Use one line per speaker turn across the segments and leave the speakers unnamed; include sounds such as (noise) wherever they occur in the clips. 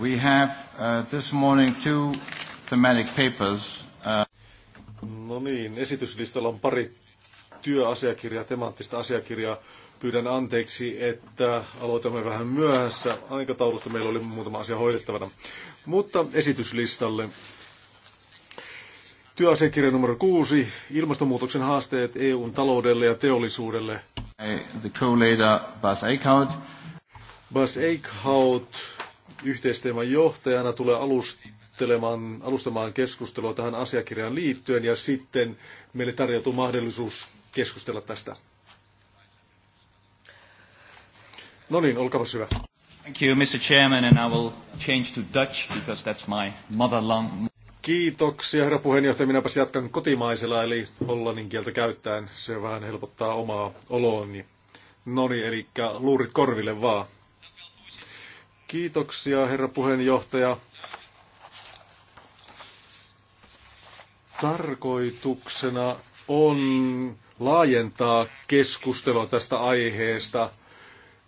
We have uh, this morning two thematic papers. Uh...
No niin, esityslistalla on pari työasiakirjaa, temaattista asiakirjaa. Pyydän anteeksi, että aloitamme vähän myöhässä. Aikataulusta meillä oli muutama asia hoidettavana. Mutta esityslistalle. Työasiakirja numero kuusi, ilmastonmuutoksen haasteet EUn taloudelle ja teollisuudelle.
The co-leader Bas Eichhout.
Bas Eichhout yhteisteeman johtajana tulee alustelemaan, alustamaan keskustelua tähän asiakirjaan liittyen ja sitten meille tarjoutuu mahdollisuus keskustella tästä. No niin, olkaa hyvä. Thank you, Mr. Chairman, and I will change to Dutch because that's my mother lung. Kiitoksia, herra puheenjohtaja. Minäpäs jatkan kotimaisella, eli hollannin kieltä käyttäen. Se vähän helpottaa omaa oloani. No niin, eli luurit korville vaan. Kiitoksia, herra puheenjohtaja. Tarkoituksena on laajentaa keskustelua tästä aiheesta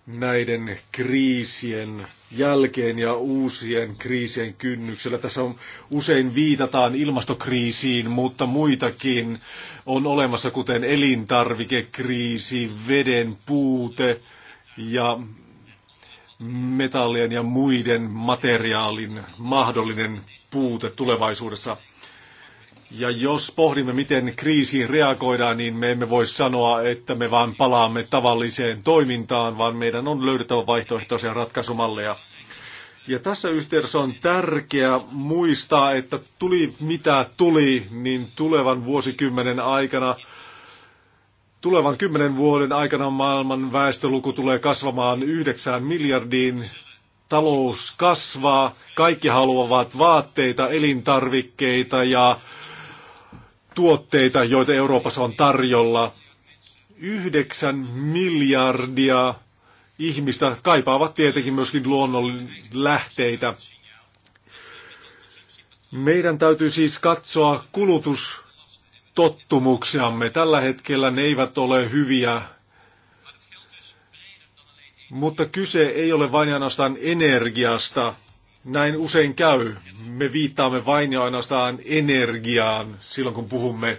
näiden kriisien jälkeen ja uusien kriisien kynnyksellä. Tässä on, usein viitataan ilmastokriisiin, mutta muitakin on olemassa, kuten elintarvikekriisi, veden puute ja metallien ja muiden materiaalin mahdollinen puute tulevaisuudessa. Ja jos pohdimme, miten kriisiin reagoidaan, niin me emme voi sanoa, että me vain palaamme tavalliseen toimintaan, vaan meidän on löydettävä vaihtoehtoisia ratkaisumalleja. Ja tässä yhteydessä on tärkeää muistaa, että tuli mitä tuli, niin tulevan vuosikymmenen aikana Tulevan kymmenen vuoden aikana maailman väestöluku tulee kasvamaan yhdeksään miljardiin. Talous kasvaa, kaikki haluavat vaatteita, elintarvikkeita ja tuotteita, joita Euroopassa on tarjolla. Yhdeksän miljardia ihmistä kaipaavat tietenkin myöskin luonnon lähteitä. Meidän täytyy siis katsoa kulutus tottumuksiamme. Tällä hetkellä ne eivät ole hyviä, mutta kyse ei ole vain ainoastaan energiasta. Näin usein käy. Me viittaamme vain ja ainoastaan energiaan silloin, kun puhumme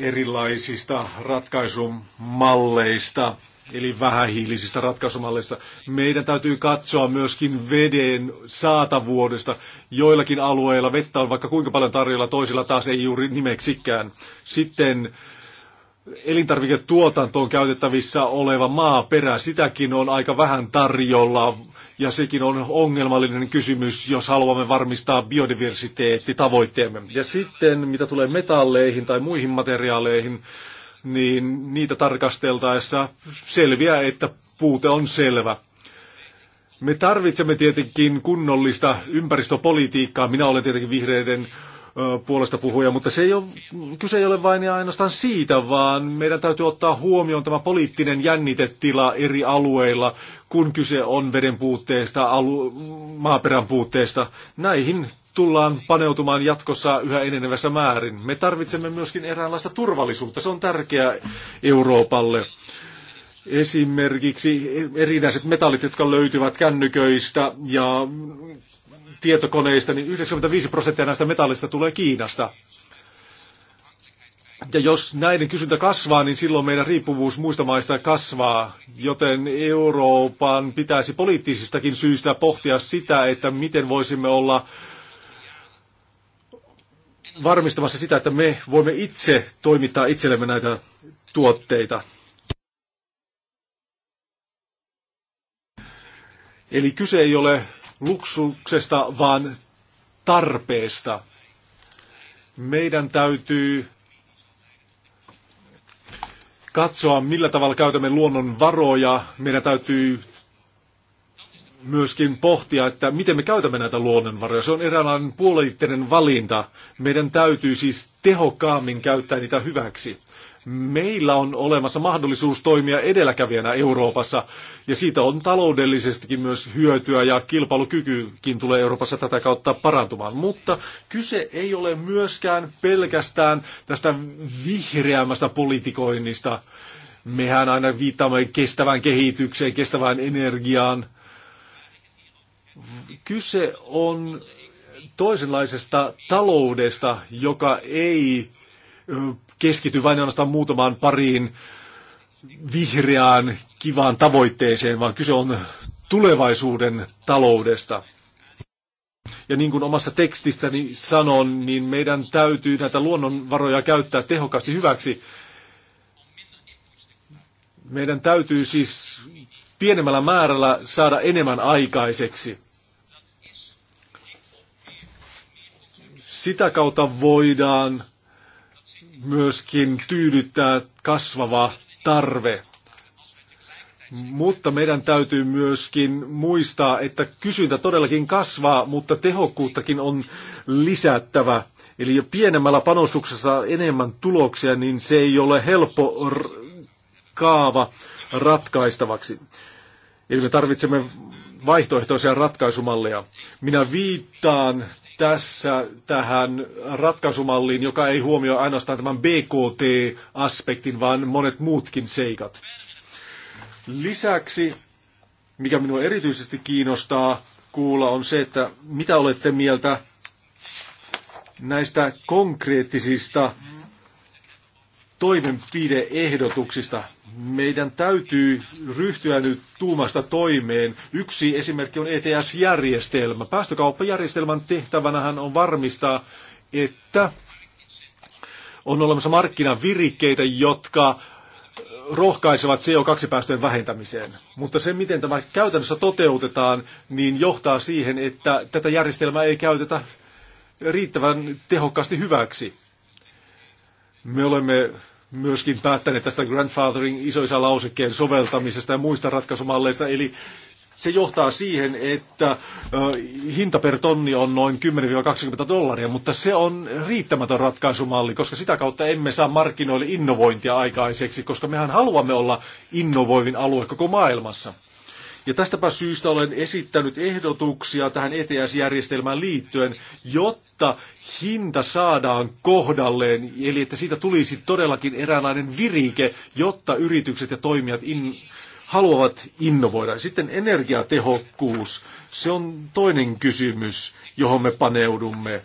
erilaisista ratkaisumalleista eli vähähiilisistä ratkaisumalleista. Meidän täytyy katsoa myöskin veden saatavuudesta. Joillakin alueilla vettä on vaikka kuinka paljon tarjolla, toisilla taas ei juuri nimeksikään. Sitten elintarviketuotantoon käytettävissä oleva maaperä, sitäkin on aika vähän tarjolla ja sekin on ongelmallinen kysymys, jos haluamme varmistaa biodiversiteettitavoitteemme. Ja sitten mitä tulee metalleihin tai muihin materiaaleihin, niin niitä tarkasteltaessa selviää, että puute on selvä. Me tarvitsemme tietenkin kunnollista ympäristöpolitiikkaa. Minä olen tietenkin vihreiden puolesta puhuja, mutta se ei ole, kyse ei ole vain ja ainoastaan siitä, vaan meidän täytyy ottaa huomioon tämä poliittinen jännitetila eri alueilla, kun kyse on veden puutteesta, alu, maaperän puutteesta. Näihin tullaan paneutumaan jatkossa yhä enenevässä määrin. Me tarvitsemme myöskin eräänlaista turvallisuutta. Se on tärkeää Euroopalle. Esimerkiksi erinäiset metallit, jotka löytyvät kännyköistä ja tietokoneista, niin 95 prosenttia näistä metallista tulee Kiinasta. Ja jos näiden kysyntä kasvaa, niin silloin meidän riippuvuus muista maista kasvaa, joten Euroopan pitäisi poliittisistakin syistä pohtia sitä, että miten voisimme olla varmistamassa sitä, että me voimme itse toimittaa itsellemme näitä tuotteita. Eli kyse ei ole luksuksesta, vaan tarpeesta. Meidän täytyy katsoa, millä tavalla käytämme luonnon varoja. Meidän täytyy myöskin pohtia, että miten me käytämme näitä luonnonvaroja. Se on eräänlainen puoliittinen valinta. Meidän täytyy siis tehokkaammin käyttää niitä hyväksi. Meillä on olemassa mahdollisuus toimia edelläkävijänä Euroopassa, ja siitä on taloudellisestikin myös hyötyä, ja kilpailukykykin tulee Euroopassa tätä kautta parantumaan. Mutta kyse ei ole myöskään pelkästään tästä vihreämmästä politikoinnista. Mehän aina viittaamme kestävään kehitykseen, kestävään energiaan, Kyse on toisenlaisesta taloudesta, joka ei keskity vain ainoastaan muutamaan pariin vihreään kivaan tavoitteeseen, vaan kyse on tulevaisuuden taloudesta. Ja niin kuin omassa tekstistäni sanon, niin meidän täytyy näitä luonnonvaroja käyttää tehokkaasti hyväksi. Meidän täytyy siis pienemmällä määrällä saada enemmän aikaiseksi. Sitä kautta voidaan myöskin tyydyttää kasvava tarve. Mutta meidän täytyy myöskin muistaa, että kysyntä todellakin kasvaa, mutta tehokkuuttakin on lisättävä. Eli jo pienemmällä panostuksessa enemmän tuloksia, niin se ei ole helppo kaava ratkaistavaksi. Eli me tarvitsemme vaihtoehtoisia ratkaisumalleja. Minä viittaan tässä tähän ratkaisumalliin, joka ei huomioi ainoastaan tämän BKT-aspektin, vaan monet muutkin seikat. Lisäksi, mikä minua erityisesti kiinnostaa kuulla, on se, että mitä olette mieltä näistä konkreettisista toimenpideehdotuksista. Meidän täytyy ryhtyä nyt tuumasta toimeen. Yksi esimerkki on ETS-järjestelmä. Päästökauppajärjestelmän tehtävänähän on varmistaa, että on olemassa markkinavirikkeitä, jotka rohkaisevat CO2-päästöjen vähentämiseen. Mutta se, miten tämä käytännössä toteutetaan, niin johtaa siihen, että tätä järjestelmää ei käytetä riittävän tehokkaasti hyväksi. Me olemme myöskin päättäneet tästä grandfathering isoisa lausekkeen soveltamisesta ja muista ratkaisumalleista, eli se johtaa siihen, että hinta per tonni on noin 10-20 dollaria, mutta se on riittämätön ratkaisumalli, koska sitä kautta emme saa markkinoille innovointia aikaiseksi, koska mehän haluamme olla innovoivin alue koko maailmassa. Ja tästäpä syystä olen esittänyt ehdotuksia tähän ETS-järjestelmään liittyen, jotta hinta saadaan kohdalleen, eli että siitä tulisi todellakin eräänlainen virike, jotta yritykset ja toimijat in, haluavat innovoida. Sitten energiatehokkuus, se on toinen kysymys, johon me paneudumme.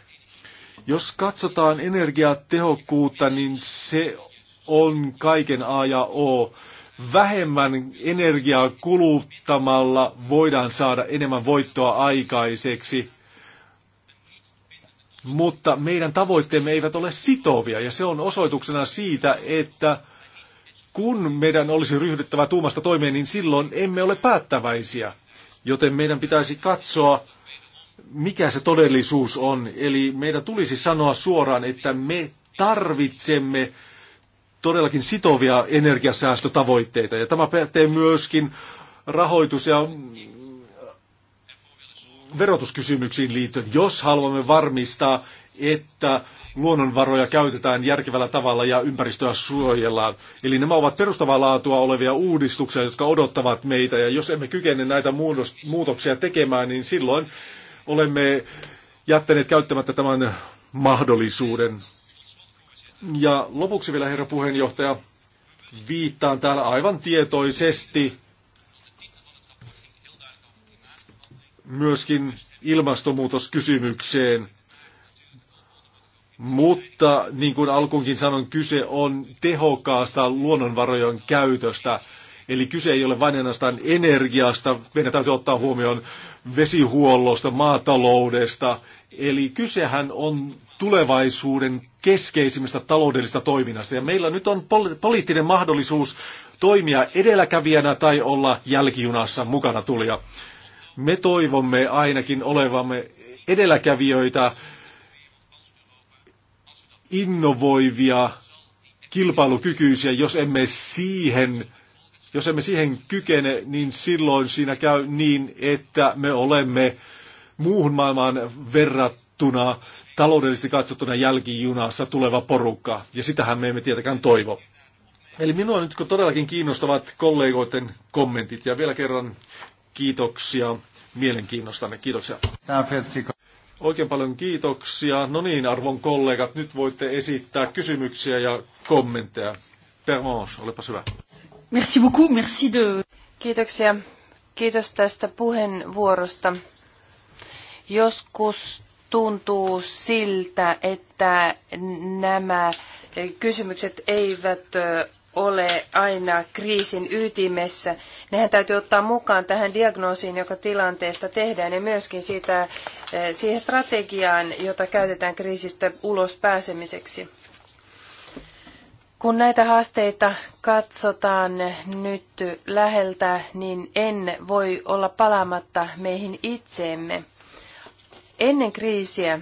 Jos katsotaan energiatehokkuutta, niin se on kaiken A ja O vähemmän energiaa kuluttamalla voidaan saada enemmän voittoa aikaiseksi, mutta meidän tavoitteemme eivät ole sitovia ja se on osoituksena siitä, että kun meidän olisi ryhdyttävä tuumasta toimeen, niin silloin emme ole päättäväisiä. Joten meidän pitäisi katsoa, mikä se todellisuus on. Eli meidän tulisi sanoa suoraan, että me tarvitsemme todellakin sitovia energiasäästötavoitteita. Ja tämä pätee myöskin rahoitus- ja verotuskysymyksiin liittyen, jos haluamme varmistaa, että luonnonvaroja käytetään järkevällä tavalla ja ympäristöä suojellaan. Eli nämä ovat perustavaa laatua olevia uudistuksia, jotka odottavat meitä, ja jos emme kykene näitä muutoksia tekemään, niin silloin olemme jättäneet käyttämättä tämän mahdollisuuden. Ja lopuksi vielä, herra puheenjohtaja, viittaan täällä aivan tietoisesti myöskin ilmastonmuutoskysymykseen. Mutta niin kuin alkuunkin sanon, kyse on tehokkaasta luonnonvarojen käytöstä. Eli kyse ei ole vain ainoastaan energiasta, meidän täytyy ottaa huomioon vesihuollosta, maataloudesta. Eli kysehän on tulevaisuuden keskeisimmistä taloudellista toiminnasta. Ja meillä nyt on poliittinen mahdollisuus toimia edelläkävijänä tai olla jälkijunassa mukana tulija. Me toivomme ainakin olevamme edelläkävijöitä, innovoivia, kilpailukykyisiä, jos emme siihen jos emme siihen kykene, niin silloin siinä käy niin, että me olemme muuhun maailmaan verrattuna katsottuna, taloudellisesti katsottuna jälkijunassa tuleva porukka, ja sitähän me emme tietenkään toivo. Eli minua nyt todellakin kiinnostavat kollegoiden kommentit, ja vielä kerran kiitoksia mielenkiinnostanne. Kiitoksia. Oikein paljon kiitoksia. No niin, arvon kollegat, nyt voitte esittää kysymyksiä ja kommentteja. Permans, olepas hyvä.
Merci beaucoup, merci de... Kiitoksia. Kiitos tästä puheenvuorosta. Joskus tuntuu siltä, että nämä kysymykset eivät ole aina kriisin ytimessä. Nehän täytyy ottaa mukaan tähän diagnoosiin, joka tilanteesta tehdään, ja myöskin siitä, siihen strategiaan, jota käytetään kriisistä ulos pääsemiseksi. Kun näitä haasteita katsotaan nyt läheltä, niin en voi olla palaamatta meihin itseemme. Ennen kriisiä,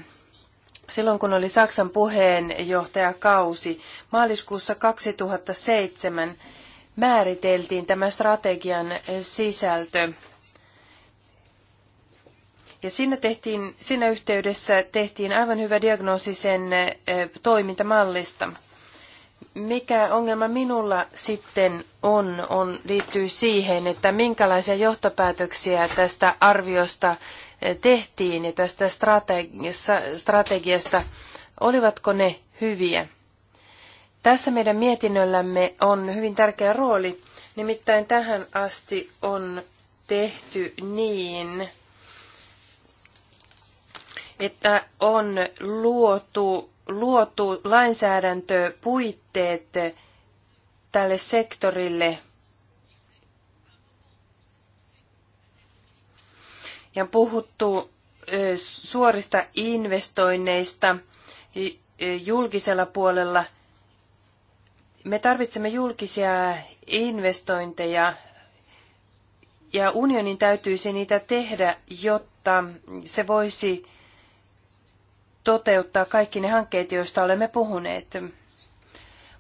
silloin kun oli Saksan puheenjohtajakausi, maaliskuussa 2007 määriteltiin tämä strategian sisältö. Ja siinä, tehtiin, siinä yhteydessä tehtiin aivan hyvä diagnoosi sen toimintamallista. Mikä ongelma minulla sitten on, on liittyy siihen, että minkälaisia johtopäätöksiä tästä arviosta tehtiin ja tästä strategiasta, olivatko ne hyviä. Tässä meidän mietinnöllämme on hyvin tärkeä rooli, nimittäin tähän asti on tehty niin, että on luotu, luotu lainsäädäntöpuitteet tälle sektorille – ja on puhuttu suorista investoinneista julkisella puolella. Me tarvitsemme julkisia investointeja ja unionin täytyisi niitä tehdä, jotta se voisi toteuttaa kaikki ne hankkeet, joista olemme puhuneet.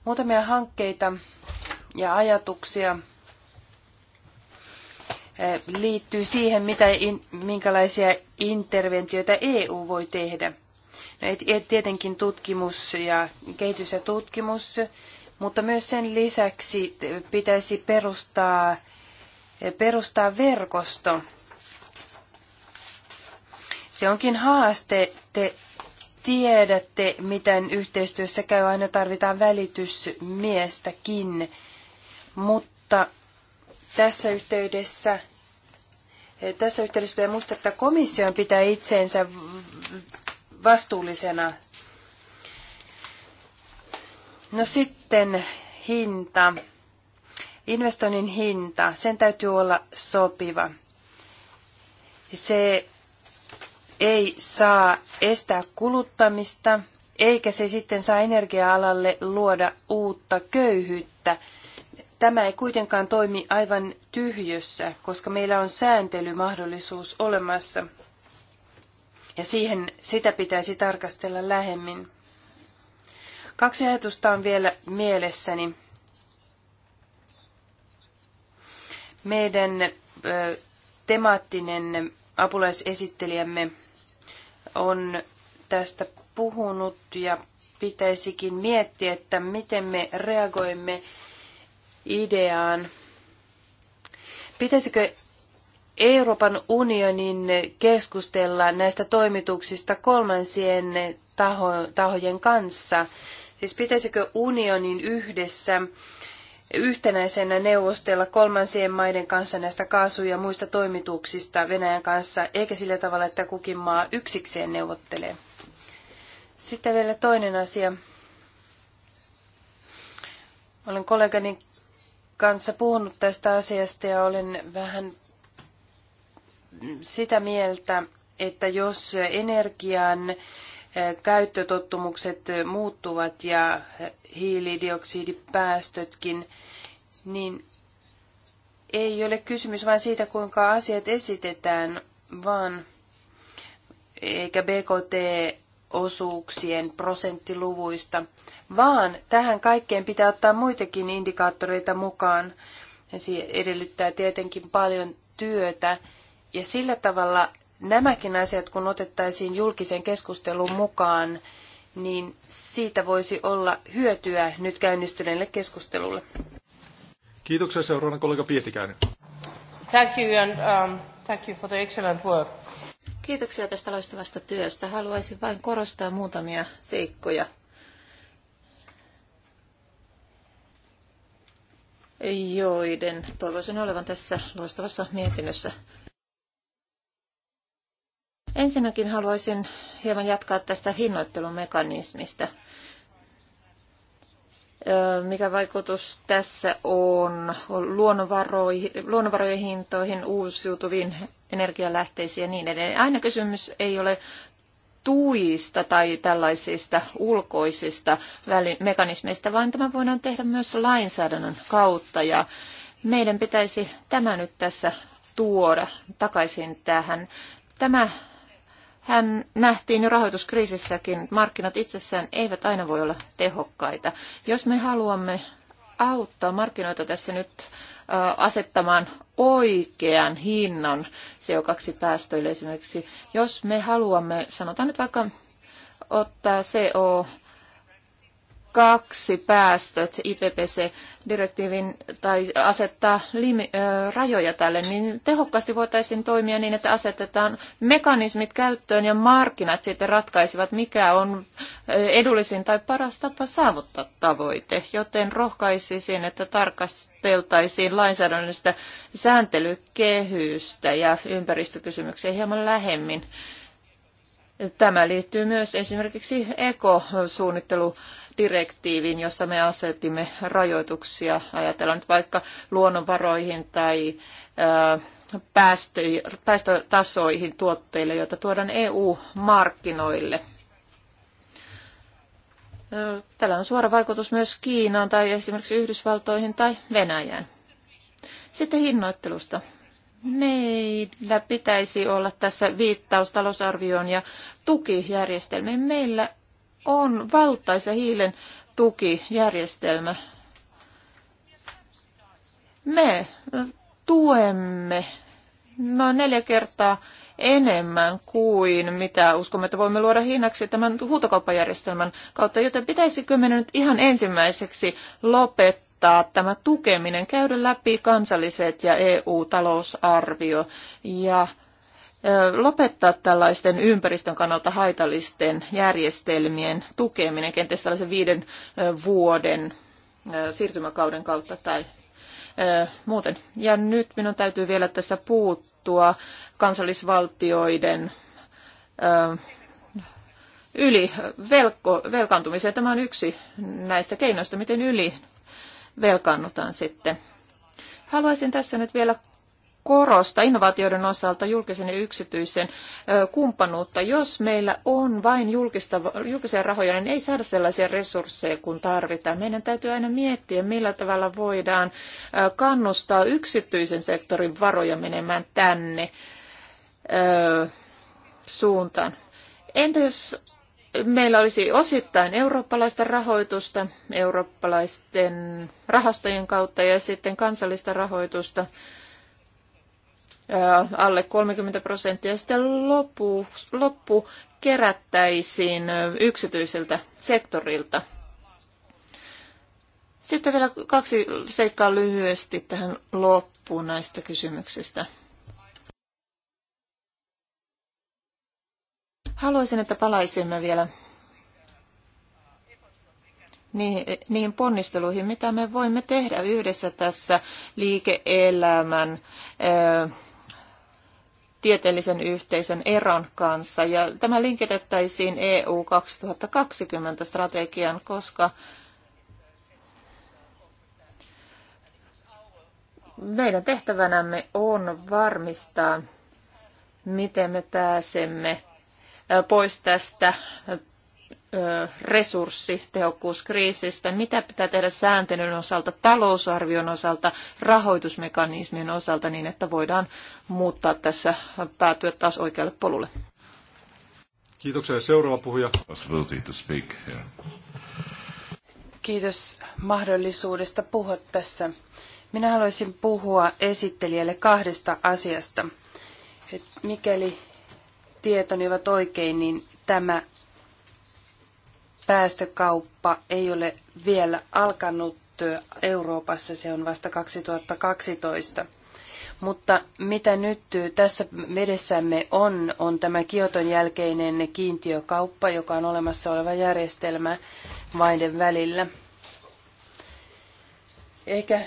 Muutamia hankkeita ja ajatuksia liittyy siihen, mitä, minkälaisia interventioita EU voi tehdä. No, tietenkin tutkimus ja kehitys ja tutkimus, mutta myös sen lisäksi pitäisi perustaa, perustaa verkosto. Se onkin haaste, te tiedätte, miten yhteistyössä käy, aina tarvitaan välitysmiestäkin, mutta tässä yhteydessä eh, tässä yhteydessä pitää muistaa, että komission pitää itseensä vastuullisena. No sitten hinta. Investoinnin hinta, sen täytyy olla sopiva. Se ei saa estää kuluttamista, eikä se sitten saa energia-alalle luoda uutta köyhyyttä – Tämä ei kuitenkaan toimi aivan tyhjössä, koska meillä on sääntelymahdollisuus olemassa. Ja siihen sitä pitäisi tarkastella lähemmin. Kaksi ajatusta on vielä mielessäni. Meidän ö, temaattinen apulaisesittelijämme on tästä puhunut ja pitäisikin miettiä, että miten me reagoimme ideaan. Pitäisikö Euroopan unionin keskustella näistä toimituksista kolmansien taho, tahojen kanssa? Siis pitäisikö unionin yhdessä yhtenäisenä neuvostella kolmansien maiden kanssa näistä kaasu- ja muista toimituksista Venäjän kanssa, eikä sillä tavalla, että kukin maa yksikseen neuvottelee? Sitten vielä toinen asia. Olen kollegani kanssa puhunut tästä asiasta ja olen vähän sitä mieltä, että jos energian eh, käyttötottumukset muuttuvat ja hiilidioksidipäästötkin, niin ei ole kysymys vain siitä, kuinka asiat esitetään, vaan eikä BKT osuuksien prosenttiluvuista, vaan tähän kaikkeen pitää ottaa muitakin indikaattoreita mukaan. Se edellyttää tietenkin paljon työtä ja sillä tavalla nämäkin asiat, kun otettaisiin julkisen keskustelun mukaan, niin siitä voisi olla hyötyä nyt käynnistyneelle keskustelulle.
Kiitoksia seuraavana kollega Pietikäinen.
Thank you and um, thank you for the excellent work. Kiitoksia tästä loistavasta työstä. Haluaisin vain korostaa muutamia seikkoja. joiden toivoisin olevan tässä loistavassa mietinnössä. Ensinnäkin haluaisin hieman jatkaa tästä hinnoittelumekanismista. Mikä vaikutus tässä on luonnonvaroihin, luonnonvarojen hintoihin, uusiutuviin energialähteisiin ja niin edelleen. Aina kysymys ei ole tuista tai tällaisista ulkoisista mekanismeista, vaan tämä voidaan tehdä myös lainsäädännön kautta ja meidän pitäisi tämä nyt tässä tuoda takaisin tähän. Tämä hän nähtiin jo rahoituskriisissäkin, markkinat itsessään eivät aina voi olla tehokkaita. Jos me haluamme auttaa markkinoita tässä nyt asettamaan oikean hinnan CO2-päästöille. Esimerkiksi jos me haluamme, sanotaan nyt vaikka ottaa CO kaksi päästöt IPPC-direktiivin tai asettaa limi, ö, rajoja tälle, niin tehokkaasti voitaisiin toimia niin, että asetetaan mekanismit käyttöön ja markkinat sitten ratkaisivat, mikä on edullisin tai paras tapa saavuttaa tavoite. Joten rohkaisisin, että tarkasteltaisiin lainsäädännöllistä sääntelykehystä ja ympäristökysymyksiä hieman lähemmin. Tämä liittyy myös esimerkiksi ekosuunnittelu direktiivin, jossa me asetimme rajoituksia. Ajatellaan nyt vaikka luonnonvaroihin tai päästö, päästötasoihin tuotteille, joita tuodaan EU-markkinoille. Tällä on suora vaikutus myös Kiinaan tai esimerkiksi Yhdysvaltoihin tai Venäjään. Sitten hinnoittelusta. Meillä pitäisi olla tässä viittaus talousarvioon ja tukijärjestelmiin. Meillä on valtaisa hiilen tukijärjestelmä. Me tuemme noin neljä kertaa enemmän kuin mitä uskomme, että voimme luoda hinnaksi tämän huutokauppajärjestelmän kautta, joten pitäisikö me nyt ihan ensimmäiseksi lopettaa tämä tukeminen, käydä läpi kansalliset ja EU-talousarvio ja lopettaa tällaisten ympäristön kannalta haitallisten järjestelmien tukeminen, kenties tällaisen viiden vuoden siirtymäkauden kautta tai muuten. Ja nyt minun täytyy vielä tässä puuttua kansallisvaltioiden yli velko, velkaantumiseen. Tämä on yksi näistä keinoista, miten yli velkaannutaan sitten. Haluaisin tässä nyt vielä korostaa innovaatioiden osalta julkisen ja yksityisen kumppanuutta. Jos meillä on vain julkista, julkisia rahoja, niin ei saada sellaisia resursseja kuin tarvitaan. Meidän täytyy aina miettiä, millä tavalla voidaan kannustaa yksityisen sektorin varoja menemään tänne suuntaan. Entä jos meillä olisi osittain eurooppalaista rahoitusta eurooppalaisten rahastojen kautta ja sitten kansallista rahoitusta alle 30 prosenttia ja sitten loppu, loppu kerättäisiin yksityiseltä sektorilta. Sitten vielä kaksi seikkaa lyhyesti tähän loppuun näistä kysymyksistä. Haluaisin, että palaisimme vielä niin, niihin ponnisteluihin, mitä me voimme tehdä yhdessä tässä liike-elämän tieteellisen yhteisön eron kanssa. Ja tämä linkitettäisiin EU 2020 strategian, koska meidän tehtävänämme on varmistaa, miten me pääsemme pois tästä resurssitehokkuuskriisistä, mitä pitää tehdä sääntelyn osalta, talousarvion osalta, rahoitusmekanismien osalta niin, että voidaan muuttaa tässä päätyä taas oikealle
polulle. Kiitoksia. Seuraava puhuja.
Kiitos mahdollisuudesta puhua tässä. Minä haluaisin puhua esittelijälle kahdesta asiasta. Mikäli tietoni ovat oikein, niin tämä päästökauppa ei ole vielä alkanut Euroopassa, se on vasta 2012. Mutta mitä nyt tässä edessämme on, on tämä Kioton jälkeinen kiintiökauppa, joka on olemassa oleva järjestelmä maiden välillä. Eikä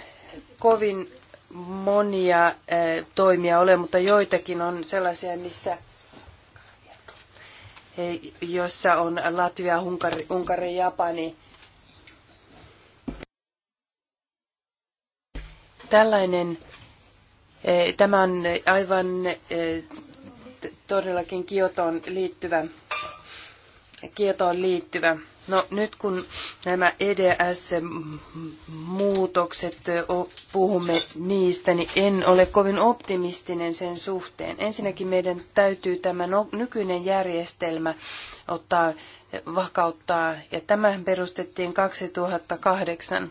kovin monia eh, toimia ole, mutta joitakin on sellaisia, missä jossa on Latvia, Unkari, Unkari Japani. Tällainen, e, tämä on aivan e, todellakin Kiotoon liittyvä, Kiotoon liittyvä No nyt kun nämä EDS-muutokset, puhumme niistä, niin en ole kovin optimistinen sen suhteen. Ensinnäkin meidän täytyy tämä no, nykyinen järjestelmä ottaa vakauttaa, ja tämä perustettiin 2008.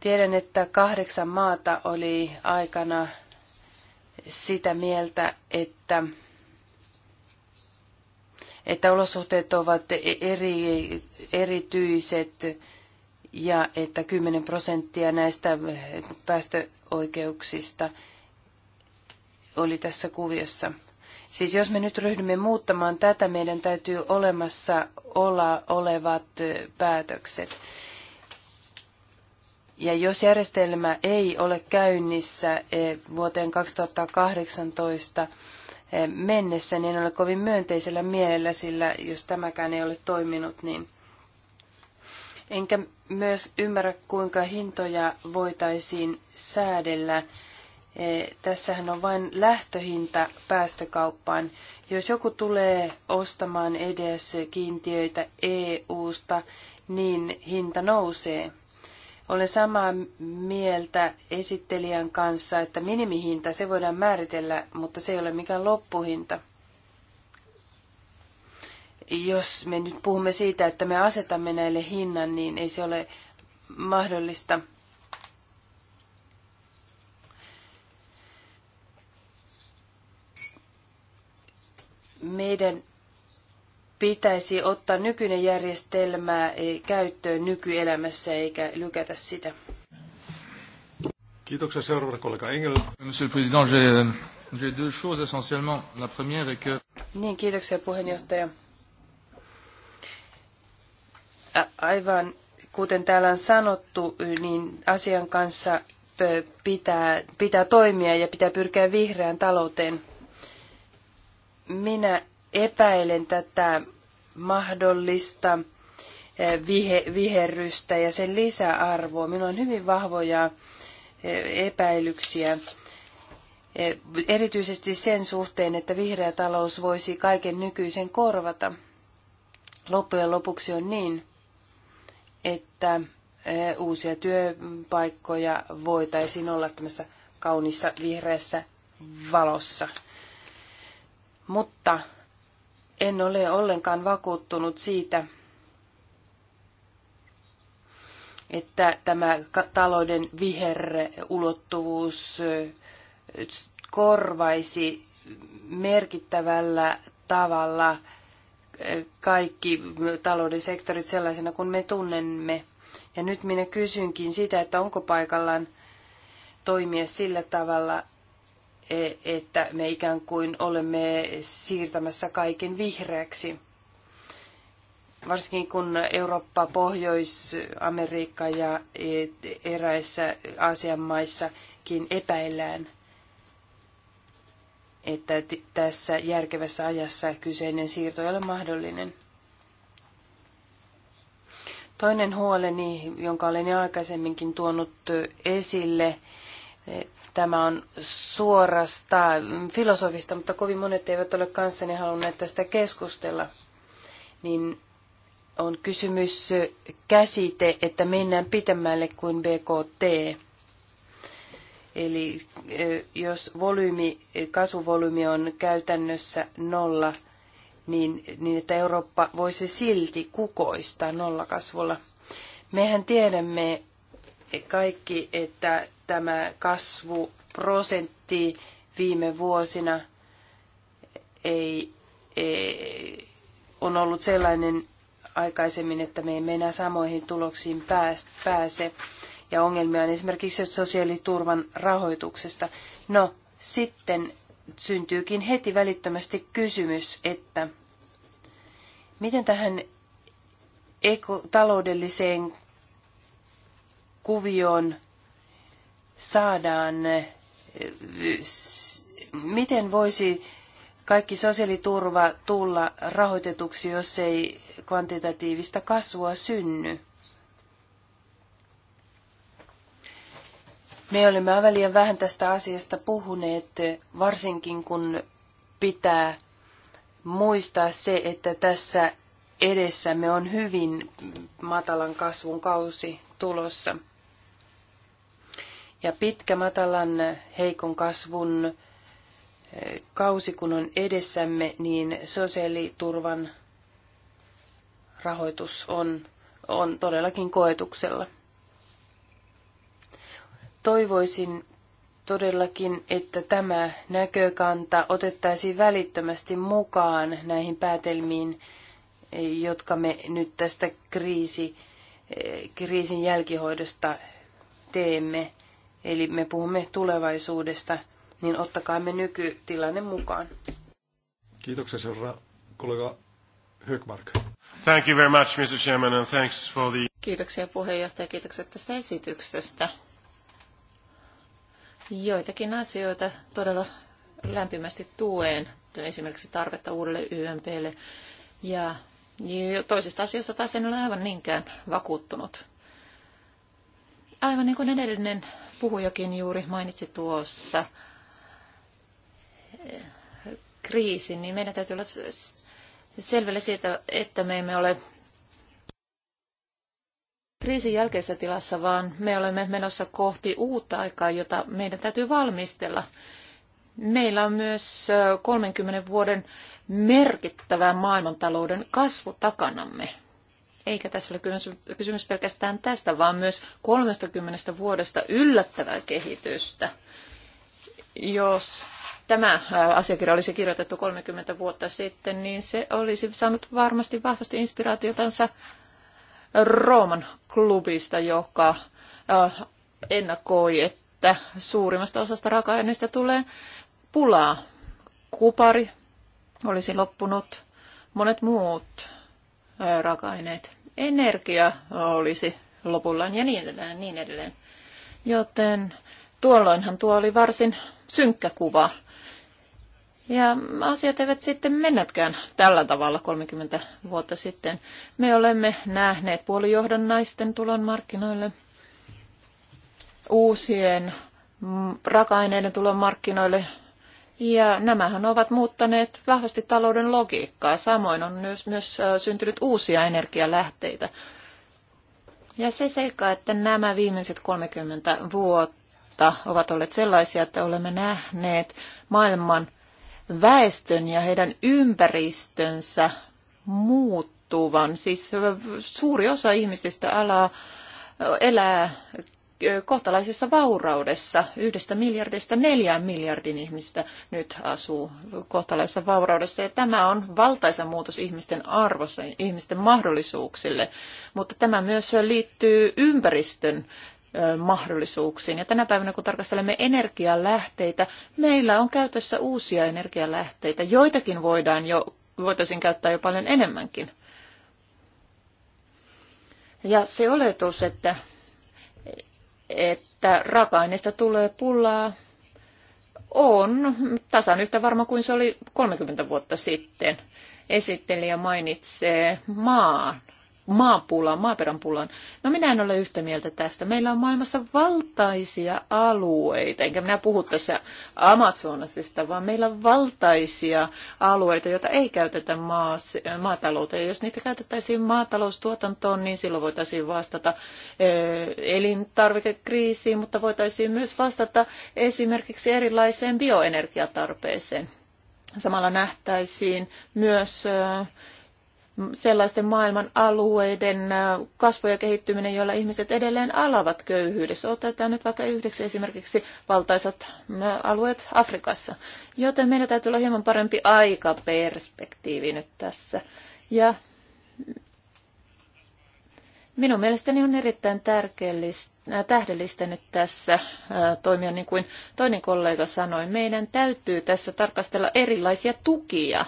Tiedän, että kahdeksan maata oli aikana sitä mieltä, että että olosuhteet ovat e- eri, erityiset ja että 10 prosenttia näistä päästöoikeuksista oli tässä kuviossa. Siis jos me nyt ryhdymme muuttamaan tätä, meidän täytyy olemassa olla olevat päätökset. Ja jos järjestelmä ei ole käynnissä eh, vuoteen 2018, Eh, mennessä, niin en ole kovin myönteisellä mielellä, sillä jos tämäkään ei ole toiminut, niin enkä myös ymmärrä, kuinka hintoja voitaisiin säädellä. Eh, tässähän on vain lähtöhinta päästökauppaan. Jos joku tulee ostamaan EDS-kiintiöitä EU-sta, niin hinta nousee. Olen samaa mieltä esittelijän kanssa, että minimihinta se voidaan määritellä, mutta se ei ole mikään loppuhinta. Jos me nyt puhumme siitä, että me asetamme näille hinnan, niin ei se ole mahdollista. Meidän pitäisi ottaa nykyinen järjestelmä käyttöön nykyelämässä eikä lykätä sitä.
Kiitoksia seuraavana kollega Engel. Monsieur le Président, j'ai deux choses essentiellement. La première est que...
Niin, kiitoksia puheenjohtaja. Aivan kuten täällä on sanottu, niin asian kanssa pitää, pitää toimia ja pitää pyrkiä vihreään talouteen. Minä epäilen tätä mahdollista eh, vihe, viherrystä ja sen lisäarvoa. Minulla on hyvin vahvoja eh, epäilyksiä, eh, erityisesti sen suhteen, että vihreä talous voisi kaiken nykyisen korvata. Loppujen lopuksi on niin, että uusia työpaikkoja voitaisiin olla tämmöisessä kaunissa vihreässä valossa. Mutta en ole ollenkaan vakuuttunut siitä, että tämä talouden viherulottuvuus korvaisi merkittävällä tavalla kaikki talouden sektorit sellaisena kuin me tunnemme. Ja nyt minä kysynkin sitä, että onko paikallaan toimia sillä tavalla, E, että me ikään kuin olemme siirtämässä kaiken vihreäksi. Varsinkin kun Eurooppa, Pohjois-Amerikka ja e, eräissä Aasian maissakin epäillään, että tässä järkevässä ajassa kyseinen siirto ei ole mahdollinen. Toinen huoleni, jonka olen jo aikaisemminkin tuonut esille, Tämä on suorasta filosofista, mutta kovin monet eivät ole kanssani halunneet tästä keskustella. Niin on kysymys käsite, että mennään pitemmälle kuin BKT. Eli e, jos volyymi, kasvuvolyymi on käytännössä nolla, niin, niin että Eurooppa voisi silti kukoistaa nollakasvulla. Mehän tiedämme kaikki, että tämä kasvuprosentti viime vuosina ei, ei, on ollut sellainen aikaisemmin, että me emme enää samoihin tuloksiin pääse. Ja ongelmia on esimerkiksi sosiaaliturvan rahoituksesta. No, sitten syntyykin heti välittömästi kysymys, että miten tähän taloudelliseen kuvioon saadaan, eh, miten voisi kaikki sosiaaliturva tulla rahoitetuksi, jos ei kvantitatiivista kasvua synny? Me olemme aivan liian vähän tästä asiasta puhuneet, varsinkin kun pitää muistaa se, että tässä edessämme on hyvin matalan kasvun kausi tulossa. Ja pitkä, matalan, heikon kasvun eh, kausi, kun on edessämme, niin sosiaaliturvan rahoitus on, on todellakin koetuksella. Toivoisin todellakin, että tämä näkökanta otettaisiin välittömästi mukaan näihin päätelmiin, eh, jotka me nyt tästä kriisi, eh, kriisin jälkihoidosta teemme. Eli me puhumme tulevaisuudesta, niin me nykytilanne mukaan.
Kiitoksia seuraava kollega Högmark. Thank you very much, Mr. Chairman, and thanks for the...
Kiitoksia puheenjohtaja, kiitokset tästä esityksestä. Joitakin asioita todella lämpimästi tuen, esimerkiksi tarvetta uudelle YMPlle, ja toisista asioista taas en ole aivan niinkään vakuuttunut. Aivan niin kuin edellinen puhujakin juuri mainitsi tuossa kriisin, niin meidän täytyy olla selville siitä, että me emme ole kriisin jälkeisessä tilassa, vaan me olemme menossa kohti uutta aikaa, jota meidän täytyy valmistella. Meillä on myös 30 vuoden merkittävä maailmantalouden kasvu takanamme. Eikä tässä ole kysymys pelkästään tästä, vaan myös 30 vuodesta yllättävää kehitystä. Jos tämä asiakirja olisi kirjoitettu 30 vuotta sitten, niin se olisi saanut varmasti vahvasti inspiraatiotansa Rooman klubista, joka ennakoi, että suurimmasta osasta raaka-aineista tulee pulaa. Kupari olisi loppunut, monet muut raaka-aineet energia olisi lopullaan ja niin edelleen, niin edelleen. Joten tuolloinhan tuo oli varsin synkkä kuva. Ja asiat eivät sitten mennätkään tällä tavalla 30 vuotta sitten. Me olemme nähneet puolijohdannaisten tulon markkinoille, uusien raaka-aineiden tulon markkinoille, ja nämähän ovat muuttaneet vahvasti talouden logiikkaa. Samoin on myös, myös syntynyt uusia energialähteitä. Ja se seikka, että nämä viimeiset 30 vuotta ovat olleet sellaisia, että olemme nähneet maailman väestön ja heidän ympäristönsä muuttuvan. Siis suuri osa ihmisistä alaa elää kohtalaisessa vauraudessa. Yhdestä miljardista neljään miljardin ihmistä nyt asuu kohtalaisessa vauraudessa. Ja tämä on valtaisa muutos ihmisten arvossa, ihmisten mahdollisuuksille. Mutta tämä myös liittyy ympäristön mahdollisuuksiin. Ja tänä päivänä, kun tarkastelemme energialähteitä, meillä on käytössä uusia energialähteitä. Joitakin voidaan jo, voitaisiin käyttää jo paljon enemmänkin. Ja se oletus, että että raaka-aineista tulee pullaa, on tasan yhtä varma kuin se oli 30 vuotta sitten. Esittelijä mainitsee maan maapulaan, maaperän pulaan. No minä en ole yhtä mieltä tästä. Meillä on maailmassa valtaisia alueita, enkä minä puhu tässä Amazonasista, vaan meillä on valtaisia alueita, joita ei käytetä maas, maatalouteen. jos niitä käytettäisiin maataloustuotantoon, niin silloin voitaisiin vastata eh, elintarvikekriisiin, mutta voitaisiin myös vastata esimerkiksi erilaiseen bioenergiatarpeeseen. Samalla nähtäisiin myös eh, sellaisten maailman alueiden kasvu ja kehittyminen, joilla ihmiset edelleen alavat köyhyydessä. Otetaan nyt vaikka yhdeksi esimerkiksi valtaisat alueet Afrikassa. Joten meillä täytyy olla hieman parempi aikaperspektiivi nyt tässä. Ja minun mielestäni on erittäin tärkeellistä tähdellistä nyt tässä toimia, niin kuin toinen kollega sanoi. Meidän täytyy tässä tarkastella erilaisia tukia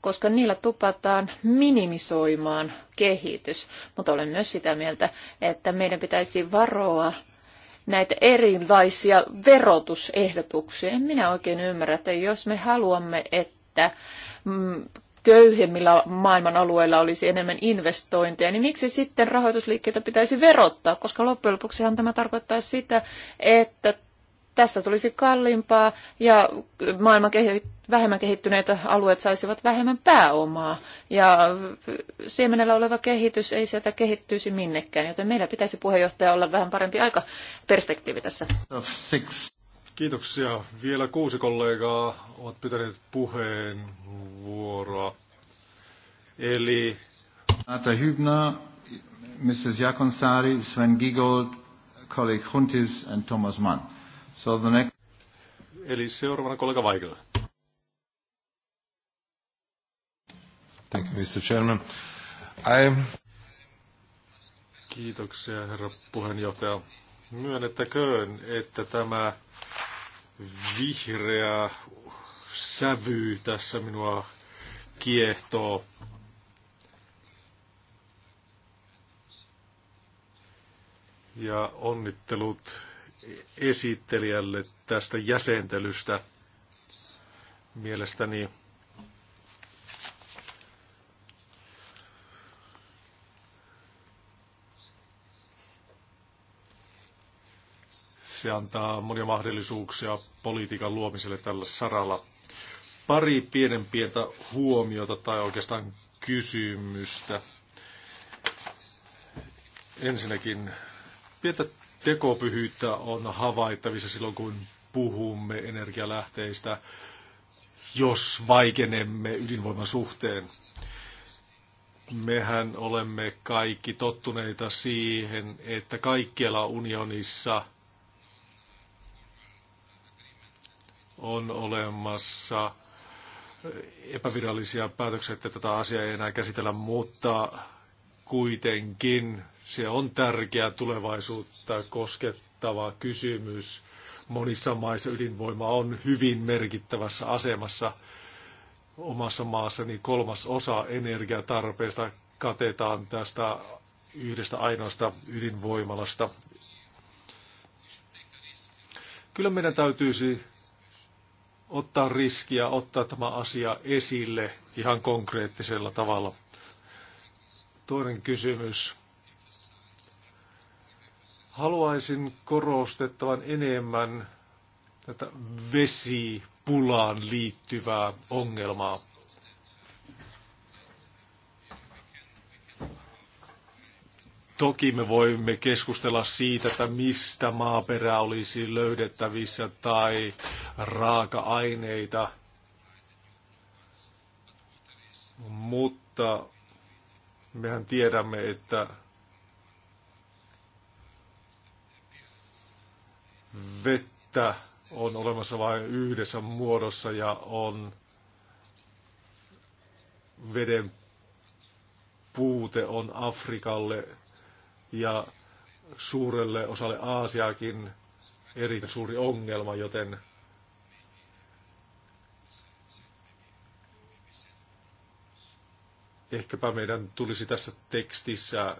koska niillä tupataan minimisoimaan kehitys. Mutta olen myös sitä mieltä, että meidän pitäisi varoa näitä erilaisia verotusehdotuksia. En minä oikein ymmärrä, että jos me haluamme, että mm, köyhemmillä maailman alueilla olisi enemmän investointeja, niin miksi sitten rahoitusliikkeitä pitäisi verottaa? Koska loppujen lopuksihan tämä tarkoittaa sitä, että Tästä tulisi kalliimpaa ja maailman vähemmän kehittyneet alueet saisivat vähemmän pääomaa. Ja siemenellä oleva kehitys ei sieltä kehittyisi minnekään, joten meillä pitäisi puheenjohtaja olla vähän parempi aika perspektiivi tässä.
Kiitoksia. Vielä kuusi kollegaa ovat pitäneet puheenvuoroa. Eli...
Ata Hübner, Mrs. Jakonsari, Sven Giegold, colleague Huntis and Thomas Mann. So the next...
Eli seuraavana kollega Vaikela.
Thank you, Mr. Chairman. I...
Kiitoksia, herra puheenjohtaja. Myönnettäköön, että tämä vihreä sävy tässä minua kiehtoo. Ja onnittelut esittelijälle tästä jäsentelystä. Mielestäni se antaa monia mahdollisuuksia politiikan luomiselle tällä saralla. Pari pienen pientä huomiota tai oikeastaan kysymystä. Ensinnäkin pientä tekopyhyyttä on havaittavissa silloin, kun puhumme energialähteistä, jos vaikenemme ydinvoiman suhteen. Mehän olemme kaikki tottuneita siihen, että kaikkialla unionissa on olemassa epävirallisia päätöksiä, että tätä asiaa ei enää käsitellä, mutta kuitenkin se on tärkeä tulevaisuutta koskettava kysymys. Monissa maissa ydinvoima on hyvin merkittävässä asemassa. Omassa maassani kolmas osa energiatarpeesta katetaan tästä yhdestä ainoasta ydinvoimalasta. Kyllä meidän täytyisi ottaa riskiä, ottaa tämä asia esille ihan konkreettisella tavalla. Toinen kysymys. Haluaisin korostettavan enemmän tätä vesipulaan liittyvää ongelmaa. Toki me voimme keskustella siitä, että mistä maaperä olisi löydettävissä tai raaka-aineita, mutta mehän tiedämme, että vettä on olemassa vain yhdessä muodossa ja on veden puute on Afrikalle ja suurelle osalle Aasiakin eri suuri ongelma, joten ehkäpä meidän tulisi tässä tekstissä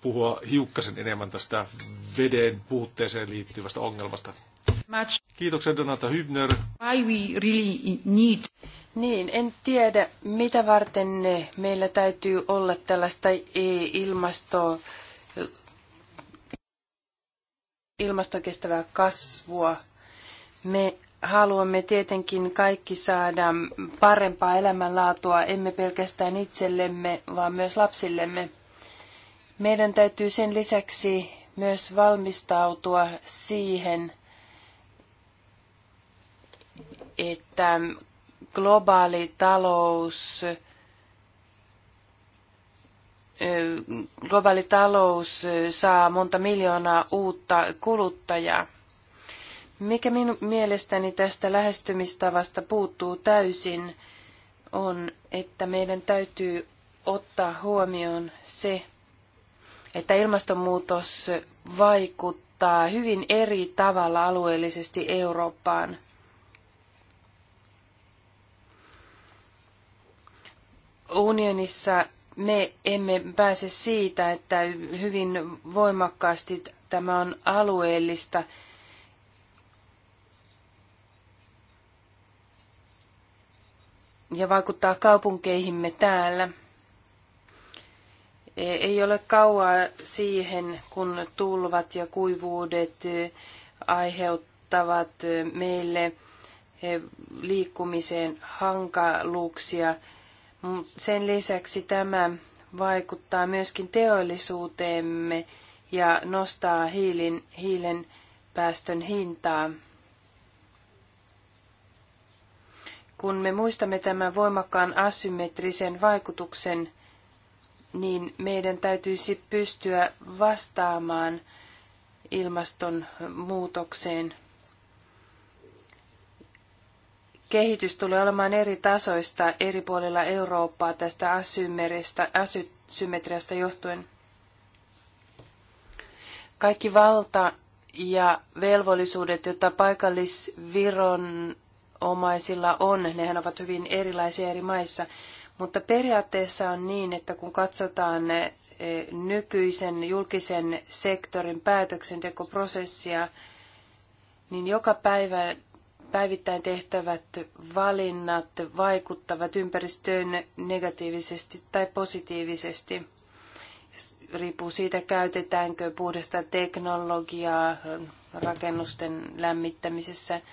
puhua hiukkasen enemmän tästä veden puutteeseen liittyvästä ongelmasta. Match. Kiitoksia Donata Hübner.
Why we really need... Niin, en tiedä, mitä varten meillä täytyy olla tällaista ilmastoa ilmastokestävää kasvua. Me haluamme tietenkin kaikki saada parempaa elämänlaatua, emme pelkästään itsellemme, vaan myös lapsillemme. Meidän täytyy sen lisäksi myös valmistautua siihen, että globaali talous, globaali talous saa monta miljoonaa uutta kuluttajaa. Mikä minun mielestäni tästä lähestymistavasta puuttuu täysin, on, että meidän täytyy ottaa huomioon se, että ilmastonmuutos vaikuttaa hyvin eri tavalla alueellisesti Eurooppaan. Unionissa me emme pääse siitä, että hyvin voimakkaasti tämä on alueellista. ja vaikuttaa kaupunkeihimme täällä. Ei ole kauaa siihen, kun tulvat ja kuivuudet eh, aiheuttavat eh, meille eh, liikkumiseen hankaluuksia. Sen lisäksi tämä vaikuttaa myöskin teollisuuteemme ja nostaa hiilin, hiilen päästön hintaa. Kun me muistamme tämän voimakkaan asymmetrisen vaikutuksen, niin meidän täytyisi pystyä vastaamaan ilmastonmuutokseen. Kehitys tulee olemaan eri tasoista eri puolilla Eurooppaa tästä asymmetriasta johtuen. Kaikki valta ja velvollisuudet, joita paikallisviron omaisilla on, nehän ovat hyvin erilaisia eri maissa. Mutta periaatteessa on niin, että kun katsotaan eh, nykyisen julkisen sektorin päätöksentekoprosessia, niin joka päivä päivittäin tehtävät valinnat vaikuttavat ympäristöön negatiivisesti tai positiivisesti. Riippuu siitä, käytetäänkö puhdasta teknologiaa eh, rakennusten lämmittämisessä –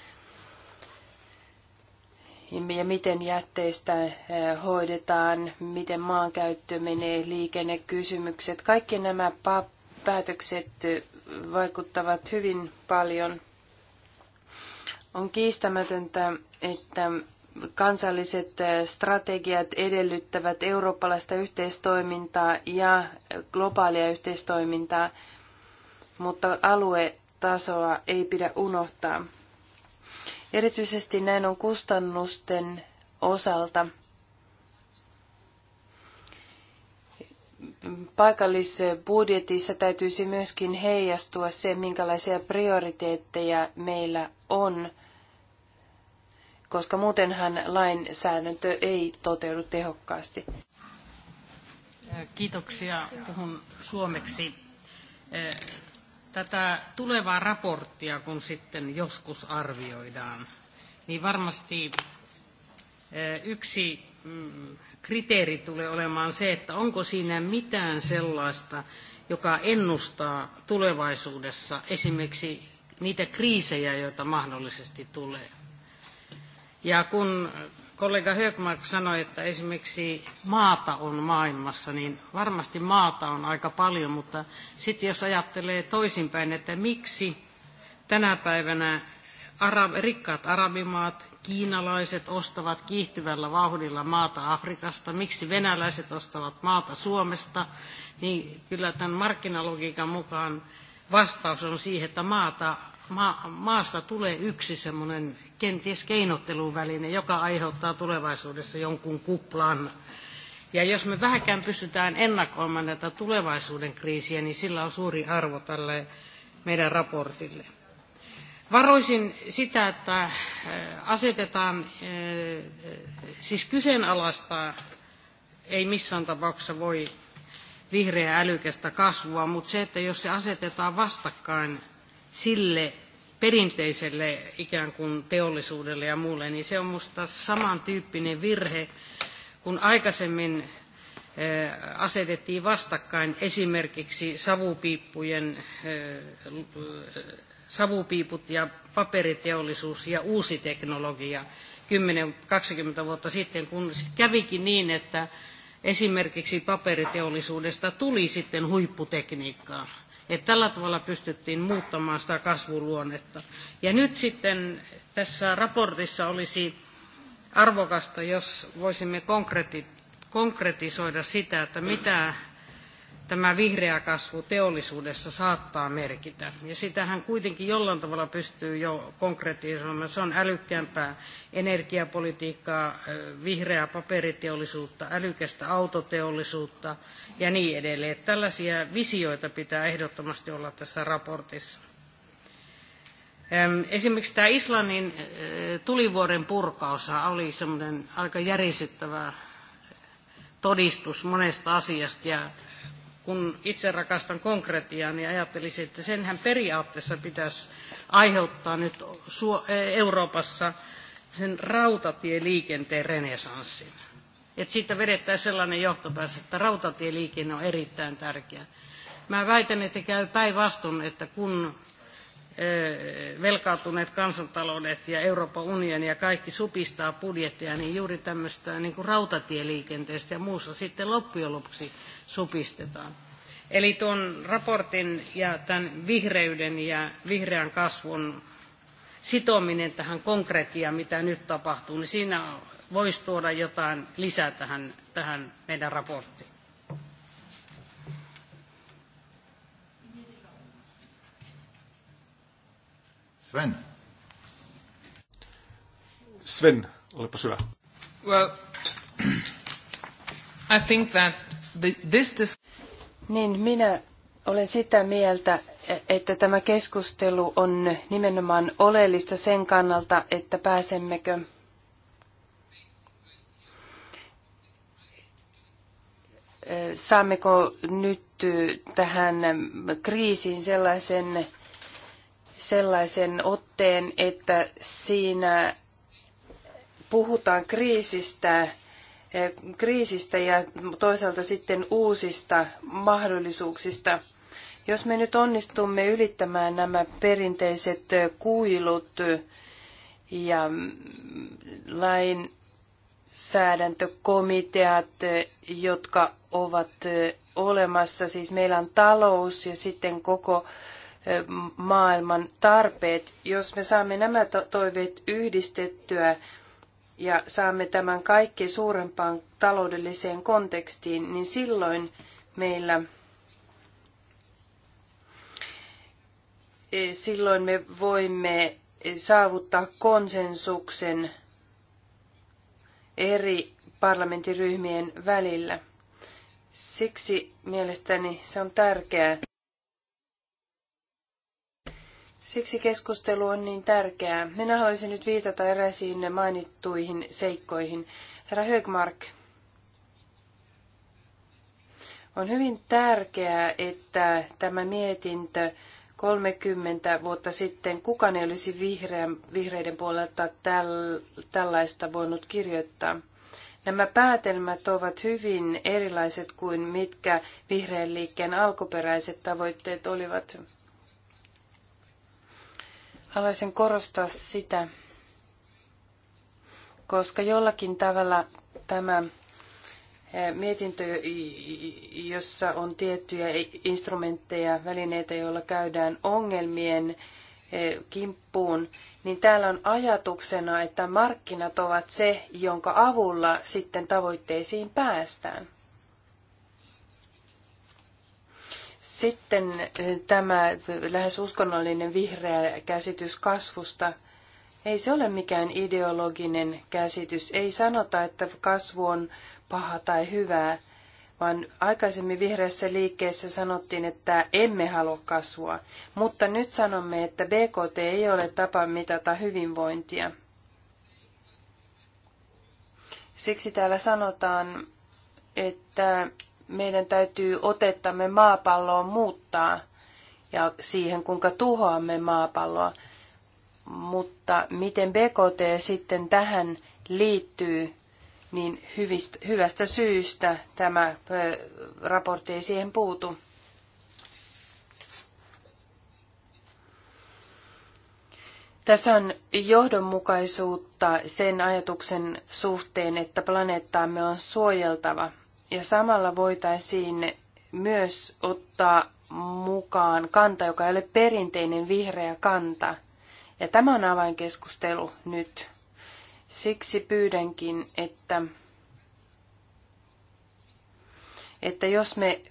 ja miten jätteistä eh, hoidetaan, miten maankäyttö menee, liikennekysymykset. Kaikki nämä päätökset eh, vaikuttavat hyvin paljon. On kiistämätöntä, että kansalliset eh, strategiat edellyttävät eurooppalaista yhteistoimintaa ja globaalia yhteistoimintaa, mutta aluetasoa ei pidä unohtaa. Erityisesti näin on kustannusten osalta. Paikallisbudjetissa täytyisi myöskin heijastua se, minkälaisia prioriteetteja meillä on, koska muutenhan lainsäädäntö ei toteudu tehokkaasti.
Kiitoksia. Puhun suomeksi tätä tulevaa raporttia, kun sitten joskus arvioidaan, niin varmasti yksi mm, kriteeri tulee olemaan se, että onko siinä mitään sellaista, joka ennustaa tulevaisuudessa esimerkiksi niitä kriisejä, joita mahdollisesti tulee. Ja kun kollega Högmark sanoi, että esimerkiksi maata on maailmassa, niin varmasti maata on aika paljon, mutta sitten jos ajattelee toisinpäin, että miksi tänä päivänä Arab, rikkaat arabimaat, kiinalaiset ostavat kiihtyvällä vauhdilla maata Afrikasta, miksi venäläiset ostavat maata Suomesta, niin kyllä tämän markkinalogiikan mukaan vastaus on siihen, että maata, ma, maasta tulee yksi semmoinen kenties keinotteluväline, joka aiheuttaa tulevaisuudessa jonkun kuplan. Ja jos me vähäkään pystytään ennakoimaan näitä tulevaisuuden kriisiä, niin sillä on suuri arvo tälle meidän raportille. Varoisin sitä, että äh, asetetaan, äh, siis kyseenalaista ei missään tapauksessa voi vihreää älykästä kasvua, mutta se, että jos se asetetaan vastakkain sille perinteiselle ikään kuin teollisuudelle ja muulle, niin se on minusta samantyyppinen virhe, kun aikaisemmin eh, asetettiin vastakkain esimerkiksi savupiippujen, eh, savupiiput ja paperiteollisuus ja uusi teknologia 10-20 vuotta sitten, kun kävikin niin, että esimerkiksi paperiteollisuudesta tuli sitten huipputekniikkaa että tällä tavalla pystyttiin muuttamaan sitä kasvuluonnetta. Ja nyt sitten tässä raportissa olisi arvokasta, jos voisimme konkreti- konkretisoida sitä, että mitä tämä vihreä kasvu teollisuudessa saattaa merkitä. Ja sitähän kuitenkin jollain tavalla pystyy jo konkretisoimaan. Se on älykkäämpää energiapolitiikkaa, vihreää paperiteollisuutta, älykästä autoteollisuutta ja niin edelleen. Tällaisia visioita pitää ehdottomasti olla tässä raportissa. Esimerkiksi tämä Islannin tulivuoren purkaus oli semmoinen aika järisyttävä todistus monesta asiasta ja kun itse rakastan konkretiaa, niin ajattelisin, että senhän periaatteessa pitäisi aiheuttaa nyt Euroopassa sen rautatieliikenteen renesanssin. Että siitä vedettäisiin sellainen johtopäätös, että rautatieliikenne on erittäin tärkeä. Mä väitän, että käy päinvastoin, että kun velkaantuneet kansantaloudet ja Euroopan unioni ja kaikki supistaa budjettia, niin juuri tämmöistä niin kuin rautatieliikenteestä ja muussa sitten loppujen lopuksi supistetaan. Eli tuon raportin ja tämän vihreyden ja vihreän kasvun sitominen tähän konkretiaan, mitä nyt tapahtuu, niin siinä voisi tuoda jotain lisää tähän, tähän meidän raporttiin.
Sven. Sven, olepa syvä.
Well, I think that the, this dis-
niin minä olen sitä mieltä, että tämä keskustelu on nimenomaan oleellista sen kannalta, että pääsemmekö saammeko nyt tähän kriisiin sellaisen sellaisen otteen, että siinä puhutaan kriisistä, eh, kriisistä ja toisaalta sitten uusista mahdollisuuksista. Jos me nyt onnistumme ylittämään nämä perinteiset eh, kuilut eh, ja mm, lain jotka ovat olemassa, siis meillä on talous ja sitten koko maailman tarpeet. Jos me saamme nämä toiveet yhdistettyä ja saamme tämän kaikki suurempaan taloudelliseen kontekstiin, niin silloin meillä e, silloin me voimme saavuttaa konsensuksen eri parlamenttiryhmien välillä. Siksi mielestäni se on tärkeää. Siksi keskustelu on niin tärkeää. Minä haluaisin nyt viitata eräisiin mainittuihin seikkoihin. Herra Högmark, on hyvin tärkeää, että tämä mietintö 30 vuotta sitten kukaan ei olisi vihreän, vihreiden puolelta täl, tällaista voinut kirjoittaa. Nämä päätelmät ovat hyvin erilaiset kuin mitkä vihreän liikkeen alkuperäiset tavoitteet olivat. Haluaisin korostaa sitä, koska jollakin tavalla tämä eh, mietintö, jossa on tiettyjä instrumentteja, välineitä, joilla käydään ongelmien eh, kimppuun, niin täällä on ajatuksena, että markkinat ovat se, jonka avulla sitten tavoitteisiin päästään. Sitten eh, tämä eh, lähes uskonnollinen vihreä käsitys kasvusta. Ei se ole mikään ideologinen käsitys. Ei sanota, että kasvu on paha tai hyvää, vaan aikaisemmin vihreässä liikkeessä sanottiin, että emme halua kasvua. Mutta nyt sanomme, että BKT ei ole tapa mitata hyvinvointia. Siksi täällä sanotaan, että meidän täytyy otettamme maapalloon muuttaa ja siihen, kuinka tuhoamme maapalloa. Mutta miten BKT sitten tähän liittyy, niin hyvistä, hyvästä syystä tämä raportti ei siihen puutu. Tässä on johdonmukaisuutta sen ajatuksen suhteen, että planeettaamme on suojeltava – ja samalla voitaisiin myös ottaa mukaan kanta, joka ei ole perinteinen vihreä kanta. Ja tämä on avainkeskustelu nyt. Siksi pyydänkin, että, että jos me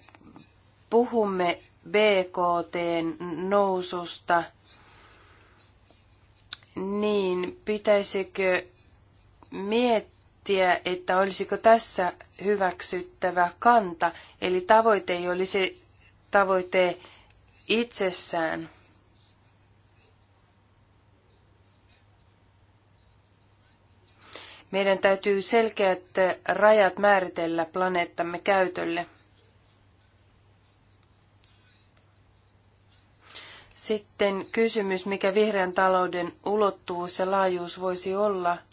puhumme BKTn noususta, niin pitäisikö miettiä, miettiä, että olisiko tässä hyväksyttävä kanta, eli tavoite ei olisi tavoite itsessään. Meidän täytyy selkeät rajat määritellä planeettamme käytölle. Sitten kysymys, mikä vihreän talouden ulottuvuus ja laajuus voisi olla –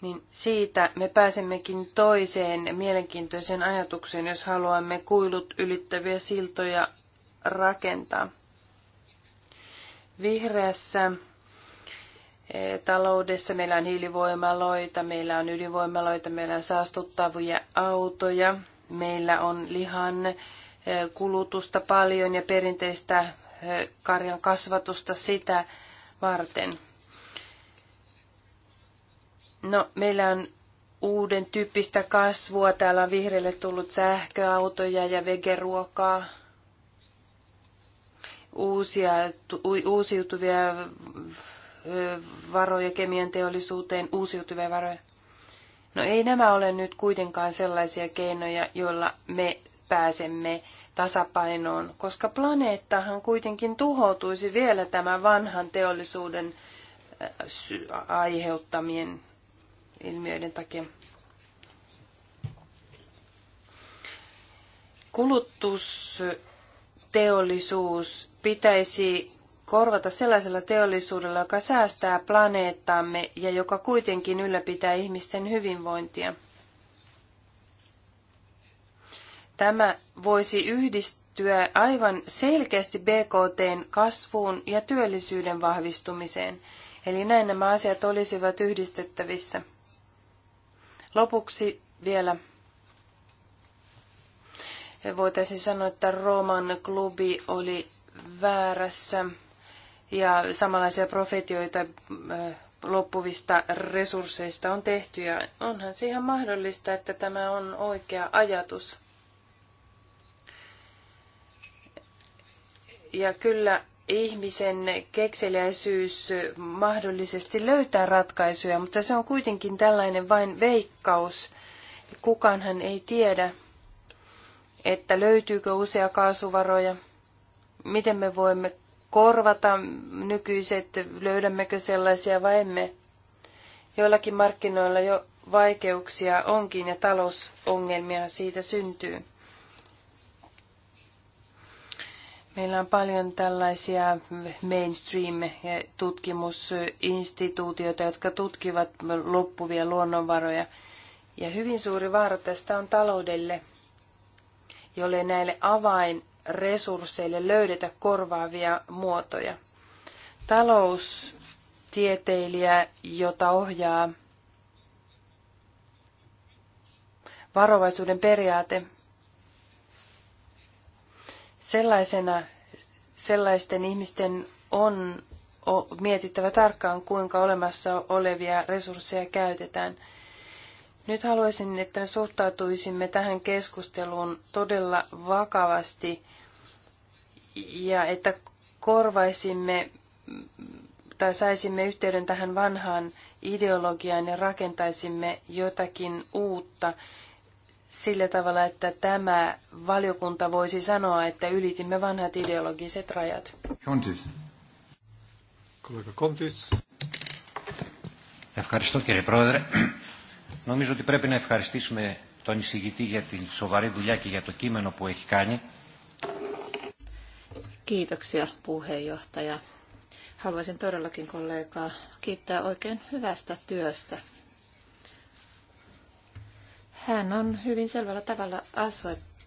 niin siitä me pääsemmekin toiseen mielenkiintoiseen ajatukseen, jos haluamme kuilut ylittäviä siltoja rakentaa. Vihreässä eh, taloudessa meillä on hiilivoimaloita, meillä on ydinvoimaloita, meillä on saastuttavia autoja, meillä on lihan eh, kulutusta paljon ja perinteistä eh, karjan kasvatusta sitä varten – No, meillä on uuden tyyppistä kasvua. Täällä on vihreille tullut sähköautoja ja vegeruokaa. Uusia, uusiutuvia varoja kemian teollisuuteen, uusiutuvia varoja. No ei nämä ole nyt kuitenkaan sellaisia keinoja, joilla me pääsemme tasapainoon, koska planeettahan kuitenkin tuhoutuisi vielä tämän vanhan teollisuuden aiheuttamien ilmiöiden takia. Kulutusteollisuus pitäisi korvata sellaisella teollisuudella, joka säästää planeettaamme ja joka kuitenkin ylläpitää ihmisten hyvinvointia. Tämä voisi yhdistyä aivan selkeästi BKTn kasvuun ja työllisyyden vahvistumiseen. Eli näin nämä asiat olisivat yhdistettävissä. Lopuksi vielä voitaisiin sanoa, että Rooman klubi oli väärässä ja samanlaisia profetioita äh, loppuvista resursseista on tehty ja onhan se ihan mahdollista, että tämä on oikea ajatus. Ja kyllä ihmisen kekseliäisyys mahdollisesti löytää ratkaisuja, mutta se on kuitenkin tällainen vain veikkaus. Kukaanhan ei tiedä, että löytyykö usea kaasuvaroja, miten me voimme korvata nykyiset, löydämmekö sellaisia vai emme. Joillakin markkinoilla jo vaikeuksia onkin ja talousongelmia siitä syntyy. Meillä on paljon tällaisia mainstream-tutkimusinstituutioita, jotka tutkivat loppuvia luonnonvaroja. Ja hyvin suuri vaara tästä on taloudelle, jolle näille avainresursseille löydetä korvaavia muotoja. Taloustieteilijä, jota ohjaa varovaisuuden periaate, sellaisena sellaisten ihmisten on mietittävä tarkkaan, kuinka olemassa olevia resursseja käytetään. Nyt haluaisin, että me suhtautuisimme tähän keskusteluun todella vakavasti ja että korvaisimme tai saisimme yhteyden tähän vanhaan ideologiaan ja rakentaisimme jotakin uutta, sillä tavalla, että tämä valiokunta voisi sanoa, että ylitimme vanhat ideologiset rajat.
Kontis.
Kollega Kontis.
Ευχαριστώ κύριε Πρόεδρε.
Νομίζω ότι πρέπει να ευχαριστήσουμε τον εισηγητή για την σοβαρή δουλειά και για το κείμενο που έχει κάνει.
Kiitoksia puheenjohtaja. Haluaisin todellakin kollegaa kiittää oikein hyvästä työstä. Hän on hyvin selvällä tavalla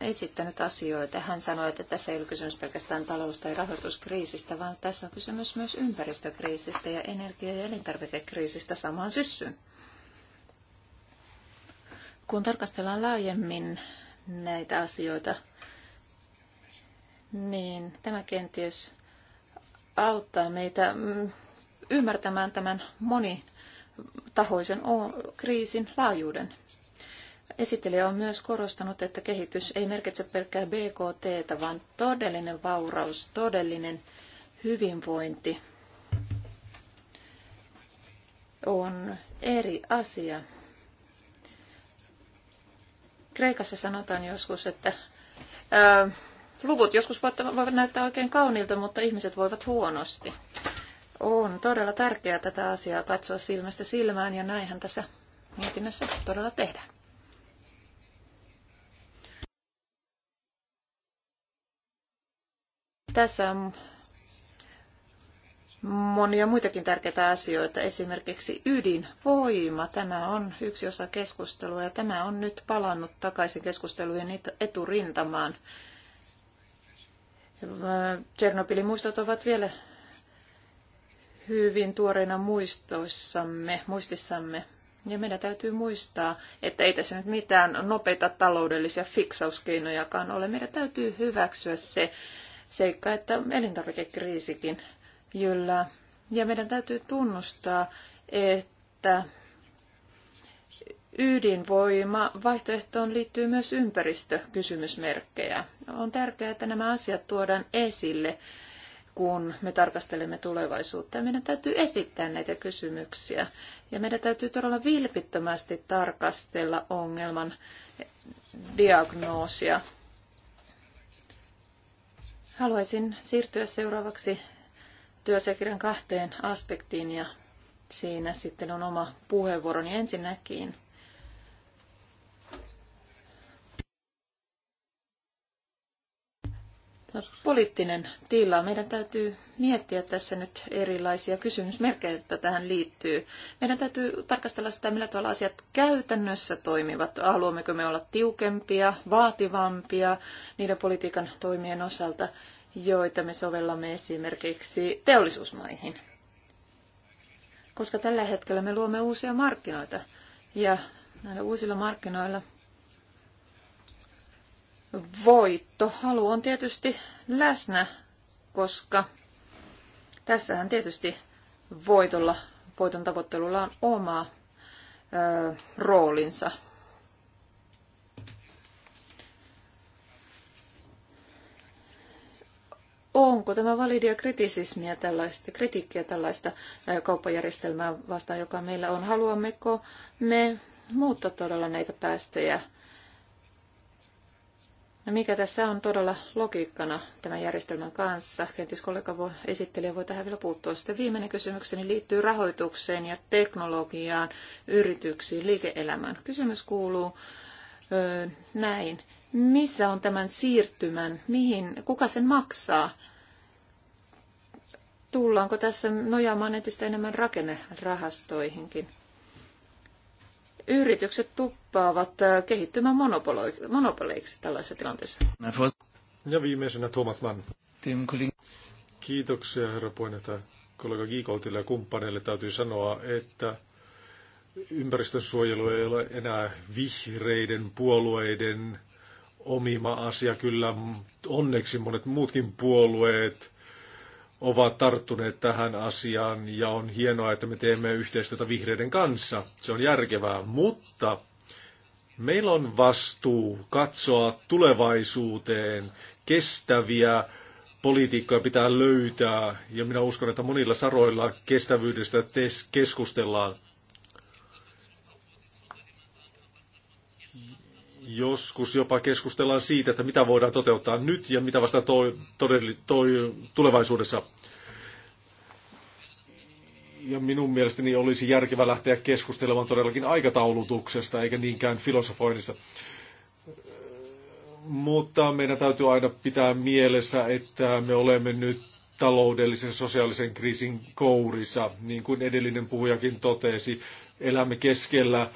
esittänyt asioita. Hän sanoi, että tässä ei ole kysymys pelkästään talous- tai rahoituskriisistä, vaan tässä on kysymys myös ympäristökriisistä ja energia- ja elintarvikekriisistä samaan syssyyn. Kun tarkastellaan laajemmin näitä asioita, niin tämä kenties auttaa meitä mm, ymmärtämään tämän monitahoisen kriisin laajuuden. Esittelijä on myös korostanut, että kehitys ei merkitse pelkkää BKT, vaan todellinen vauraus, todellinen hyvinvointi on eri asia. Kreikassa sanotaan joskus, että ää, luvut joskus voivat näyttää oikein kauniilta, mutta ihmiset voivat huonosti. On todella tärkeää tätä asiaa katsoa silmästä silmään ja näinhän tässä mietinnössä todella tehdään. Tässä on monia muitakin tärkeitä asioita, esimerkiksi ydinvoima. Tämä on yksi osa keskustelua ja tämä on nyt palannut takaisin keskustelujen eturintamaan. Tsernobylin muistot ovat vielä hyvin tuoreina muistoissamme, muistissamme. Ja meidän täytyy muistaa, että ei tässä nyt mitään nopeita taloudellisia fiksauskeinojakaan ole. Meidän täytyy hyväksyä se, seikka että elintarvikekriisikin jyllää. Ja meidän täytyy tunnustaa, että ydinvoima vaihtoehtoon liittyy myös ympäristökysymysmerkkejä. On tärkeää, että nämä asiat tuodaan esille, kun me tarkastelemme tulevaisuutta. Meidän täytyy esittää näitä kysymyksiä ja meidän täytyy todella vilpittömästi tarkastella ongelman diagnoosia Haluaisin siirtyä seuraavaksi työsekirjan kahteen aspektiin ja siinä sitten on oma puheenvuoroni ensinnäkin poliittinen tila. Meidän täytyy miettiä tässä nyt erilaisia kysymysmerkkejä, joita tähän liittyy. Meidän täytyy tarkastella sitä, millä tavalla asiat käytännössä toimivat. Haluammeko me olla tiukempia, vaativampia niiden politiikan toimien osalta, joita me sovellamme esimerkiksi teollisuusmaihin. Koska tällä hetkellä me luomme uusia markkinoita ja näillä uusilla markkinoilla – voitto. Halu on tietysti läsnä, koska tässähän tietysti voitolla, voiton tavoittelulla on oma ö, roolinsa. Onko tämä validia kritisismiä tällaista, kritiikkiä tällaista kauppajärjestelmää vastaan, joka meillä on? Haluammeko me muuttaa todella näitä päästöjä? No mikä tässä on todella logiikkana tämän järjestelmän kanssa? Kenties kollega voi, esittelijä voi tähän vielä puuttua. Sitten viimeinen kysymykseni liittyy rahoitukseen ja teknologiaan, yrityksiin, liike-elämään. Kysymys kuuluu näin. Missä on tämän siirtymän? Mihin? Kuka sen maksaa? Tullaanko tässä nojaamaan entistä enemmän rakennerahastoihinkin? yritykset tuppaavat äh, kehittymään monopoleiksi tällaisessa tilanteessa.
Ja viimeisenä Thomas Mann. Kiitoksia herra puheenjohtaja. Kollega Giikoltille ja kumppaneille täytyy sanoa, että ympäristönsuojelu ei ole enää vihreiden puolueiden omima asia. Kyllä onneksi monet muutkin puolueet ovat tarttuneet tähän asiaan ja on hienoa, että me teemme yhteistyötä vihreiden kanssa. Se on järkevää, mutta meillä on vastuu katsoa tulevaisuuteen kestäviä politiikkoja pitää löytää ja minä uskon, että monilla saroilla kestävyydestä keskustellaan. joskus jopa keskustellaan siitä, että mitä voidaan toteuttaa nyt ja mitä vasta toi, todelli, toi tulevaisuudessa. Ja minun mielestäni olisi järkevää lähteä keskustelemaan todellakin aikataulutuksesta eikä niinkään filosofoinnista. Mutta meidän täytyy aina pitää mielessä, että me olemme nyt taloudellisen ja sosiaalisen kriisin kourissa. Niin kuin edellinen puhujakin totesi, elämme keskellä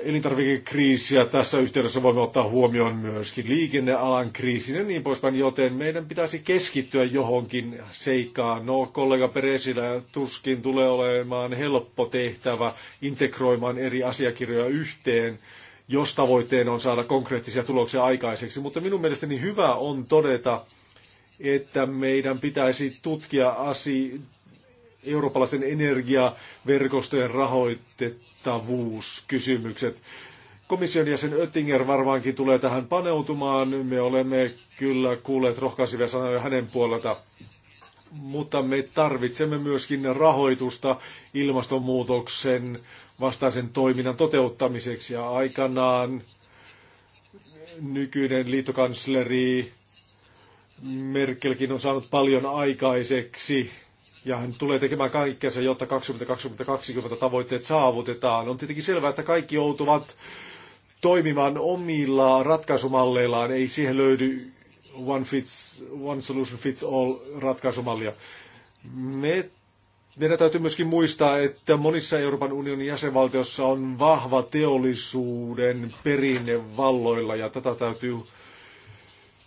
elintarvikekriisiä tässä yhteydessä voimme ottaa huomioon myöskin liikennealan kriisin ja niin poispäin, joten meidän pitäisi keskittyä johonkin seikkaan. No, kollega Peresillä tuskin tulee olemaan helppo tehtävä integroimaan eri asiakirjoja yhteen, jos tavoitteena on saada konkreettisia tuloksia aikaiseksi. Mutta minun mielestäni hyvä on todeta, että meidän pitäisi tutkia asi eurooppalaisen energiaverkostojen rahoitettua kattavuuskysymykset. Komission jäsen Oettinger varmaankin tulee tähän paneutumaan. Me olemme kyllä kuulleet rohkaisivia sanoja hänen puolelta. Mutta me tarvitsemme myöskin rahoitusta ilmastonmuutoksen vastaisen toiminnan toteuttamiseksi. Ja aikanaan nykyinen liittokansleri Merkelkin on saanut paljon aikaiseksi ja hän tulee tekemään kaikkensa, jotta 2020-2020 tavoitteet saavutetaan. On tietenkin selvää, että kaikki joutuvat toimimaan omilla ratkaisumalleillaan. Ei siihen löydy one, fits, one solution fits all ratkaisumallia. Me, meidän täytyy myöskin muistaa, että monissa Euroopan unionin jäsenvaltioissa on vahva teollisuuden perinne valloilla ja tätä täytyy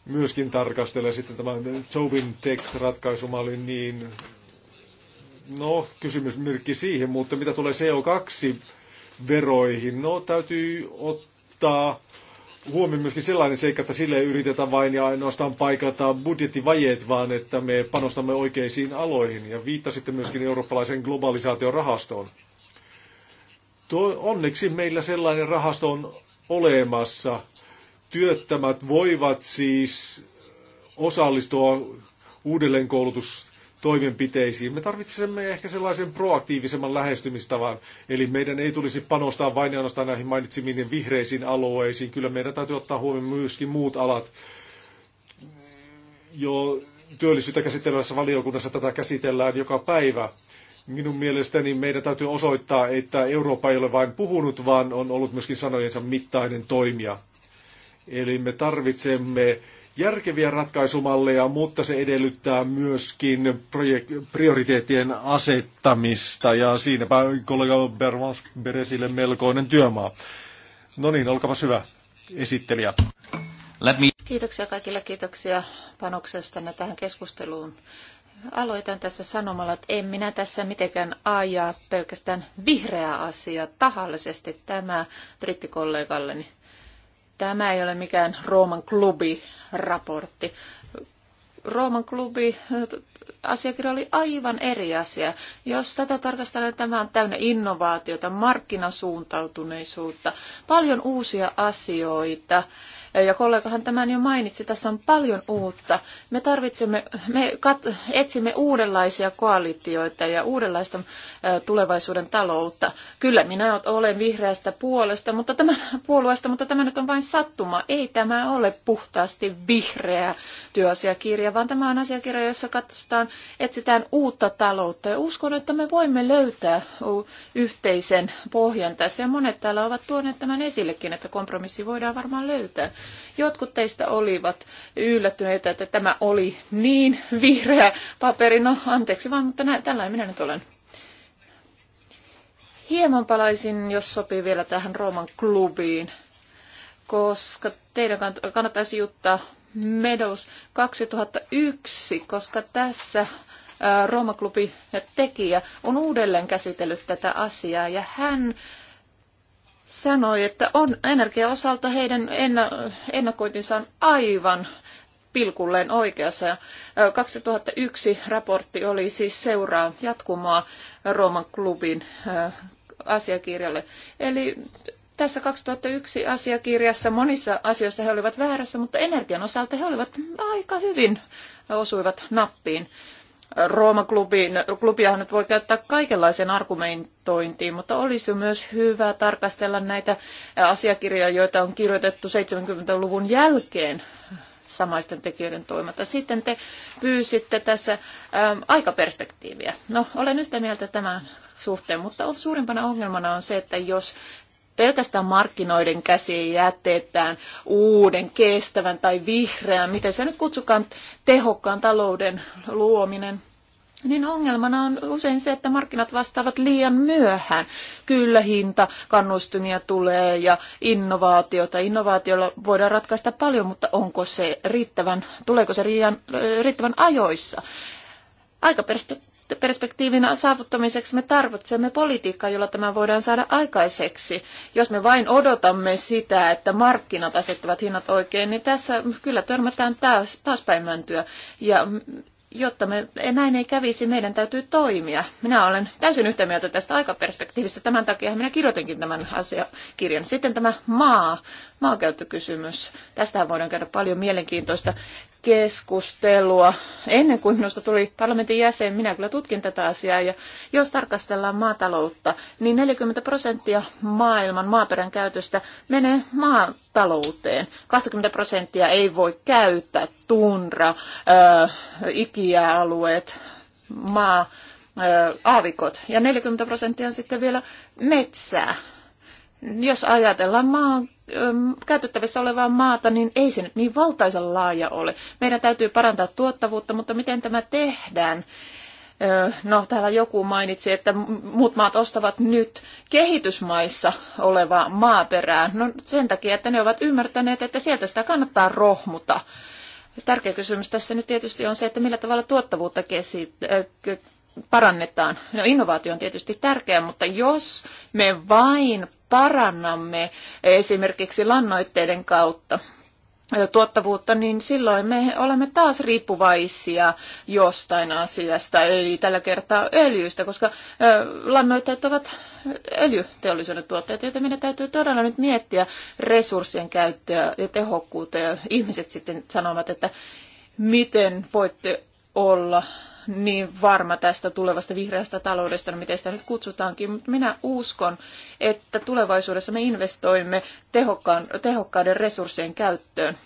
myöskin tarkastella. Sitten tämä Tobin text-ratkaisumalli, niin No, myrkki siihen, mutta mitä tulee CO2-veroihin? No, täytyy ottaa huomioon myöskin sellainen seikka, että sille yritetä vain ja ainoastaan paikata budjettivajeet, vaan että me panostamme oikeisiin aloihin. Ja viittasitte myöskin eurooppalaisen globalisaation rahastoon. Tuo, onneksi meillä sellainen rahasto on olemassa. Työttömät voivat siis osallistua uudelleenkoulutus toimenpiteisiin. Me tarvitsemme ehkä sellaisen proaktiivisemman lähestymistavan, eli meidän ei tulisi panostaa vain ainoastaan näihin mainitsemiin vihreisiin alueisiin. Kyllä meidän täytyy ottaa huomioon myöskin muut alat. Jo työllisyyttä käsittelevässä valiokunnassa tätä käsitellään joka päivä. Minun mielestäni meidän täytyy osoittaa, että Eurooppa ei ole vain puhunut, vaan on ollut myöskin sanojensa mittainen toimija. Eli me tarvitsemme järkeviä ratkaisumalleja, mutta se edellyttää myöskin projek- prioriteettien asettamista ja siinäpä kollega Bermans Beresille melkoinen työmaa. No niin, olkapas hyvä esittelijä. Let me...
Kiitoksia kaikille, kiitoksia panoksestanne tähän keskusteluun. Aloitan tässä sanomalla, että en minä tässä mitenkään ajaa pelkästään vihreää asiaa tahallisesti tämä brittikollegalleni Tämä ei ole mikään Rooman klubi raportti. Rooman klubi äh, asiakirja oli aivan eri asia. Jos tätä tarkastellaan, niin tämä on täynnä innovaatiota, markkinasuuntautuneisuutta, paljon uusia asioita ja kollegahan tämän jo mainitsi, tässä on paljon uutta. Me tarvitsemme, me kat, etsimme uudenlaisia koalitioita ja uudenlaista tulevaisuuden taloutta. Kyllä minä olen vihreästä puolesta, mutta tämä, (laughs) puolueesta, mutta tämä nyt on vain sattuma. Ei tämä ole puhtaasti vihreä työasiakirja, vaan tämä on asiakirja, jossa katsotaan, etsitään uutta taloutta. Ja uskon, että me voimme löytää yhteisen pohjan tässä. Ja monet täällä ovat tuoneet tämän esillekin, että kompromissi voidaan varmaan löytää. Jotkut teistä olivat yllättyneitä, että tämä oli niin vihreä paperi. No anteeksi vaan, mutta näin tällainen minä nyt olen. Hieman palaisin, jos sopii vielä tähän Rooman klubiin, koska teidän kannattaisi juttaa Meadows 2001, koska tässä Roomaklubi tekijä on uudelleen käsitellyt tätä asiaa ja hän sanoi, että on energian osalta heidän ennakointinsa on aivan pilkulleen oikeassa. Ja 2001 raportti oli siis seuraa jatkumoa Rooman klubin asiakirjalle. Eli tässä 2001 asiakirjassa monissa asioissa he olivat väärässä, mutta energian osalta he olivat aika hyvin osuivat nappiin. Rooma-klubiahan nyt voi käyttää kaikenlaisen argumentointiin, mutta olisi myös hyvä tarkastella näitä asiakirjoja, joita on kirjoitettu 70-luvun jälkeen samaisten tekijöiden toimesta. Sitten te pyysitte tässä äm, aikaperspektiiviä. No, olen yhtä mieltä tämän suhteen, mutta suurimpana ongelmana on se, että jos pelkästään markkinoiden käsiin jätetään uuden, kestävän tai vihreän, miten se nyt kutsukaan tehokkaan talouden luominen, niin ongelmana on usein se, että markkinat vastaavat liian myöhään. Kyllä hinta, kannustumia tulee ja innovaatiota. Innovaatiolla voidaan ratkaista paljon, mutta onko se riittävän, tuleeko se riittävän ajoissa? Aikaperspektiivi perspektiivin saavuttamiseksi me tarvitsemme politiikkaa, jolla tämä voidaan saada aikaiseksi. Jos me vain odotamme sitä, että markkinat asettavat hinnat oikein, niin tässä kyllä törmätään taas, taas päin mäntyä. Ja jotta me e, näin ei kävisi, meidän täytyy toimia. Minä olen täysin yhtä mieltä tästä aikaperspektiivistä. Tämän takia minä kirjoitinkin tämän asiakirjan. Sitten tämä maa, maankäyttökysymys. Tästähän voidaan käydä paljon mielenkiintoista keskustelua. Ennen kuin minusta tuli parlamentin jäsen, minä kyllä tutkin tätä asiaa. Ja jos tarkastellaan maataloutta, niin 40 prosenttia maailman maaperän käytöstä menee maatalouteen. 20 prosenttia ei voi käyttää tunra, äh, ikiäalueet, maa, äh, aavikot. Ja 40 prosenttia on sitten vielä metsää. Jos ajatellaan maan, käytettävissä olevaa maata, niin ei se nyt niin valtaisen laaja ole. Meidän täytyy parantaa tuottavuutta, mutta miten tämä tehdään? No, täällä joku mainitsi, että muut maat ostavat nyt kehitysmaissa olevaa maaperää. No, sen takia, että ne ovat ymmärtäneet, että sieltä sitä kannattaa rohmuta. Tärkeä kysymys tässä nyt tietysti on se, että millä tavalla tuottavuutta parannetaan? No innovaatio on tietysti tärkeää, mutta jos me vain parannamme esimerkiksi lannoitteiden kautta tuottavuutta, niin silloin me olemme taas riippuvaisia jostain asiasta, eli tällä kertaa öljystä, koska lannoitteet ovat öljyteollisuuden tuotteita, joten meidän täytyy todella nyt miettiä resurssien käyttöä ja tehokkuutta, ja ihmiset sitten sanovat, että miten voitte olla niin varma tästä tulevasta vihreästä taloudesta, no miten sitä nyt kutsutaankin, mutta minä uskon, että tulevaisuudessa me investoimme tehokkaan, tehokkaiden resurssien käyttöön.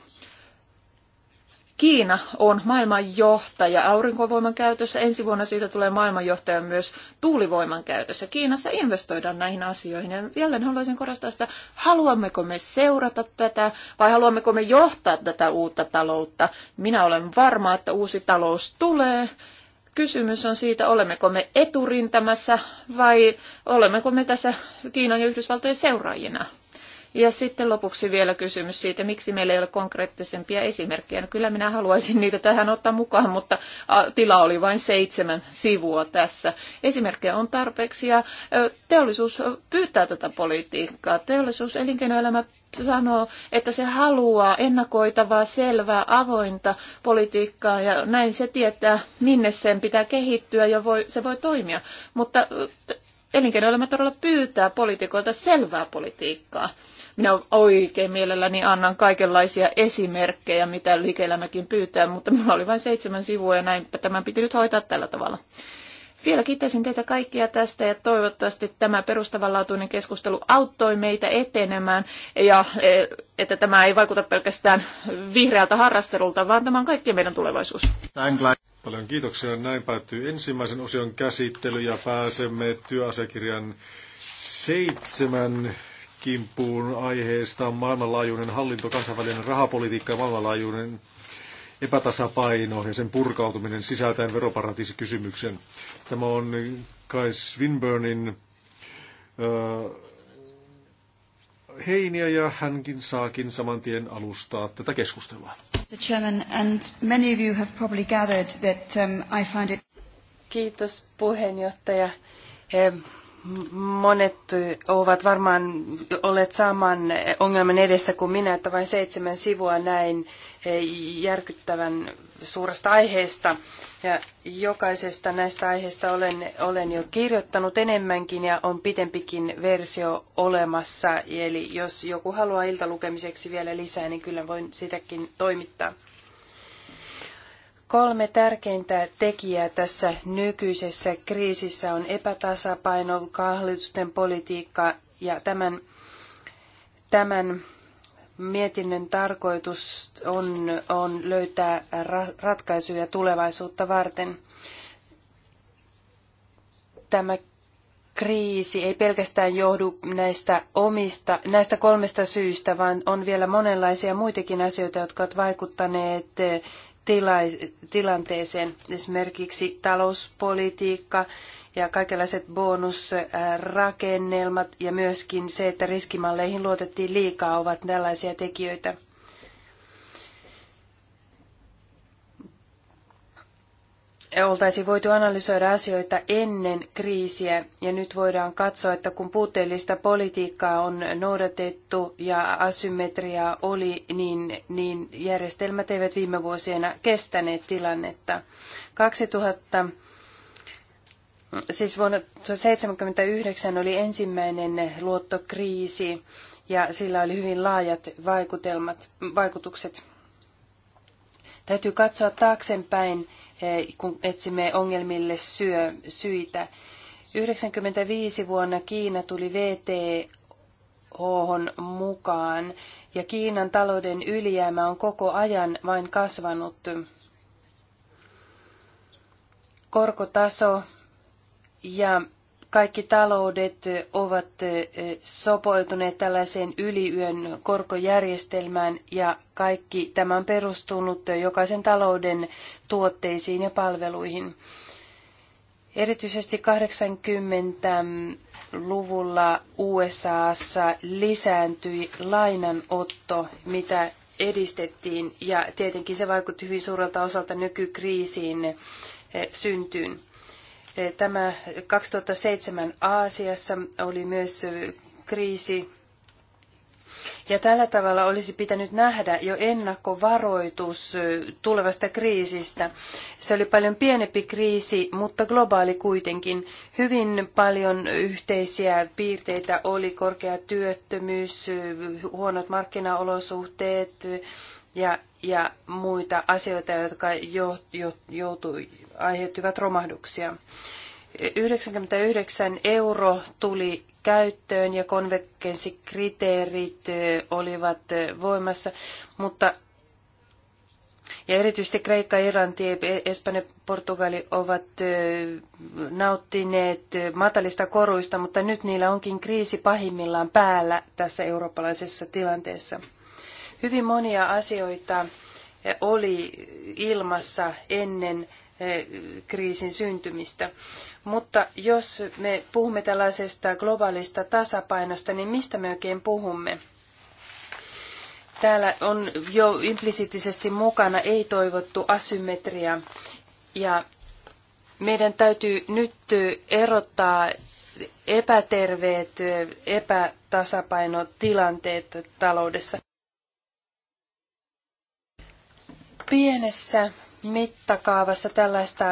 Kiina on maailmanjohtaja aurinkovoiman käytössä. Ensi vuonna siitä tulee maailmanjohtaja myös tuulivoiman käytössä. Kiinassa investoidaan näihin asioihin. Ja vielä haluaisin korostaa sitä, haluammeko me seurata tätä vai haluammeko me johtaa tätä uutta taloutta. Minä olen varma, että uusi talous tulee. Kysymys on siitä, olemmeko me eturintamassa vai olemmeko me tässä Kiinan ja Yhdysvaltojen seuraajina. Ja sitten lopuksi vielä kysymys siitä, miksi meillä ei ole konkreettisempia esimerkkejä. No, kyllä minä haluaisin niitä tähän ottaa mukaan, mutta tila oli vain seitsemän sivua tässä. Esimerkkejä on tarpeeksi ja teollisuus pyytää tätä politiikkaa. Teollisuus, elinkeinoelämä sanoo, että se haluaa ennakoitavaa, selvää, avointa politiikkaa ja näin se tietää, minne sen pitää kehittyä ja voi, se voi toimia. Mutta elinkeinoelämä todella pyytää poliitikoilta selvää politiikkaa. Minä oikein mielelläni annan kaikenlaisia esimerkkejä, mitä liike pyytää, mutta minulla oli vain seitsemän sivua ja näin tämän piti nyt hoitaa tällä tavalla. Vielä kiittäisin teitä kaikkia tästä ja toivottavasti tämä perustavanlaatuinen keskustelu auttoi meitä etenemään ja e, että tämä ei vaikuta pelkästään vihreältä harrastelulta, vaan tämä on kaikkien meidän tulevaisuus.
Paljon kiitoksia. Näin päättyy ensimmäisen osion käsittely ja pääsemme työasiakirjan seitsemän kimppuun aiheesta maailmanlaajuinen hallinto, kansainvälinen rahapolitiikka ja maailmanlaajuinen epätasapaino ja sen purkautuminen sisältäen veroparatiisikysymyksen. Tämä on Kai Swinburnin heiniä ja hänkin saakin saman tien alustaa tätä keskustelua.
Um,
Kiitos puheenjohtaja. Monet ovat varmaan olleet saman ongelman edessä kuin minä, että vain seitsemän sivua näin järkyttävän suuresta aiheesta. Ja jokaisesta näistä aiheista olen, olen jo kirjoittanut enemmänkin ja on pitempikin versio olemassa. Eli jos joku haluaa iltalukemiseksi vielä lisää, niin kyllä voin sitäkin toimittaa. Kolme tärkeintä tekijää tässä nykyisessä kriisissä on epätasapaino, hallitusten politiikka ja tämän, tämän Mietinnön tarkoitus on, on löytää ratkaisuja tulevaisuutta varten. Tämä kriisi ei pelkästään johdu näistä, omista, näistä kolmesta syystä, vaan on vielä monenlaisia muitakin asioita, jotka ovat vaikuttaneet eh, tila, tilanteeseen. Esimerkiksi talouspolitiikka ja kaikenlaiset bonusrakennelmat ja myöskin se, että riskimalleihin luotettiin liikaa, ovat tällaisia tekijöitä. oltaisiin voitu analysoida asioita ennen kriisiä ja nyt voidaan katsoa, että kun puutteellista politiikkaa on noudatettu ja asymmetriaa oli, niin, niin järjestelmät eivät viime vuosina kestäneet tilannetta. 2000 Siis vuonna 1979 oli ensimmäinen luottokriisi ja sillä oli hyvin laajat vaikutelmat, vaikutukset. Täytyy katsoa taaksepäin, eh, kun etsimme ongelmille syö, syitä. 1995 vuonna Kiina tuli VTOhon mukaan ja Kiinan talouden ylijäämä on koko ajan vain kasvanut. Korkotaso ja kaikki taloudet ovat eh, sopoituneet tällaiseen yliyön korkojärjestelmään ja kaikki tämä on perustunut jokaisen talouden tuotteisiin ja palveluihin. Erityisesti 80-luvulla USAssa lisääntyi lainanotto, mitä edistettiin ja tietenkin se vaikutti hyvin suurelta osalta nykykriisiin eh, syntyyn. Tämä 2007 Aasiassa oli myös kriisi. Ja tällä tavalla olisi pitänyt nähdä jo ennakkovaroitus tulevasta kriisistä. Se oli paljon pienempi kriisi, mutta globaali kuitenkin. Hyvin paljon yhteisiä piirteitä oli korkea työttömyys, huonot markkinaolosuhteet ja, ja muita asioita, jotka jo, jo, joutui, aiheuttivat romahduksia. 99 euro tuli käyttöön ja konvergenssikriteerit olivat voimassa, mutta ja erityisesti Kreikka, Irlanti, Espanja, Portugali ovat nauttineet matalista koruista, mutta nyt niillä onkin kriisi pahimmillaan päällä tässä eurooppalaisessa tilanteessa. Hyvin monia asioita oli ilmassa ennen Eh, kriisin syntymistä. Mutta jos me puhumme tällaisesta globaalista tasapainosta, niin mistä me oikein puhumme? Täällä on jo implisiittisesti mukana ei-toivottu asymmetria ja meidän täytyy nyt erottaa epäterveet, epätasapainotilanteet taloudessa. Pienessä mittakaavassa tällaista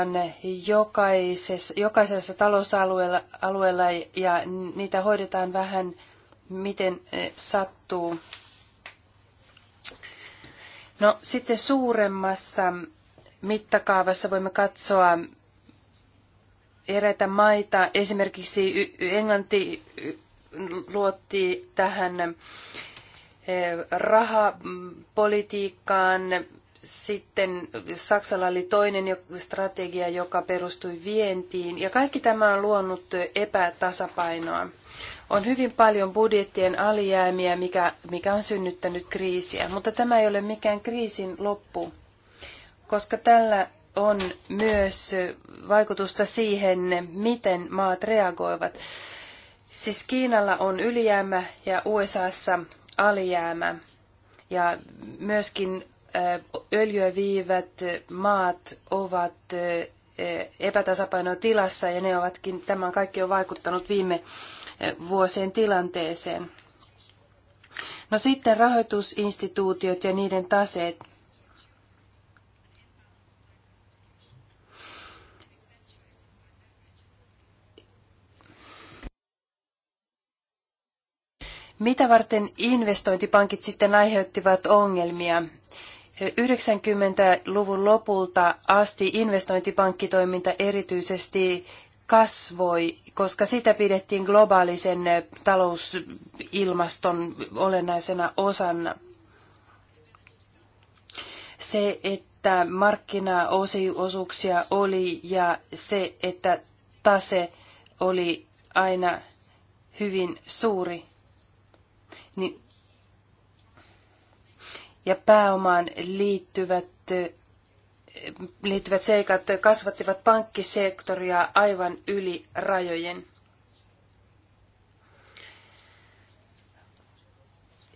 jokaisessa, jokaisessa talousalueella alueella, ja niitä hoidetaan vähän miten eh, sattuu. No sitten suuremmassa mittakaavassa voimme katsoa eräitä maita. Esimerkiksi Englanti luotti tähän eh, rahapolitiikkaan sitten Saksalla oli toinen strategia, joka perustui vientiin, ja kaikki tämä on luonut epätasapainoa. On hyvin paljon budjettien alijäämiä, mikä, mikä on synnyttänyt kriisiä, mutta tämä ei ole mikään kriisin loppu, koska tällä on myös vaikutusta siihen, miten maat reagoivat. Siis Kiinalla on ylijäämä ja USAssa alijäämä. Ja myöskin öljyviivät maat ovat epätasapainotilassa ja ne ovatkin, tämän kaikki on vaikuttanut viime vuosien tilanteeseen. No sitten rahoitusinstituutiot ja niiden taseet. Mitä varten investointipankit sitten aiheuttivat ongelmia? 90-luvun lopulta asti investointipankkitoiminta erityisesti kasvoi, koska sitä pidettiin globaalisen talousilmaston olennaisena osana. Se, että markkinaosuuksia oli ja se, että tase oli aina hyvin suuri, niin ja pääomaan liittyvät, liittyvät seikat kasvattivat pankkisektoria aivan yli rajojen.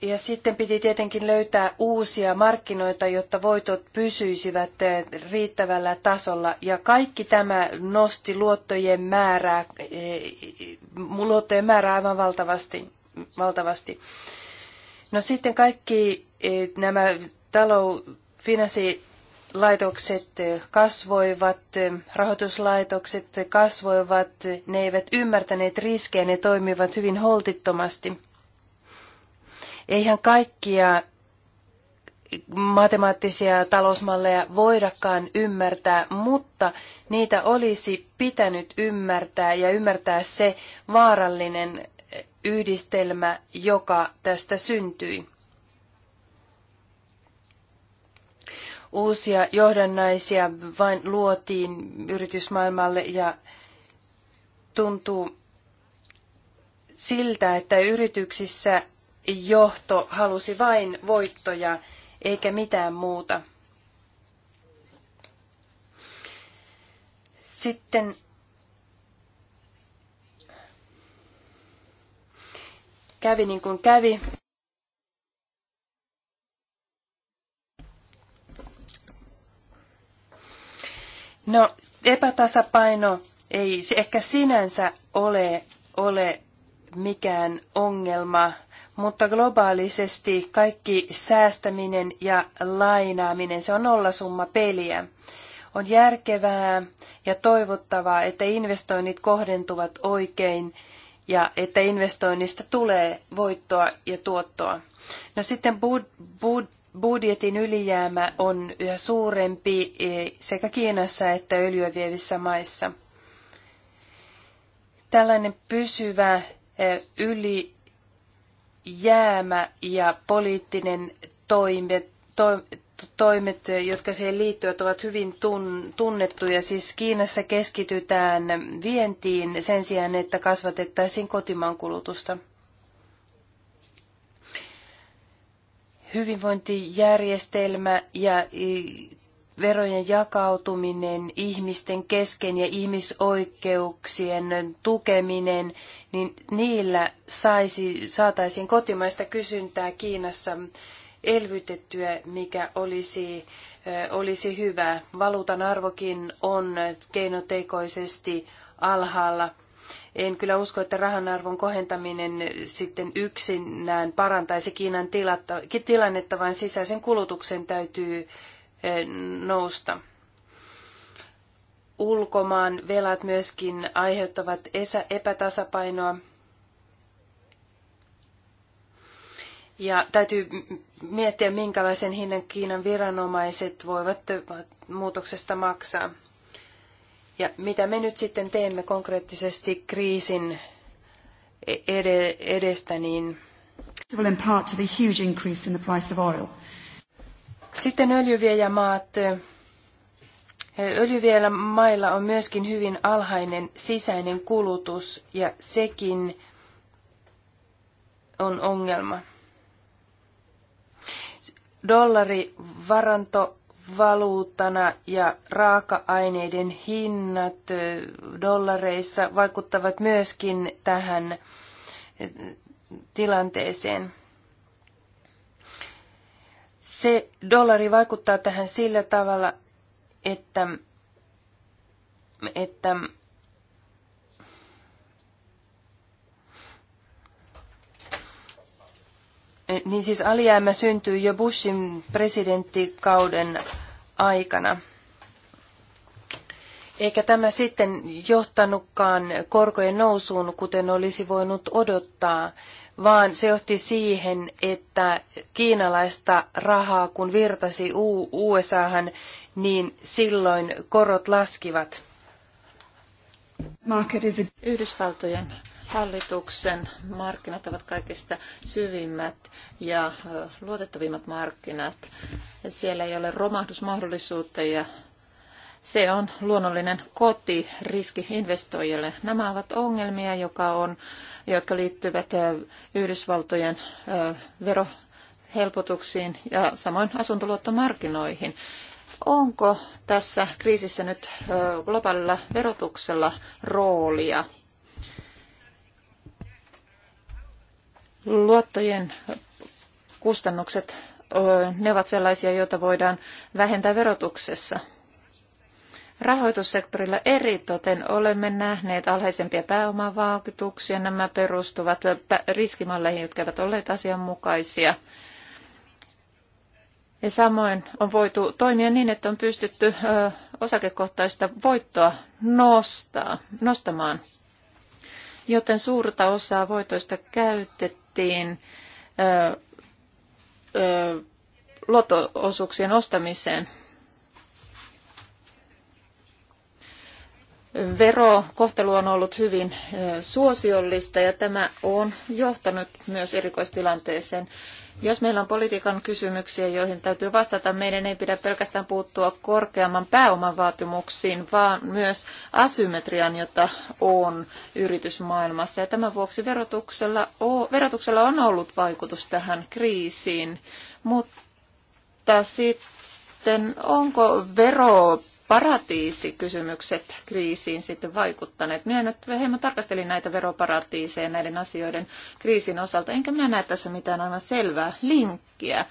Ja sitten piti tietenkin löytää uusia markkinoita, jotta voitot pysyisivät riittävällä tasolla. Ja kaikki tämä nosti luottojen määrää, eh, luottojen määrää aivan valtavasti. valtavasti. No sitten kaikki eh, nämä talou, finanssilaitokset eh, kasvoivat, eh, rahoituslaitokset kasvoivat, ne eivät ymmärtäneet riskejä, ne toimivat hyvin holtittomasti. Eihän kaikkia matemaattisia talousmalleja voidakaan ymmärtää, mutta niitä olisi pitänyt ymmärtää ja ymmärtää se vaarallinen yhdistelmä, joka tästä syntyi. Uusia johdannaisia vain luotiin yritysmaailmalle ja tuntuu siltä, että yrityksissä johto halusi vain voittoja eikä mitään muuta. Sitten kävi niin kuin kävi. No, epätasapaino ei ehkä sinänsä ole, ole mikään ongelma, mutta globaalisesti kaikki säästäminen ja lainaaminen, se on nollasumma peliä. On järkevää ja toivottavaa, että investoinnit kohdentuvat oikein ja että investoinnista tulee voittoa ja tuottoa. No sitten bud, bud, budjetin ylijäämä on yhä suurempi e, sekä Kiinassa että öljyä vievissä maissa. Tällainen pysyvä e, ylijäämä ja poliittinen toime, to, toimet, jotka siihen liittyvät, ovat hyvin tunnettuja. Siis Kiinassa keskitytään vientiin sen sijaan, että kasvatettaisiin kotimaan kulutusta. Hyvinvointijärjestelmä ja verojen jakautuminen ihmisten kesken ja ihmisoikeuksien tukeminen, niin niillä saisi, saataisiin kotimaista kysyntää Kiinassa elvytettyä, mikä olisi, olisi hyvä. Valuutan arvokin on keinotekoisesti alhaalla. En kyllä usko, että rahan arvon kohentaminen sitten yksinään parantaisi Kiinan tilannetta, vaan sisäisen kulutuksen täytyy nousta ulkomaan velat myöskin aiheuttavat epätasapainoa. Ja täytyy miettiä, minkälaisen hinnan Kiinan viranomaiset voivat muutoksesta maksaa. Ja mitä me nyt sitten teemme konkreettisesti kriisin edestä, niin... Sitten öljyviejämaat. Öljyviejällä mailla on myöskin hyvin alhainen sisäinen kulutus ja sekin on ongelma dollari varantovaluuttana ja raaka-aineiden hinnat dollareissa vaikuttavat myöskin tähän tilanteeseen. Se dollari vaikuttaa tähän sillä tavalla, että, että Eh, niin siis alijäämä syntyy jo Bushin presidenttikauden aikana. Eikä tämä sitten johtanutkaan korkojen nousuun, kuten olisi voinut odottaa, vaan se johti siihen, että kiinalaista rahaa, kun virtasi USAhan, niin silloin korot laskivat.
Yhdysvaltojen hallituksen markkinat ovat kaikista syvimmät ja luotettavimmat markkinat. Siellä ei ole romahdusmahdollisuutta ja se on luonnollinen koti riski investoijille. Nämä ovat ongelmia, joka on, jotka liittyvät Yhdysvaltojen verohelpotuksiin ja samoin asuntoluottomarkkinoihin. Onko tässä kriisissä nyt globaalilla verotuksella roolia? Luottojen kustannukset, ne ovat sellaisia, joita voidaan vähentää verotuksessa. Rahoitussektorilla eritoten olemme nähneet alhaisempia pääomavaikutuksia. Nämä perustuvat riskimalleihin, jotka eivät olleet asianmukaisia. Ja samoin on voitu toimia niin, että on pystytty osakekohtaista voittoa nostaa, nostamaan, joten suurta osaa voitoista käytetään kiellettiin ö, ö, lotoosuuksien ostamiseen. Verokohtelu on ollut hyvin suosiollista ja tämä on johtanut myös erikoistilanteeseen. Jos meillä on politiikan kysymyksiä, joihin täytyy vastata, meidän ei pidä pelkästään puuttua korkeamman pääoman vaatimuksiin, vaan myös asymmetrian, jota on yritysmaailmassa. Ja tämän vuoksi verotuksella on, verotuksella on ollut vaikutus tähän kriisiin, mutta sitten onko vero paratiisikysymykset kriisiin sitten vaikuttaneet. Minä nyt hieman tarkastelin näitä veroparatiiseja näiden asioiden kriisin osalta, enkä minä näe tässä mitään aivan selvää linkkiä.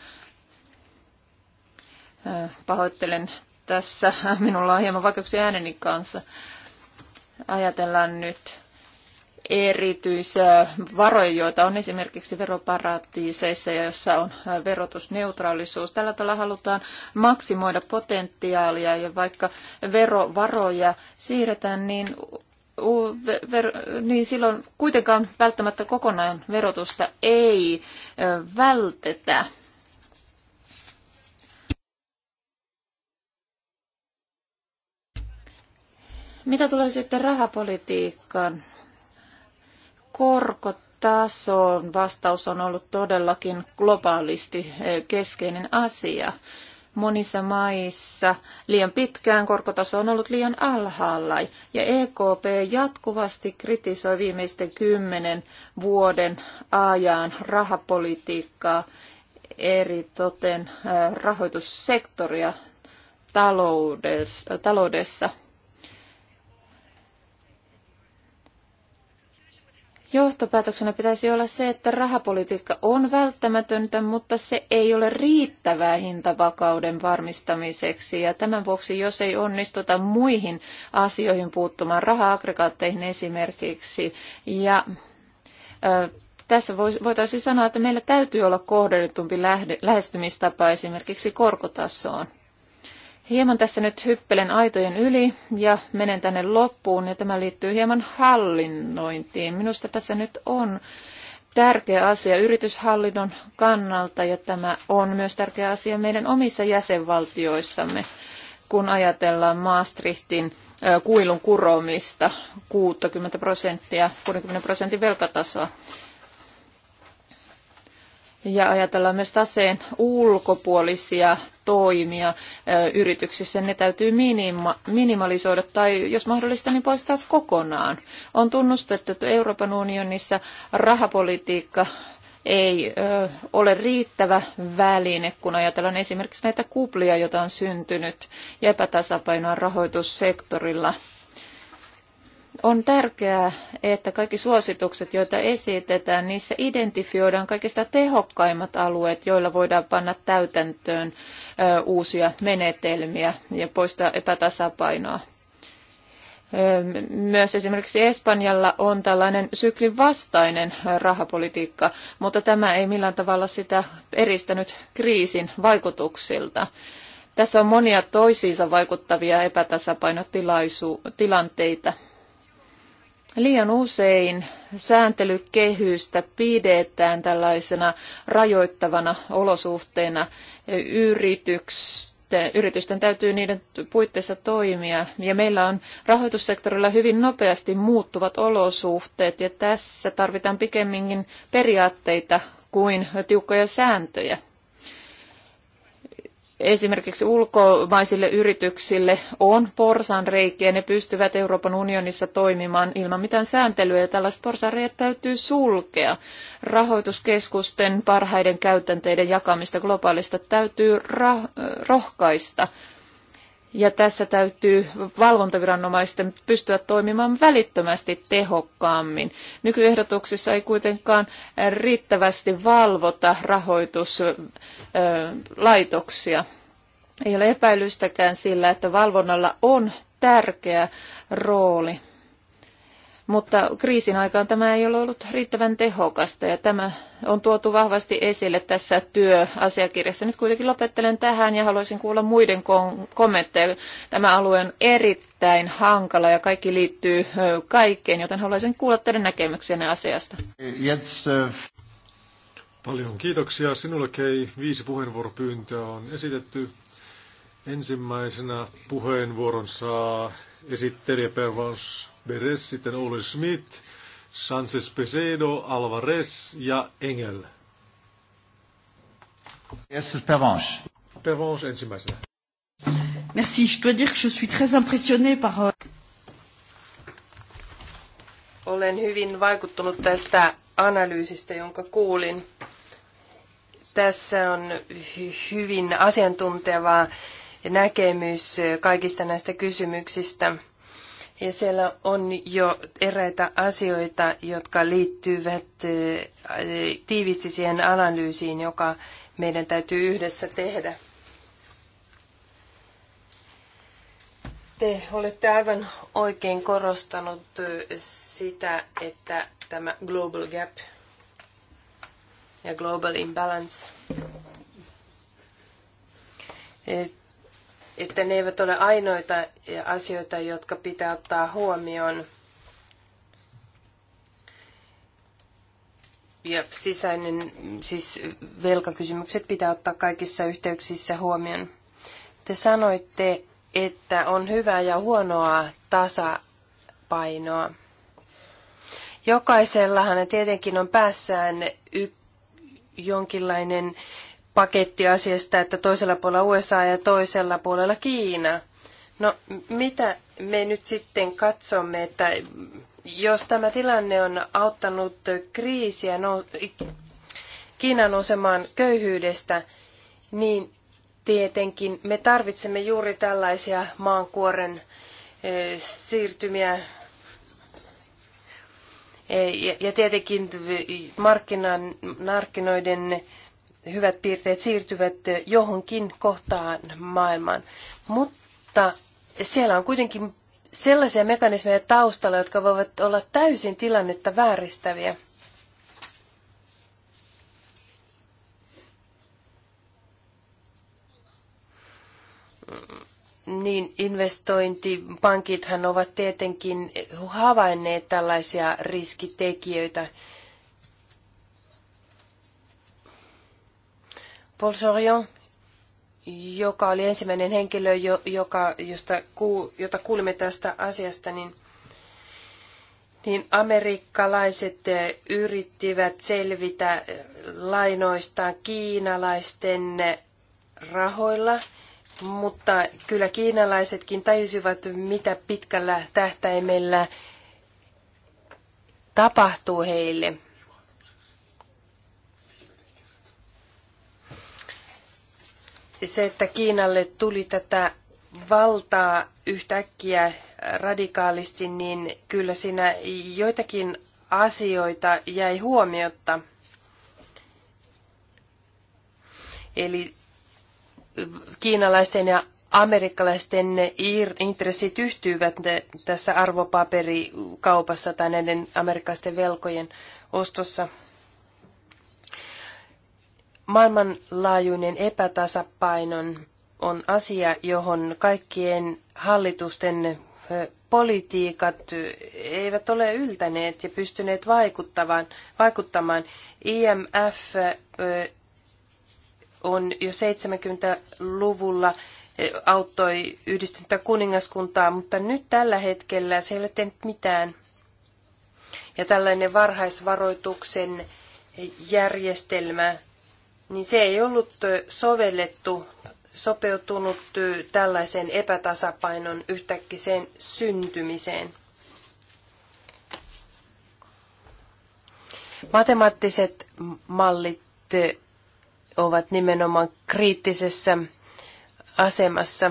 Pahoittelen tässä, (laughs) minulla on hieman vaikeuksia ääneni kanssa. Ajatellaan nyt erityisvaroja, joita on esimerkiksi veroparatiiseissa, joissa on verotusneutraalisuus. Tällä tavalla halutaan maksimoida potentiaalia ja vaikka verovaroja siirretään, niin niin silloin kuitenkaan välttämättä kokonaan verotusta ei vältetä. Mitä tulee sitten rahapolitiikkaan? korkotasoon vastaus on ollut todellakin globaalisti eh, keskeinen asia. Monissa maissa liian pitkään korkotaso on ollut liian alhaalla ja EKP jatkuvasti kritisoi viimeisten kymmenen vuoden ajan rahapolitiikkaa eri toten eh, rahoitussektoria taloudessa Johtopäätöksenä pitäisi olla se, että rahapolitiikka on välttämätöntä, mutta se ei ole riittävää hintavakauden varmistamiseksi. Ja tämän vuoksi, jos ei onnistuta muihin asioihin puuttumaan, raha-aggregaatteihin esimerkiksi, ja ö, tässä voitaisiin sanoa, että meillä täytyy olla kohdennetumpi lähestymistapa esimerkiksi korkotasoon. Hieman tässä nyt hyppelen aitojen yli ja menen tänne loppuun ja tämä liittyy hieman hallinnointiin. Minusta tässä nyt on tärkeä asia yrityshallinnon kannalta ja tämä on myös tärkeä asia meidän omissa jäsenvaltioissamme, kun ajatellaan Maastrichtin kuilun kuromista 60 prosenttia, 60 prosentin velkatasoa. Ja ajatellaan myös taseen ulkopuolisia toimia yrityksissä, ne täytyy minima- minimalisoida tai jos mahdollista, niin poistaa kokonaan. On tunnustettu, että Euroopan unionissa rahapolitiikka ei ö, ole riittävä väline, kun ajatellaan esimerkiksi näitä kuplia, joita on syntynyt ja epätasapainoa rahoitussektorilla – on tärkeää, että kaikki suositukset, joita esitetään, niissä identifioidaan kaikista tehokkaimmat alueet, joilla voidaan panna täytäntöön uusia menetelmiä ja poistaa epätasapainoa. Myös esimerkiksi Espanjalla on tällainen syklin vastainen rahapolitiikka, mutta tämä ei millään tavalla sitä eristänyt kriisin vaikutuksilta. Tässä on monia toisiinsa vaikuttavia epätasapainotilanteita Liian usein sääntelykehystä pidetään tällaisena rajoittavana olosuhteena yritykset, yritysten täytyy niiden puitteissa toimia. Ja meillä on rahoitussektorilla hyvin nopeasti muuttuvat olosuhteet ja tässä tarvitaan pikemminkin periaatteita kuin tiukkoja sääntöjä esimerkiksi ulkomaisille yrityksille on porsanreikiä ja ne pystyvät Euroopan unionissa toimimaan ilman mitään sääntelyä ja tällaiset porsanreijat täytyy sulkea. Rahoituskeskusten parhaiden käytänteiden jakamista globaalista täytyy rohkaista ja tässä täytyy valvontaviranomaisten pystyä toimimaan välittömästi tehokkaammin. Nykyehdotuksissa ei kuitenkaan riittävästi valvota rahoituslaitoksia. Ei ole epäilystäkään sillä, että valvonnalla on tärkeä rooli mutta kriisin aikaan tämä ei ole ollut riittävän tehokasta ja tämä on tuotu vahvasti esille tässä työasiakirjassa. Nyt kuitenkin lopettelen tähän ja haluaisin kuulla muiden kommentteja. Tämä alue on erittäin hankala ja kaikki liittyy kaikkeen, joten haluaisin kuulla teidän näkemyksenne asiasta.
Paljon kiitoksia. Sinulle, Kei, viisi puheenvuoropyyntöä on esitetty. Ensimmäisenä puheenvuoron saa esittelijä Beres, sitten Ole Schmidt, Sanchez Pesedo, Alvarez ja Engel. Yes, Pervenche. Pervenche ensimmäisenä. Merci, je dois dire que je
suis très impressionné par... Euh,
Olen hyvin vaikuttunut tästä analyysistä, jonka kuulin. Tässä on hyvin asiantuntevaa näkemys kaikista näistä kysymyksistä. Ja siellä on jo eräitä asioita, jotka liittyvät tiivisti siihen analyysiin, joka meidän täytyy yhdessä tehdä. Te olette aivan oikein korostanut sitä, että tämä global gap ja global imbalance että ne eivät ole ainoita asioita, jotka pitää ottaa huomioon. Ja sisäinen, siis velkakysymykset pitää ottaa kaikissa yhteyksissä huomioon. Te sanoitte, että on hyvää ja huonoa tasapainoa. Jokaisellahan tietenkin on päässään y- jonkinlainen paketti asiasta, että toisella puolella USA ja toisella puolella Kiina. No mitä me nyt sitten katsomme, että jos tämä tilanne on auttanut kriisiä no, Kiinan nousemaan köyhyydestä, niin tietenkin me tarvitsemme juuri tällaisia maankuoren e, siirtymiä e, ja tietenkin markkinan, markkinoiden hyvät piirteet siirtyvät johonkin kohtaan maailmaan. Mutta siellä on kuitenkin sellaisia mekanismeja taustalla, jotka voivat olla täysin tilannetta vääristäviä. Niin, investointipankithan ovat tietenkin havainneet tällaisia riskitekijöitä – Paul Sorion, joka oli ensimmäinen henkilö, joka, josta, jota kuulimme tästä asiasta, niin, niin amerikkalaiset eh, yrittivät selvitä eh, lainoistaan kiinalaisten eh, rahoilla, mutta kyllä kiinalaisetkin tajusivat, mitä pitkällä tähtäimellä tapahtuu heille – Siis se, että Kiinalle tuli tätä valtaa yhtäkkiä radikaalisti, niin kyllä siinä joitakin asioita jäi huomiotta. Eli kiinalaisten ja amerikkalaisten intressit yhtyivät tässä arvopaperikaupassa tai näiden amerikkalaisten velkojen ostossa – Maailmanlaajuinen epätasapainon on asia, johon kaikkien hallitusten politiikat eivät ole yltäneet ja pystyneet vaikuttamaan. vaikuttamaan. IMF on jo 70-luvulla auttoi yhdistyntä kuningaskuntaa, mutta nyt tällä hetkellä se ei ole tehnyt mitään. Ja tällainen varhaisvaroituksen järjestelmä niin se ei ollut sovellettu, sopeutunut tällaisen epätasapainon yhtäkkiseen syntymiseen. Matemaattiset mallit ovat nimenomaan kriittisessä asemassa.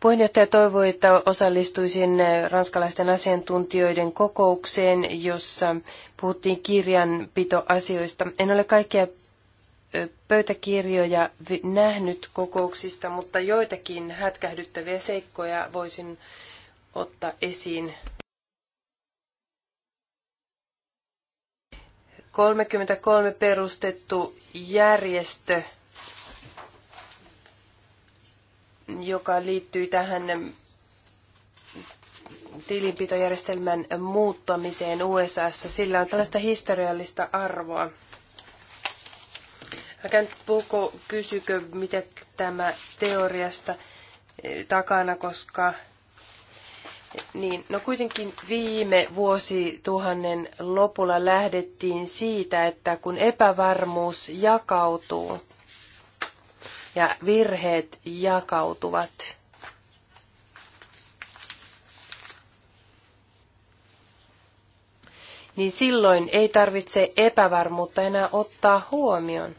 Puheenjohtaja toivoi, että osallistuisin ranskalaisten asiantuntijoiden kokoukseen, jossa puhuttiin kirjanpitoasioista. En ole kaikkia pöytäkirjoja nähnyt kokouksista, mutta joitakin hätkähdyttäviä seikkoja voisin ottaa esiin. 33 perustettu järjestö, joka liittyy tähän tilinpitojärjestelmän muuttamiseen USAssa, sillä on tällaista historiallista arvoa. Älkää nyt puhuko, kysykö, mitä tämä teoriasta eh, takana, koska niin, no kuitenkin viime vuosituhannen lopulla lähdettiin siitä, että kun epävarmuus jakautuu ja virheet jakautuvat, niin silloin ei tarvitse epävarmuutta enää ottaa huomioon.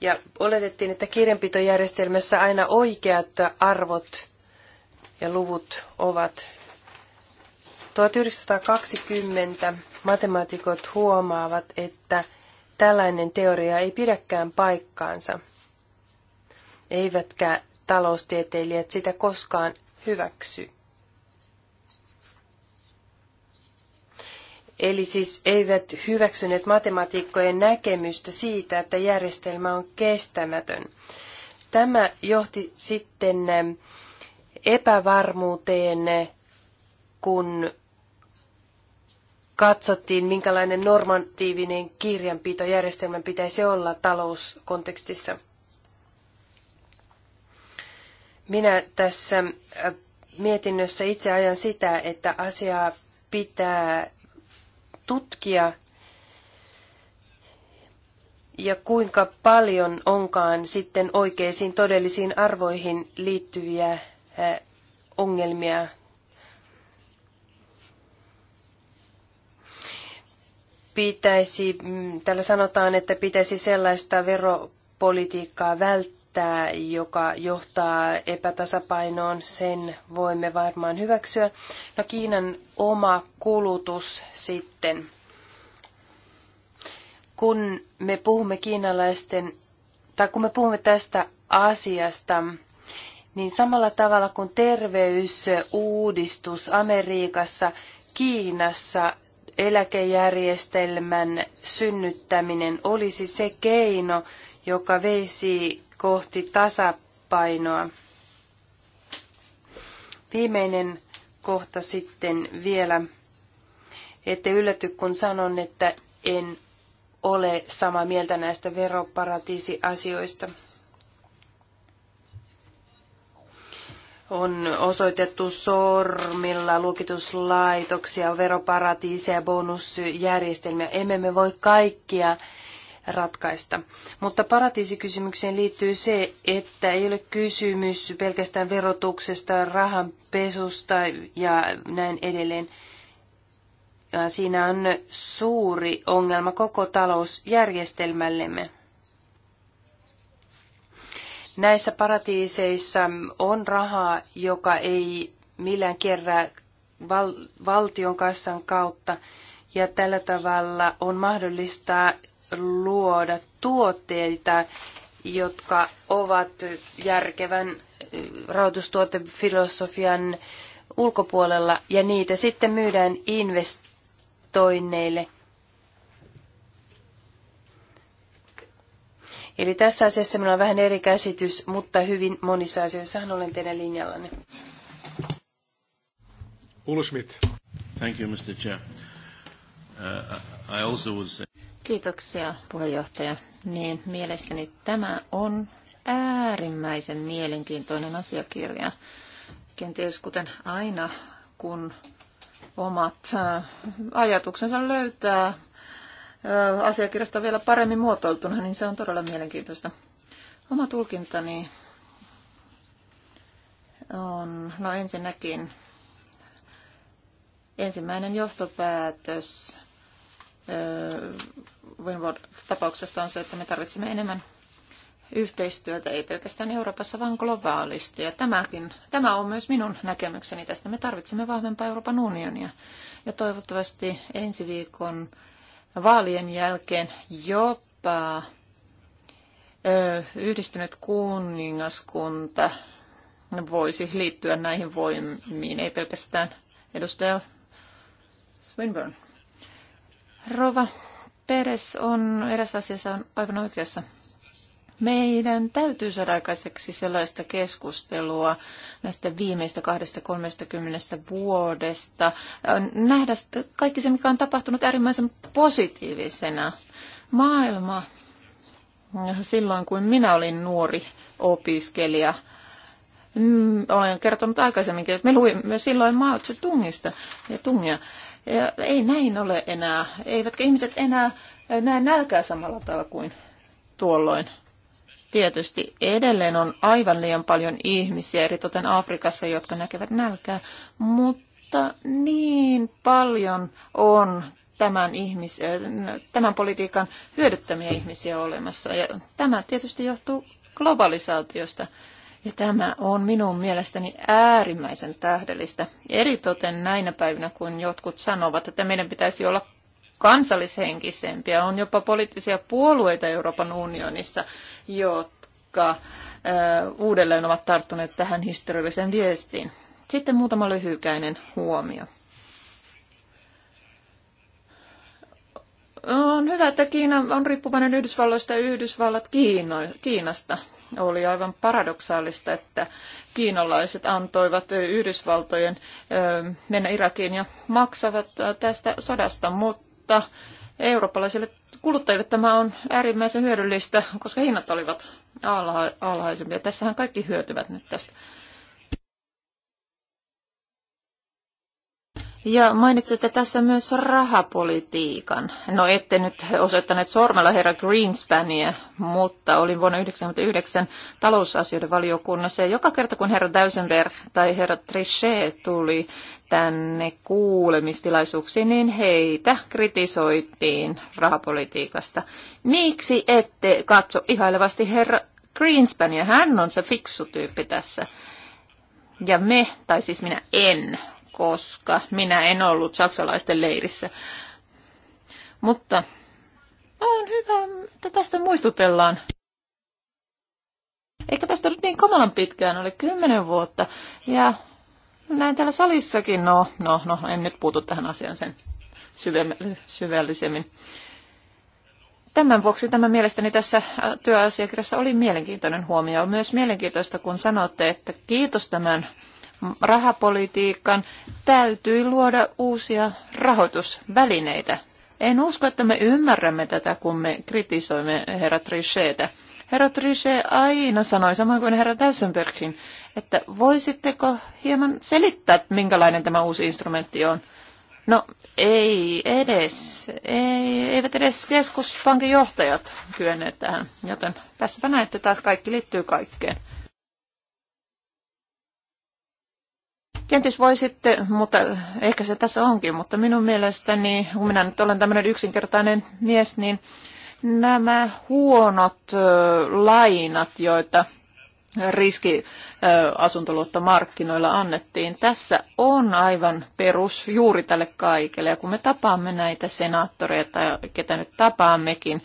Ja oletettiin, että kirjanpitojärjestelmässä aina oikeat arvot ja luvut ovat. 1920 matemaatikot huomaavat, että tällainen teoria ei pidäkään paikkaansa, eivätkä taloustieteilijät sitä koskaan hyväksy. Eli siis eivät hyväksyneet matemaatikkojen näkemystä siitä, että järjestelmä on kestämätön. Tämä johti sitten ähm, epävarmuuteen, kun katsottiin, minkälainen normatiivinen kirjanpitojärjestelmä pitäisi olla talouskontekstissa. Minä tässä äh, mietinnössä itse ajan sitä, että asiaa pitää tutkia ja kuinka paljon onkaan sitten oikeisiin todellisiin arvoihin liittyviä ongelmia. Pitäisi, mm, täällä sanotaan, että pitäisi sellaista veropolitiikkaa välttää, että joka johtaa epätasapainoon, sen voimme varmaan hyväksyä. No Kiinan oma kulutus sitten. Kun me puhumme kiinalaisten, tai kun me puhumme tästä asiasta, niin samalla tavalla kuin terveysuudistus Amerikassa, Kiinassa eläkejärjestelmän synnyttäminen olisi se keino, joka veisi kohti tasapainoa. Viimeinen kohta sitten vielä. Ette ylläty, kun sanon, että en ole samaa mieltä näistä veroparatiisiasioista. On osoitettu sormilla lukituslaitoksia, veroparatiiseja, bonusjärjestelmiä. Emme me voi kaikkia ratkaista. Mutta paratiisikysymykseen liittyy se, että ei ole kysymys pelkästään verotuksesta, rahanpesusta ja näin edelleen. Siinä on suuri ongelma koko talousjärjestelmällemme. Näissä paratiiseissa on rahaa, joka ei millään kerää val- valtion kassan kautta, ja tällä tavalla on mahdollista luoda tuotteita, jotka ovat järkevän rahoitustuotefilosofian ulkopuolella ja niitä sitten myydään investoinneille. Eli tässä asiassa minulla on vähän eri käsitys, mutta hyvin monissa asioissa olen teidän linjallanne.
Ulla Schmidt. Thank you, Mr. Chair. Uh, I also would say...
Kiitoksia puheenjohtaja. Niin, mielestäni tämä on äärimmäisen mielenkiintoinen asiakirja. Kenties kuten aina, kun omat äh, ajatuksensa löytää äh, asiakirjasta vielä paremmin muotoiltuna, niin se on todella mielenkiintoista. Oma tulkintani on, no ensinnäkin ensimmäinen johtopäätös Winward-tapauksesta on se, että me tarvitsemme enemmän yhteistyötä, ei pelkästään Euroopassa, vaan globaalisti. Ja tämäkin, tämä on myös minun näkemykseni tästä. Me tarvitsemme vahvempaa Euroopan unionia. Ja toivottavasti ensi viikon vaalien jälkeen jopa ö, yhdistynyt kuningaskunta voisi liittyä näihin voimiin, ei pelkästään edustaja Swinburne. Rova Peres on eräs asiassa on aivan oikeassa. Meidän täytyy saada aikaiseksi sellaista keskustelua näistä viimeistä 20-30 vuodesta. Äh, nähdä kaikki se, mikä on tapahtunut äärimmäisen positiivisena. Maailma silloin, kun minä olin nuori opiskelija, mm, olen kertonut aikaisemminkin, että me luimme silloin Mao Tse-tungista ja tungia. Ei näin ole enää. Eivätkä ihmiset enää näe nälkää samalla tavalla kuin tuolloin. Tietysti edelleen on aivan liian paljon ihmisiä, eritoten Afrikassa, jotka näkevät nälkää, mutta niin paljon on tämän, ihmis, tämän politiikan hyödyttämiä ihmisiä olemassa. Ja tämä tietysti johtuu globalisaatiosta. Ja tämä on minun mielestäni äärimmäisen tähdellistä. Eritoten näinä päivinä, kun jotkut sanovat, että meidän pitäisi olla kansallishenkisempiä. On jopa poliittisia puolueita Euroopan unionissa, jotka uudelleen ovat tarttuneet tähän historialliseen viestiin. Sitten muutama lyhykäinen huomio. On hyvä, että Kiina on riippuvainen Yhdysvalloista ja Yhdysvallat Kiino, Kiinasta oli aivan paradoksaalista, että kiinalaiset antoivat Yhdysvaltojen mennä Irakiin ja maksavat tästä sodasta, mutta eurooppalaisille kuluttajille tämä on äärimmäisen hyödyllistä, koska hinnat olivat alha- alhaisempia. Tässähän kaikki hyötyvät nyt tästä. Ja mainitsette tässä myös rahapolitiikan. No ette nyt osoittaneet sormella herra Greenspania, mutta olin vuonna 1999 talousasioiden valiokunnassa. Ja joka kerta kun herra Dausenberg tai herra Trichet tuli tänne kuulemistilaisuuksiin, niin heitä kritisoitiin rahapolitiikasta. Miksi ette katso ihailevasti herra Greenspania? Hän on se fiksu tyyppi tässä. Ja me, tai siis minä en, koska minä en ollut saksalaisten leirissä. Mutta on hyvä, että tästä muistutellaan. Eikä tästä nyt niin kamalan pitkään ole kymmenen vuotta. Ja näin täällä salissakin, no, no, no, en nyt puutu tähän asiaan sen syvällisemmin. Tämän vuoksi tämä mielestäni tässä työasiakirjassa oli mielenkiintoinen huomio. On myös mielenkiintoista, kun sanotte, että kiitos tämän rahapolitiikan, täytyy luoda uusia rahoitusvälineitä. En usko, että me ymmärrämme tätä, kun me kritisoimme herra Trichetä. Herra Trichet aina sanoi, samoin kuin herra Täysenbergin, että voisitteko hieman selittää, minkälainen tämä uusi instrumentti on. No ei edes, ei, eivät edes keskuspankin johtajat kyenneet tähän, joten tässäpä näette taas kaikki liittyy kaikkeen. Kenties sitten, mutta ehkä se tässä onkin, mutta minun mielestäni, kun minä nyt olen tämmöinen yksinkertainen mies, niin nämä huonot lainat, joita riskiasuntoluottomarkkinoilla annettiin. Tässä on aivan perus juuri tälle kaikelle. Ja kun me tapaamme näitä senaattoreita, ketä nyt tapaammekin,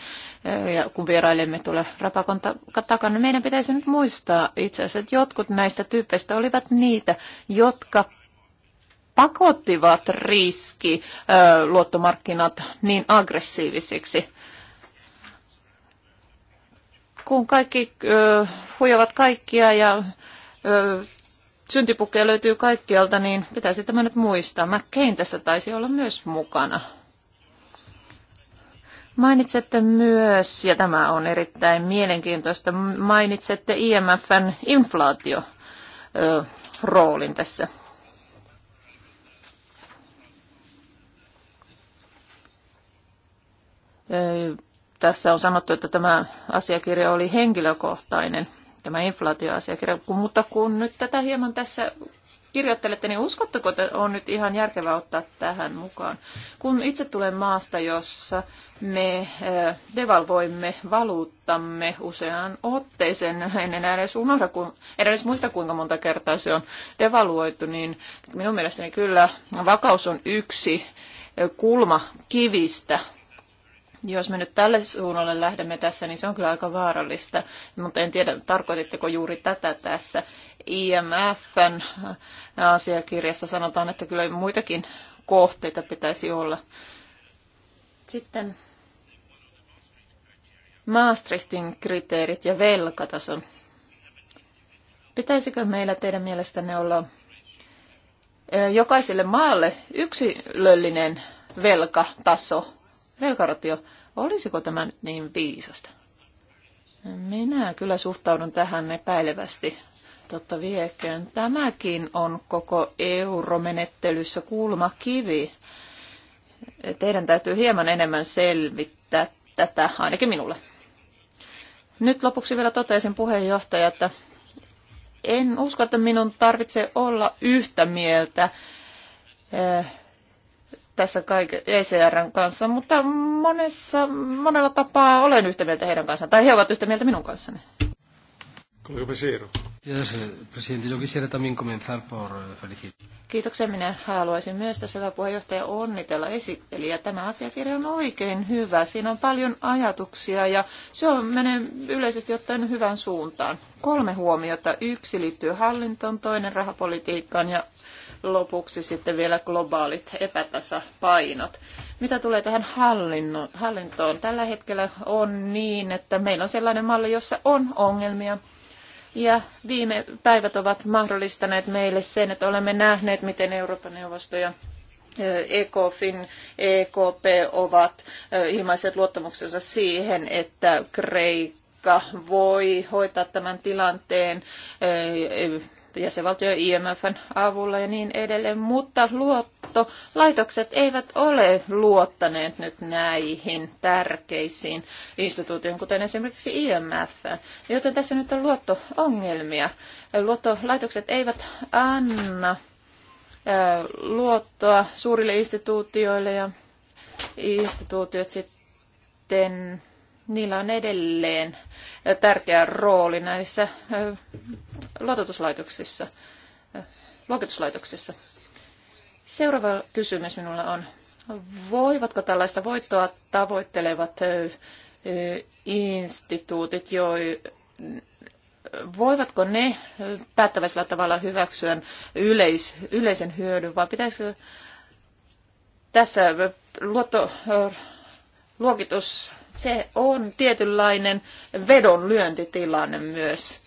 ja kun vierailemme tuolla Rapakon takana, meidän pitäisi nyt muistaa itse asiassa, että jotkut näistä tyypeistä olivat niitä, jotka pakottivat riski luottomarkkinat niin aggressiivisiksi kun kaikki ö, huijavat kaikkia ja ö, syntipukkeja löytyy kaikkialta, niin pitäisi tämä nyt muistaa. McCain tässä taisi olla myös mukana. Mainitsette myös, ja tämä on erittäin mielenkiintoista, mainitsette IMFn inflaatio roolin tässä. Ö, tässä on sanottu, että tämä asiakirja oli henkilökohtainen, tämä inflaatioasiakirja, mutta kun nyt tätä hieman tässä kirjoittelette, niin uskotteko, että on nyt ihan järkevää ottaa tähän mukaan? Kun itse tulen maasta, jossa me eh, devalvoimme valuuttamme useaan otteeseen, en enää edes unohda, kun, en edes muista kuinka monta kertaa se on devaluoitu, niin minun mielestäni kyllä vakaus on yksi kulma kivistä jos me nyt tälle suunnalle lähdemme tässä, niin se on kyllä aika vaarallista, mutta en tiedä, tarkoititteko juuri tätä tässä. IMFn asiakirjassa sanotaan, että kyllä muitakin kohteita pitäisi olla. Sitten Maastrichtin kriteerit ja velkatason. Pitäisikö meillä teidän mielestänne olla jokaiselle maalle yksilöllinen velkataso velkaratio. Olisiko tämä nyt niin viisasta? Minä kyllä suhtaudun tähän epäilevästi. Totta viekään, Tämäkin on koko euromenettelyssä kivi. Teidän täytyy hieman enemmän selvittää tätä, ainakin minulle. Nyt lopuksi vielä totesin puheenjohtaja, että en usko, että minun tarvitsee olla yhtä mieltä eh, tässä kaiken ECRn kanssa, mutta monessa, monella tapaa olen yhtä mieltä heidän kanssaan, tai he ovat yhtä mieltä minun kanssani.
Kollega Siiro. Presidente, yo quisiera también comenzar por felicitar.
Kiitoksia. Minä haluaisin myös tässä hyvä puheenjohtaja onnitella esittelijä. Tämä asiakirja on oikein hyvä. Siinä on paljon ajatuksia ja se on, menee yleisesti ottaen hyvän suuntaan. Kolme huomiota. Yksi liittyy hallintoon, toinen rahapolitiikkaan ja lopuksi sitten vielä globaalit epätasapainot. Mitä tulee tähän hallintoon? Tällä hetkellä on niin, että meillä on sellainen malli, jossa on ongelmia. Ja viime päivät ovat mahdollistaneet meille sen, että olemme nähneet, miten Euroopan neuvosto ja ECOFIN, EKP ovat ilmaiset luottamuksensa siihen, että Kreikka voi hoitaa tämän tilanteen jäsenvaltio IMFn avulla ja niin edelleen, mutta luottolaitokset eivät ole luottaneet nyt näihin tärkeisiin instituutioihin, kuten esimerkiksi IMF. Joten tässä nyt on luotto-ongelmia. Luottolaitokset eivät anna luottoa suurille instituutioille ja instituutiot sitten niillä on edelleen tärkeä rooli näissä luototuslaitoksissa, luokituslaitoksissa. Seuraava kysymys minulla on. Voivatko tällaista voittoa tavoittelevat instituutit, jo, voivatko ne päättäväisellä tavalla hyväksyä yleis, yleisen hyödyn, vai pitäisikö tässä luotto, luokitus se on tietynlainen vedonlyöntitilanne myös.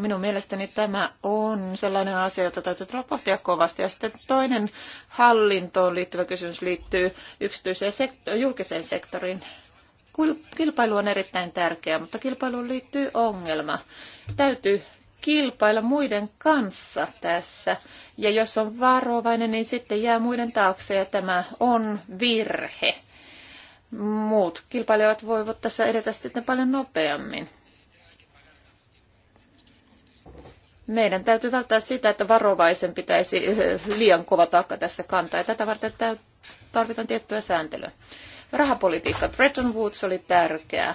Minun mielestäni tämä on sellainen asia, jota täytyy tulla pohtia kovasti. Ja sitten toinen hallintoon liittyvä kysymys liittyy yksityiseen sekt- julkiseen sektoriin. Kilpailu on erittäin tärkeää, mutta kilpailuun liittyy ongelma. Täytyy kilpailla muiden kanssa tässä. Ja jos on varovainen, niin sitten jää muiden taakse ja tämä on virhe muut kilpailijat voivat tässä edetä sitten paljon nopeammin. Meidän täytyy välttää sitä, että varovaisen pitäisi eh, liian kova taakka tässä kantaa. Ja tätä varten tarvitaan tiettyä sääntelyä. Rahapolitiikka. Bretton Woods oli tärkeää.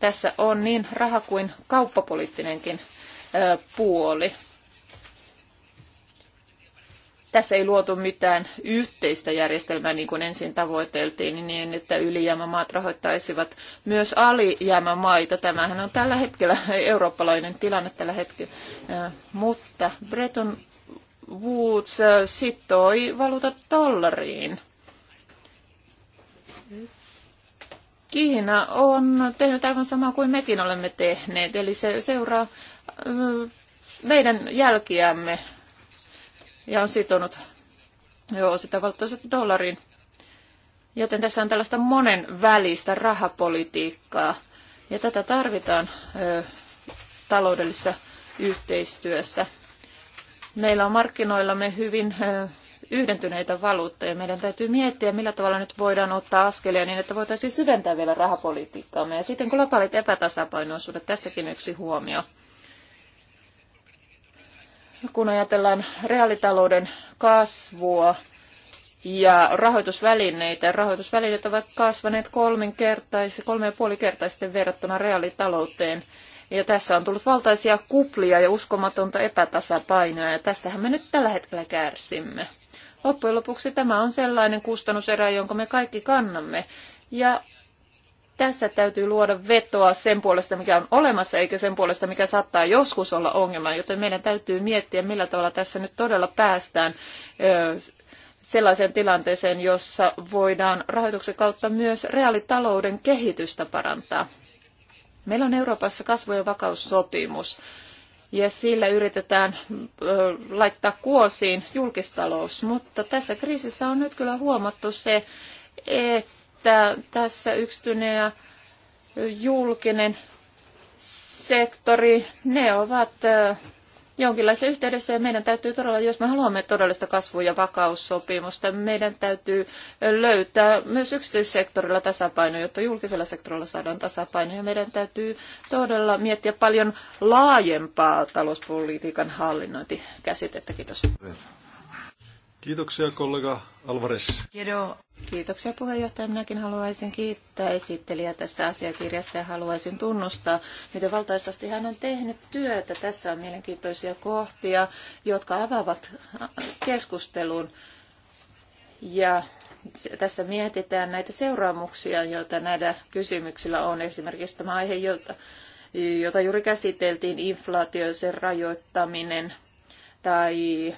Tässä on niin raha kuin kauppapoliittinenkin eh, puoli tässä ei luotu mitään yhteistä järjestelmää, niin kuin ensin tavoiteltiin, niin että ylijäämämaat rahoittaisivat myös alijäämämaita. Tämähän on tällä hetkellä (laughs) eurooppalainen tilanne tällä hetkellä. Mutta Bretton Woods sitoi valuutat dollariin. Kiina on tehnyt aivan samaa kuin mekin olemme tehneet, eli se seuraa meidän jälkiämme ja on sitonut joo, sitä valtaansa dollariin. Joten tässä on tällaista monen välistä rahapolitiikkaa ja tätä tarvitaan ö, taloudellisessa yhteistyössä. Meillä on markkinoillamme hyvin ö, yhdentyneitä valuuttoja. Meidän täytyy miettiä, millä tavalla nyt voidaan ottaa askelia niin, että voitaisiin syventää vielä rahapolitiikkaamme. Ja sitten globaalit epätasapainoisuudet, tästäkin yksi huomio kun ajatellaan reaalitalouden kasvua ja rahoitusvälineitä, rahoitusvälineet ovat kasvaneet kolminkertaisesti, kolme ja puoli kertaisesti verrattuna reaalitalouteen. Ja tässä on tullut valtaisia kuplia ja uskomatonta epätasapainoa, ja tästähän me nyt tällä hetkellä kärsimme. Loppujen lopuksi tämä on sellainen kustannuserä, jonka me kaikki kannamme. Ja tässä täytyy luoda vetoa sen puolesta, mikä on olemassa, eikä sen puolesta, mikä saattaa joskus olla ongelma. Joten meidän täytyy miettiä, millä tavalla tässä nyt todella päästään sellaiseen tilanteeseen, jossa voidaan rahoituksen kautta myös reaalitalouden kehitystä parantaa. Meillä on Euroopassa kasvu- ja vakaussopimus, ja sillä yritetään laittaa kuosiin julkistalous, mutta tässä kriisissä on nyt kyllä huomattu se, että tässä yksityinen ja julkinen sektori, ne ovat jonkinlaisessa yhteydessä ja meidän täytyy todella, jos me haluamme todellista kasvua ja vakaussopimusta, meidän täytyy löytää myös yksityissektorilla tasapaino, jotta julkisella sektorilla saadaan tasapaino ja meidän täytyy todella miettiä paljon laajempaa talouspolitiikan hallinnointikäsitettä. Kiitos.
Kiitoksia kollega Alvarez.
Kiitoksia puheenjohtaja. Minäkin haluaisin kiittää esittelijää tästä asiakirjasta ja haluaisin tunnustaa, miten valtaisesti hän on tehnyt työtä. Tässä on mielenkiintoisia kohtia, jotka avaavat keskustelun. Ja tässä mietitään näitä seuraamuksia, joita näillä kysymyksillä on. Esimerkiksi tämä aihe, jota, jota juuri käsiteltiin, inflaatio, sen rajoittaminen tai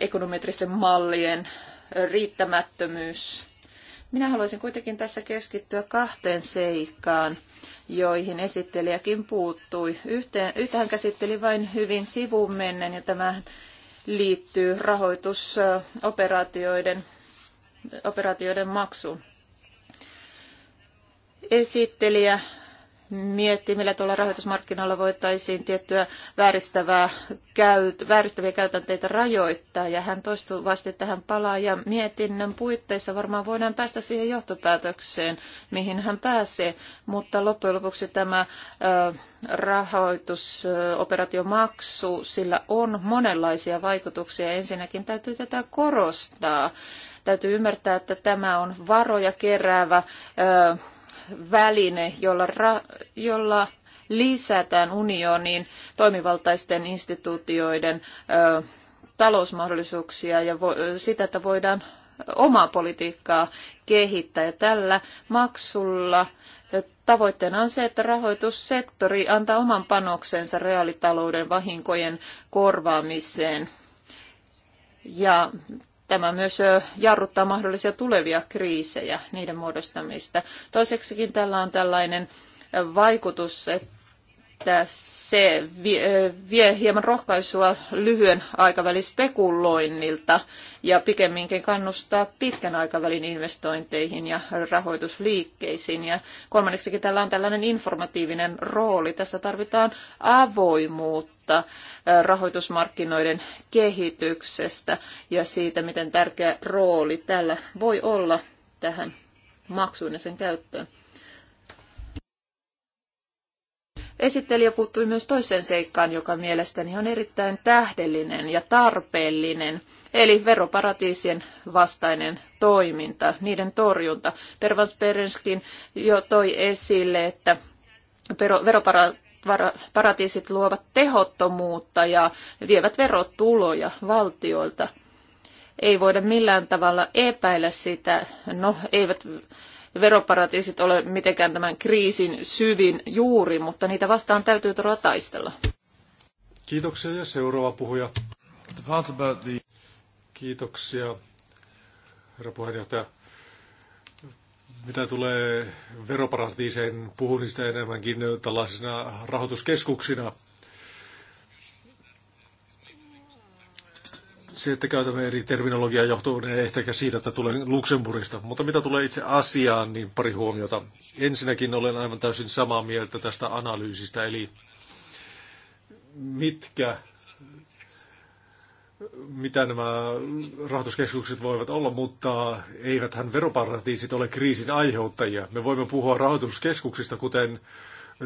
ekonometristen mallien riittämättömyys. Minä haluaisin kuitenkin tässä keskittyä kahteen seikkaan, joihin esittelijäkin puuttui. Yhteen, yhtähän käsitteli vain hyvin sivumennen ja tämä liittyy rahoitusoperaatioiden operaatioiden maksuun. Esittelijä miettii, millä tuolla rahoitusmarkkinoilla voitaisiin tiettyä vääristävää, käyt, vääristäviä käytänteitä rajoittaa. Ja hän toistuvasti tähän palaa ja mietinnön puitteissa varmaan voidaan päästä siihen johtopäätökseen, mihin hän pääsee. Mutta loppujen lopuksi tämä ö, rahoitusoperaatiomaksu, sillä on monenlaisia vaikutuksia. Ensinnäkin täytyy tätä korostaa. Täytyy ymmärtää, että tämä on varoja keräävä ö, väline, jolla, jolla lisätään unionin toimivaltaisten instituutioiden ö, talousmahdollisuuksia ja vo, sitä, että voidaan omaa politiikkaa kehittää. Ja tällä maksulla tavoitteena on se, että rahoitussektori antaa oman panoksensa reaalitalouden vahinkojen korvaamiseen. Ja Tämä myös jarruttaa mahdollisia tulevia kriisejä, niiden muodostamista. Toiseksikin tällä on tällainen vaikutus, että että se vie hieman rohkaisua lyhyen aikavälin spekuloinnilta ja pikemminkin kannustaa pitkän aikavälin investointeihin ja rahoitusliikkeisiin. Ja kolmanneksikin tällä on tällainen informatiivinen rooli. Tässä tarvitaan avoimuutta rahoitusmarkkinoiden kehityksestä ja siitä, miten tärkeä rooli tällä voi olla tähän maksuun ja sen käyttöön. Esittelijä puuttui myös toiseen seikkaan, joka mielestäni on erittäin tähdellinen ja tarpeellinen, eli veroparatiisien vastainen toiminta, niiden torjunta. Pervans Perenskin jo toi esille, että veroparatiisit luovat tehottomuutta ja vievät verotuloja valtioilta. Ei voida millään tavalla epäillä sitä, no eivät veroparatiisit ole mitenkään tämän kriisin syvin juuri, mutta niitä vastaan täytyy todella taistella.
Kiitoksia ja seuraava puhuja. Kiitoksia, herra puheenjohtaja. Mitä tulee veroparatiiseen, puhun niistä enemmänkin tällaisina rahoituskeskuksina – se, että käytämme eri terminologiaa, johtuu ehkä siitä, että tulen Luxemburgista. Mutta mitä tulee itse asiaan, niin pari huomiota. Ensinnäkin olen aivan täysin samaa mieltä tästä analyysistä, eli mitkä, mitä nämä rahoituskeskukset voivat olla, mutta eiväthän veroparatiisit ole kriisin aiheuttajia. Me voimme puhua rahoituskeskuksista, kuten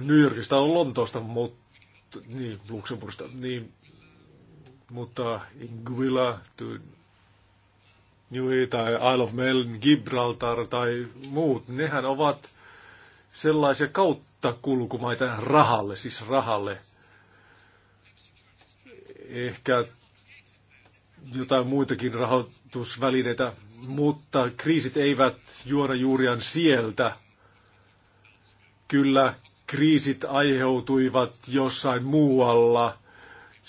New Yorkista on Lontoosta, mutta niin, Luxemburgista, niin mutta Guilla Nui tai Isle of Man, Gibraltar tai muut, nehän ovat sellaisia kautta kulkumaita rahalle, siis rahalle. Ehkä jotain muitakin rahoitusvälineitä, mutta kriisit eivät juona juurian sieltä. Kyllä kriisit aiheutuivat jossain muualla –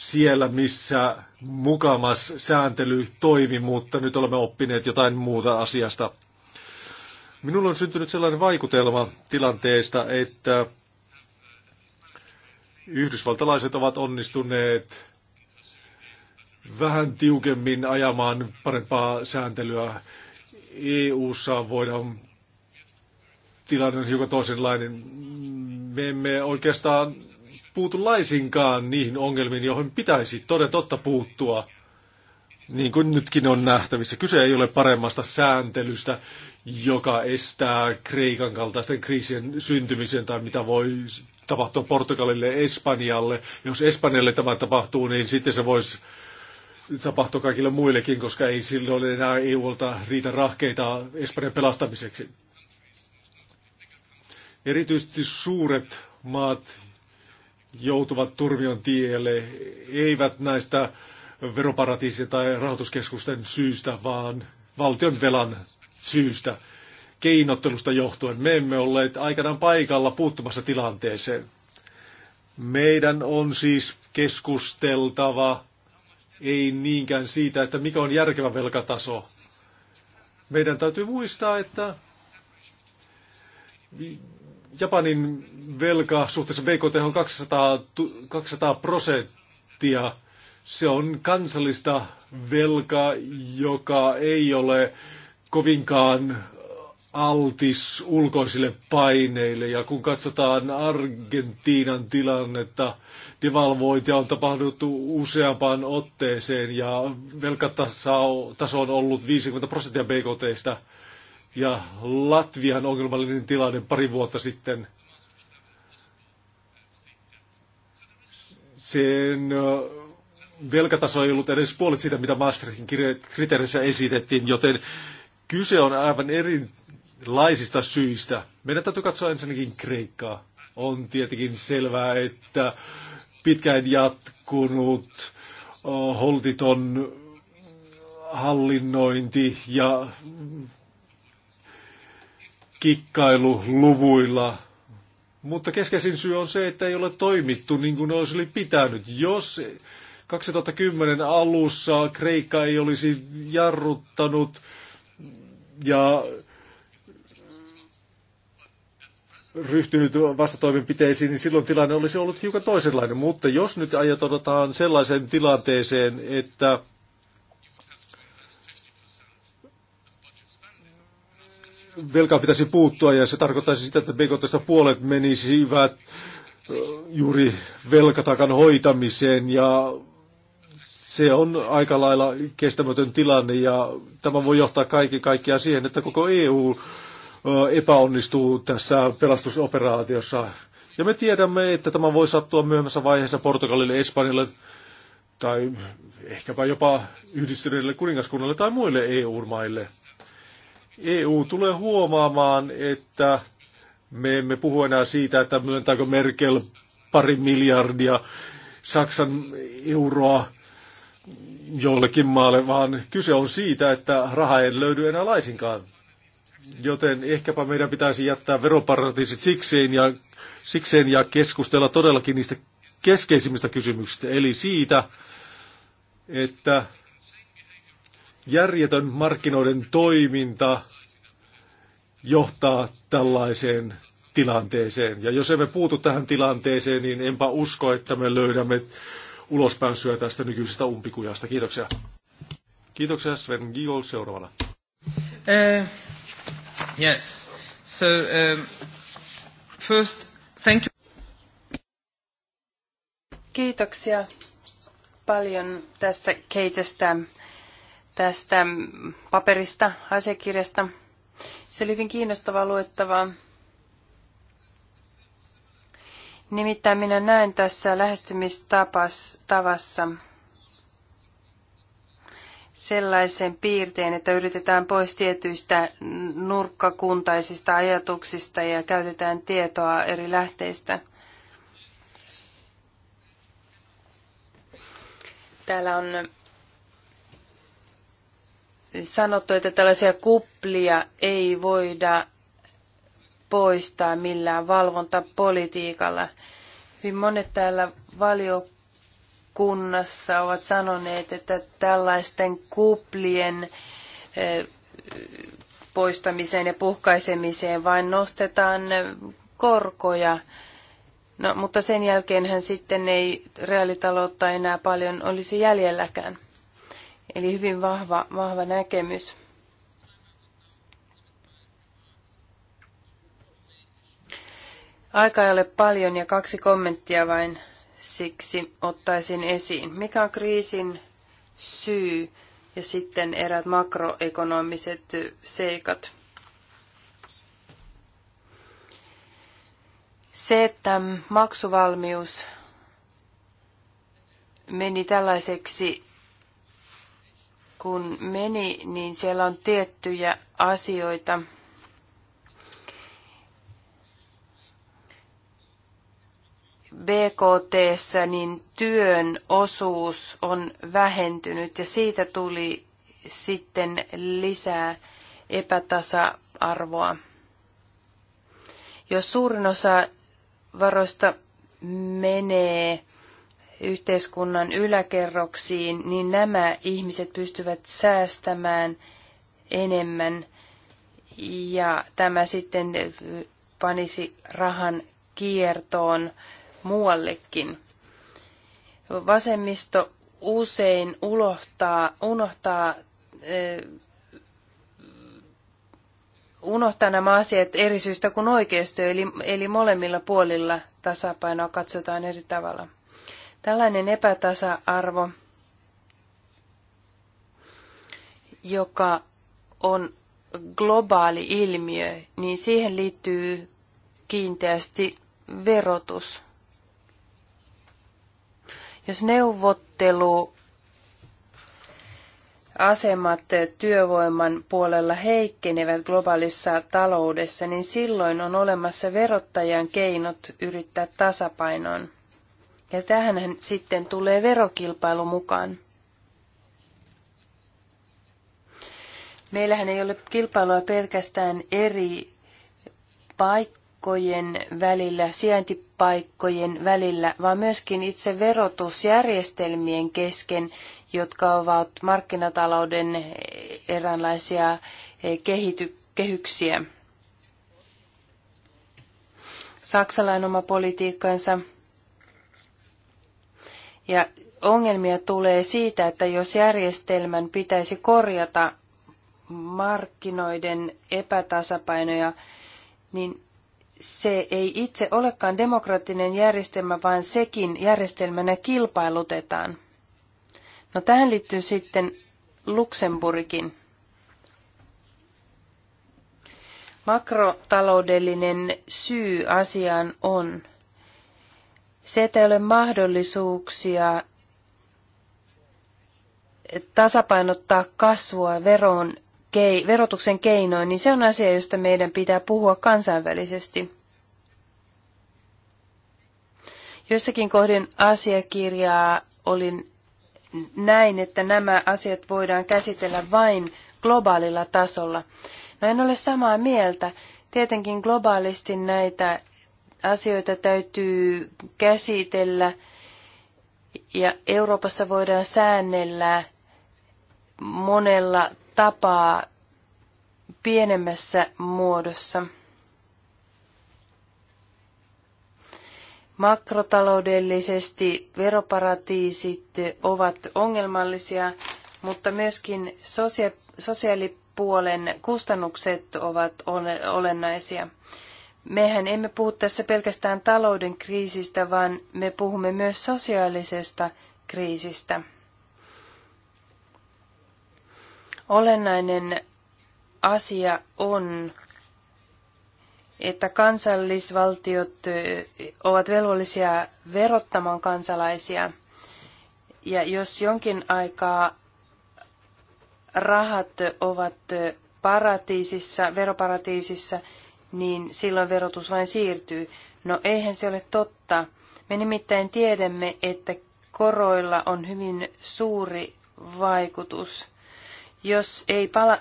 siellä, missä mukamas sääntely toimi, mutta nyt olemme oppineet jotain muuta asiasta. Minulla on syntynyt sellainen vaikutelma tilanteesta, että yhdysvaltalaiset ovat onnistuneet vähän tiukemmin ajamaan parempaa sääntelyä. EU-ssa voidaan tilanne on hiukan toisenlainen. Me emme oikeastaan puutu laisinkaan niihin ongelmiin, joihin pitäisi toden totta puuttua. Niin kuin nytkin on nähtävissä, kyse ei ole paremmasta sääntelystä, joka estää Kreikan kaltaisten kriisien syntymisen tai mitä voi tapahtua Portugalille, Espanjalle. Jos Espanjalle tämä tapahtuu, niin sitten se voisi tapahtua kaikille muillekin, koska ei silloin enää EUlta riitä rahkeita Espanjan pelastamiseksi. Erityisesti suuret maat, joutuvat turvion tielle, eivät näistä veroparatiisi- tai rahoituskeskusten syystä, vaan valtion velan syystä, keinottelusta johtuen. Me emme olleet aikanaan paikalla puuttumassa tilanteeseen. Meidän on siis keskusteltava ei niinkään siitä, että mikä on järkevä velkataso. Meidän täytyy muistaa, että Japanin velka suhteessa BKT on 200, 200 prosenttia. Se on kansallista velkaa, joka ei ole kovinkaan altis ulkoisille paineille. Ja kun katsotaan Argentiinan tilannetta, devalvointia on tapahtunut useampaan otteeseen ja velkataso on ollut 50 prosenttia BKTstä ja Latvian ongelmallinen tilanne pari vuotta sitten. Sen velkataso ei ollut edes puolet siitä, mitä Maastrichtin kriteerissä esitettiin, joten kyse on aivan erilaisista syistä. Meidän täytyy katsoa ensinnäkin Kreikkaa. On tietenkin selvää, että pitkään jatkunut holtiton hallinnointi ja kikkailuluvuilla, mutta keskeisin syy on se, että ei ole toimittu niin kuin olisi pitänyt. Jos 2010 alussa Kreikka ei olisi jarruttanut ja ryhtynyt vastatoimenpiteisiin, niin silloin tilanne olisi ollut hiukan toisenlainen. Mutta jos nyt ajatellaan sellaiseen tilanteeseen, että velkaa pitäisi puuttua ja se tarkoittaisi sitä, että BKTstä puolet menisivät juuri velkatakan hoitamiseen ja se on aika lailla kestämätön tilanne ja tämä voi johtaa kaikki kaikkia siihen, että koko EU epäonnistuu tässä pelastusoperaatiossa. Ja me tiedämme, että tämä voi sattua myöhemmässä vaiheessa Portugalille, Espanjalle tai ehkäpä jopa yhdistyneille kuningaskunnalle tai muille EU-maille. EU tulee huomaamaan, että me emme puhu enää siitä, että myöntääkö Merkel pari miljardia Saksan euroa jollekin maalle, vaan kyse on siitä, että raha ei löydy enää laisinkaan. Joten ehkäpä meidän pitäisi jättää veroparatiisit sikseen ja, sikseen ja keskustella todellakin niistä keskeisimmistä kysymyksistä, eli siitä, että järjetön markkinoiden toiminta johtaa tällaiseen tilanteeseen. Ja jos emme puutu tähän tilanteeseen, niin enpä usko, että me löydämme ulospääsyä tästä nykyisestä umpikujasta. Kiitoksia. Kiitoksia Sven Giol seuraavana.
Uh, yes. So, um, first, thank you.
Kiitoksia paljon tästä keitestä tästä paperista, asiakirjasta. Se oli hyvin kiinnostavaa luettavaa. Nimittäin minä näen tässä lähestymistavassa sellaisen piirteen, että yritetään pois tietyistä nurkkakuntaisista ajatuksista ja käytetään tietoa eri lähteistä. Täällä on sanottu, että tällaisia kuplia ei voida poistaa millään valvontapolitiikalla. Hyvin monet täällä valiokunnassa ovat sanoneet, että tällaisten kuplien eh, poistamiseen ja puhkaisemiseen vain nostetaan eh, korkoja. No, mutta sen jälkeenhän sitten ei reaalitaloutta enää paljon olisi jäljelläkään. Eli hyvin vahva, vahva näkemys. Aika ei ole paljon ja kaksi kommenttia vain siksi ottaisin esiin. Mikä on kriisin syy ja sitten erät makroekonomiset seikat? Se, että maksuvalmius meni tällaiseksi kun meni, niin siellä on tiettyjä asioita, BKT, niin työn osuus on vähentynyt ja siitä tuli sitten lisää epätasa-arvoa. Jos suurin osa varoista menee yhteiskunnan yläkerroksiin, niin nämä ihmiset pystyvät säästämään enemmän ja tämä sitten panisi rahan kiertoon muuallekin. Vasemmisto usein unohtaa, unohtaa unohtaa nämä asiat eri syystä kuin oikeisto, eli, eli molemmilla puolilla tasapainoa katsotaan eri tavalla. Tällainen epätasa-arvo, joka on globaali ilmiö, niin siihen liittyy kiinteästi verotus. Jos neuvottelu asemat työvoiman puolella heikkenevät globaalissa taloudessa, niin silloin on olemassa verottajan keinot yrittää tasapainoon. Ja tähän sitten tulee verokilpailu mukaan. Meillähän ei ole kilpailua pelkästään eri paikkojen välillä, sijaintipaikkojen välillä, vaan myöskin itse verotusjärjestelmien kesken, jotka ovat markkinatalouden eräänlaisia eh, kehity- kehyksiä. Saksalainen oma politiikkansa, ja ongelmia tulee siitä, että jos järjestelmän pitäisi korjata markkinoiden epätasapainoja, niin se ei itse olekaan demokraattinen järjestelmä, vaan sekin järjestelmänä kilpailutetaan. No tähän liittyy sitten Luxemburgin. Makrotaloudellinen syy asiaan on, se, että ei ole mahdollisuuksia tasapainottaa kasvua veron, kei, verotuksen keinoin, niin se on asia, josta meidän pitää puhua kansainvälisesti. Jossakin kohdin asiakirjaa olin näin, että nämä asiat voidaan käsitellä vain globaalilla tasolla. No en ole samaa mieltä. Tietenkin globaalisti näitä asioita täytyy käsitellä ja Euroopassa voidaan säännellä monella tapaa pienemmässä muodossa. Makrotaloudellisesti veroparatiisit ovat ongelmallisia, mutta myöskin sosia- sosiaalipuolen kustannukset ovat olennaisia mehän emme puhu tässä pelkästään talouden kriisistä, vaan me puhumme myös sosiaalisesta kriisistä. Olennainen asia on, että kansallisvaltiot ovat velvollisia verottamaan kansalaisia. Ja jos jonkin aikaa rahat ovat paratiisissa, veroparatiisissa, niin silloin verotus vain siirtyy. No eihän se ole totta. Me nimittäin tiedämme, että koroilla on hyvin suuri vaikutus. Jos ei pala-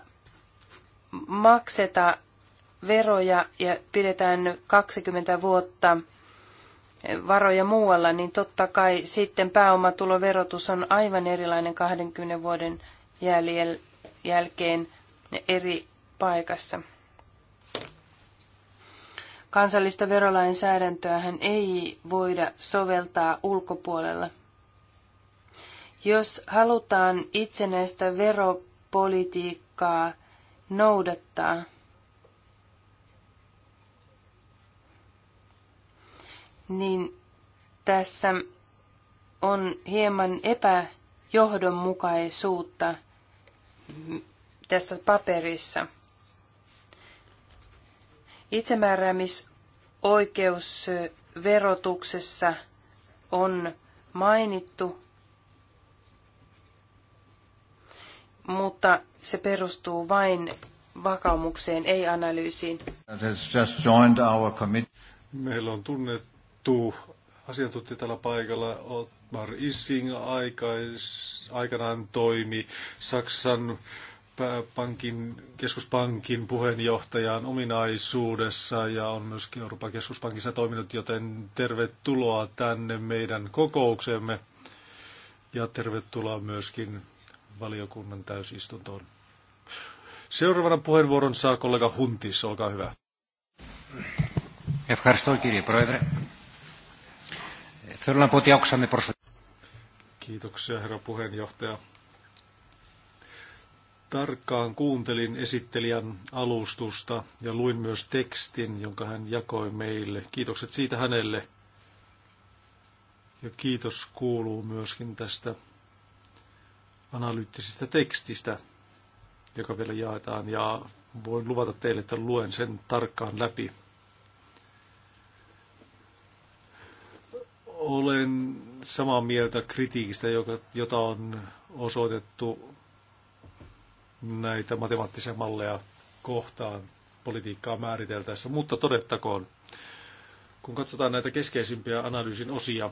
makseta veroja ja pidetään 20 vuotta varoja muualla, niin totta kai sitten pääomatuloverotus on aivan erilainen 20 vuoden jäljel- jälkeen eri paikassa. Kansallista hän ei voida soveltaa ulkopuolella. Jos halutaan itsenäistä veropolitiikkaa noudattaa, niin tässä on hieman epäjohdonmukaisuutta tässä paperissa. Itsemääräämisoikeus verotuksessa on mainittu, mutta se perustuu vain vakaumukseen, ei analyysiin.
Meillä on tunnettu asiantuntija täällä paikalla, Otmar Ising aikais, aikanaan toimi Saksan pankin, keskuspankin puheenjohtajan ominaisuudessa ja on myöskin Euroopan keskuspankissa toiminut, joten tervetuloa tänne meidän kokouksemme ja tervetuloa myöskin valiokunnan täysistuntoon. Seuraavana puheenvuoron saa kollega Huntis, olkaa hyvä. Kiitoksia herra puheenjohtaja tarkkaan kuuntelin esittelijän alustusta ja luin myös tekstin, jonka hän jakoi meille. Kiitokset siitä hänelle. Ja kiitos kuuluu myöskin tästä analyyttisestä tekstistä, joka vielä jaetaan. Ja voin luvata teille, että luen sen tarkkaan läpi. Olen samaa mieltä kritiikistä, jota on osoitettu näitä matemaattisia malleja kohtaan politiikkaa määriteltäessä, mutta todettakoon, kun katsotaan näitä keskeisimpiä analyysin osia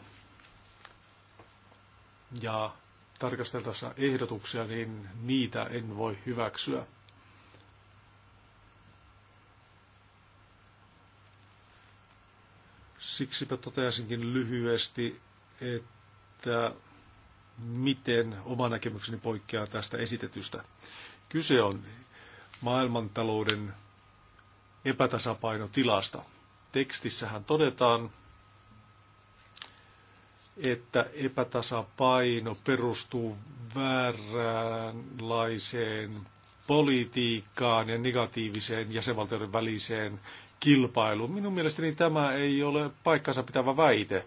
ja tarkasteltaessa ehdotuksia, niin niitä en voi hyväksyä. Siksipä toteasinkin lyhyesti, että miten oma näkemykseni poikkeaa tästä esitetystä. Kyse on maailmantalouden epätasapainotilasta. Tekstissähän todetaan, että epätasapaino perustuu vääränlaiseen politiikkaan ja negatiiviseen jäsenvaltioiden väliseen kilpailuun. Minun mielestäni tämä ei ole paikkansa pitävä väite.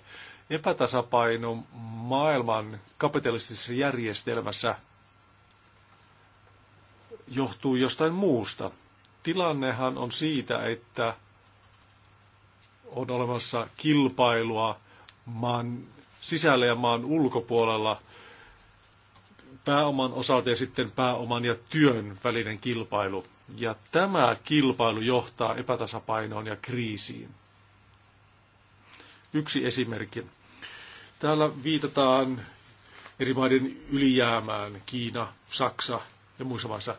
Epätasapaino maailman kapitalistisessa järjestelmässä johtuu jostain muusta. Tilannehan on siitä, että on olemassa kilpailua maan sisällä ja maan ulkopuolella pääoman osalta ja sitten pääoman ja työn välinen kilpailu. Ja tämä kilpailu johtaa epätasapainoon ja kriisiin. Yksi esimerkki. Täällä viitataan eri maiden ylijäämään, Kiina, Saksa ja muissa maissa.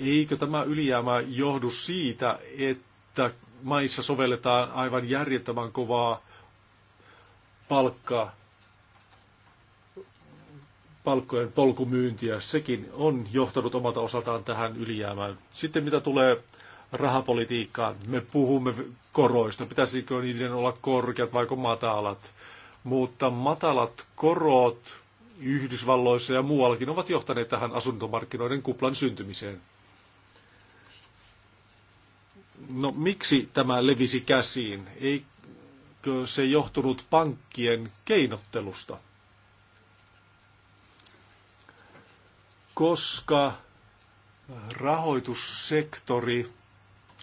Eikö tämä ylijäämä johdu siitä, että maissa sovelletaan aivan järjettömän kovaa palkkaa, palkkojen polkumyyntiä? Sekin on johtanut omalta osaltaan tähän ylijäämään. Sitten mitä tulee rahapolitiikkaan, me puhumme koroista. Pitäisikö niiden olla korkeat vai matalat? Mutta matalat korot Yhdysvalloissa ja muuallakin ovat johtaneet tähän asuntomarkkinoiden kuplan syntymiseen. No miksi tämä levisi käsiin? Eikö se johtunut pankkien keinottelusta? Koska rahoitussektori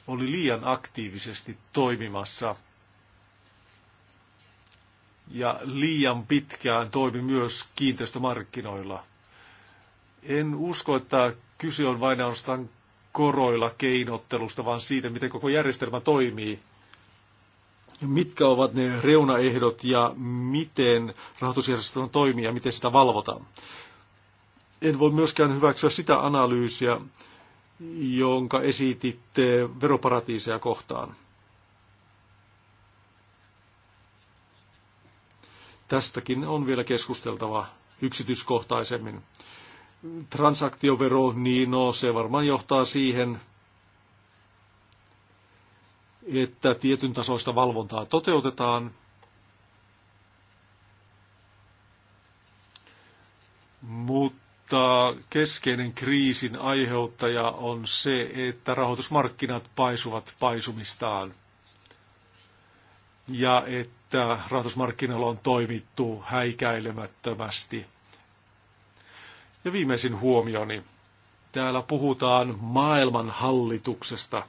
oli liian aktiivisesti toimimassa ja liian pitkään toimi myös kiinteistömarkkinoilla. En usko, että kyse on vain ainoastaan koroilla keinottelusta, vaan siitä, miten koko järjestelmä toimii. Mitkä ovat ne reunaehdot ja miten rahoitusjärjestelmä toimii ja miten sitä valvotaan. En voi myöskään hyväksyä sitä analyysiä, jonka esititte veroparatiiseja kohtaan. Tästäkin on vielä keskusteltava yksityiskohtaisemmin transaktiovero, niin no, se varmaan johtaa siihen, että tietyn tasoista valvontaa toteutetaan, mutta keskeinen kriisin aiheuttaja on se, että rahoitusmarkkinat paisuvat paisumistaan ja että rahoitusmarkkinoilla on toimittu häikäilemättömästi – ja viimeisin huomioni. Täällä puhutaan maailman hallituksesta,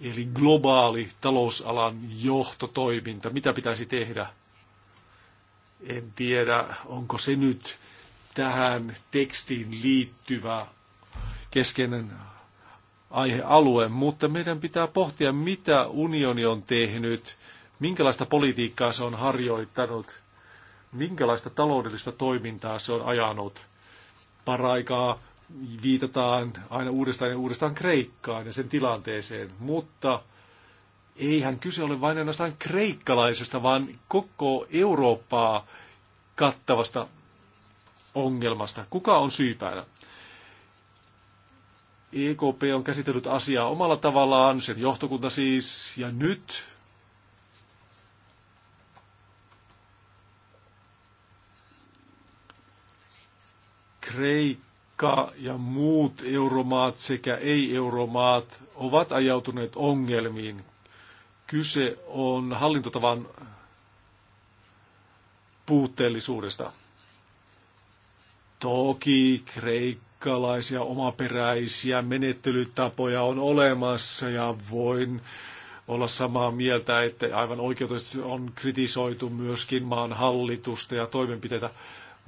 eli globaali talousalan johtotoiminta. Mitä pitäisi tehdä? En tiedä, onko se nyt tähän tekstiin liittyvä keskeinen aihealue, mutta meidän pitää pohtia, mitä unioni on tehnyt, minkälaista politiikkaa se on harjoittanut minkälaista taloudellista toimintaa se on ajanut. Paraikaa viitataan aina uudestaan ja uudestaan Kreikkaan ja sen tilanteeseen, mutta eihän kyse ole vain ainoastaan kreikkalaisesta, vaan koko Eurooppaa kattavasta ongelmasta. Kuka on syypäänä? EKP on käsitellyt asiaa omalla tavallaan, sen johtokunta siis, ja nyt Kreikka ja muut euromaat sekä ei-euromaat ovat ajautuneet ongelmiin. Kyse on hallintotavan puutteellisuudesta. Toki kreikkalaisia omaperäisiä menettelytapoja on olemassa ja voin olla samaa mieltä, että aivan oikeutusti on kritisoitu myöskin maan hallitusta ja toimenpiteitä.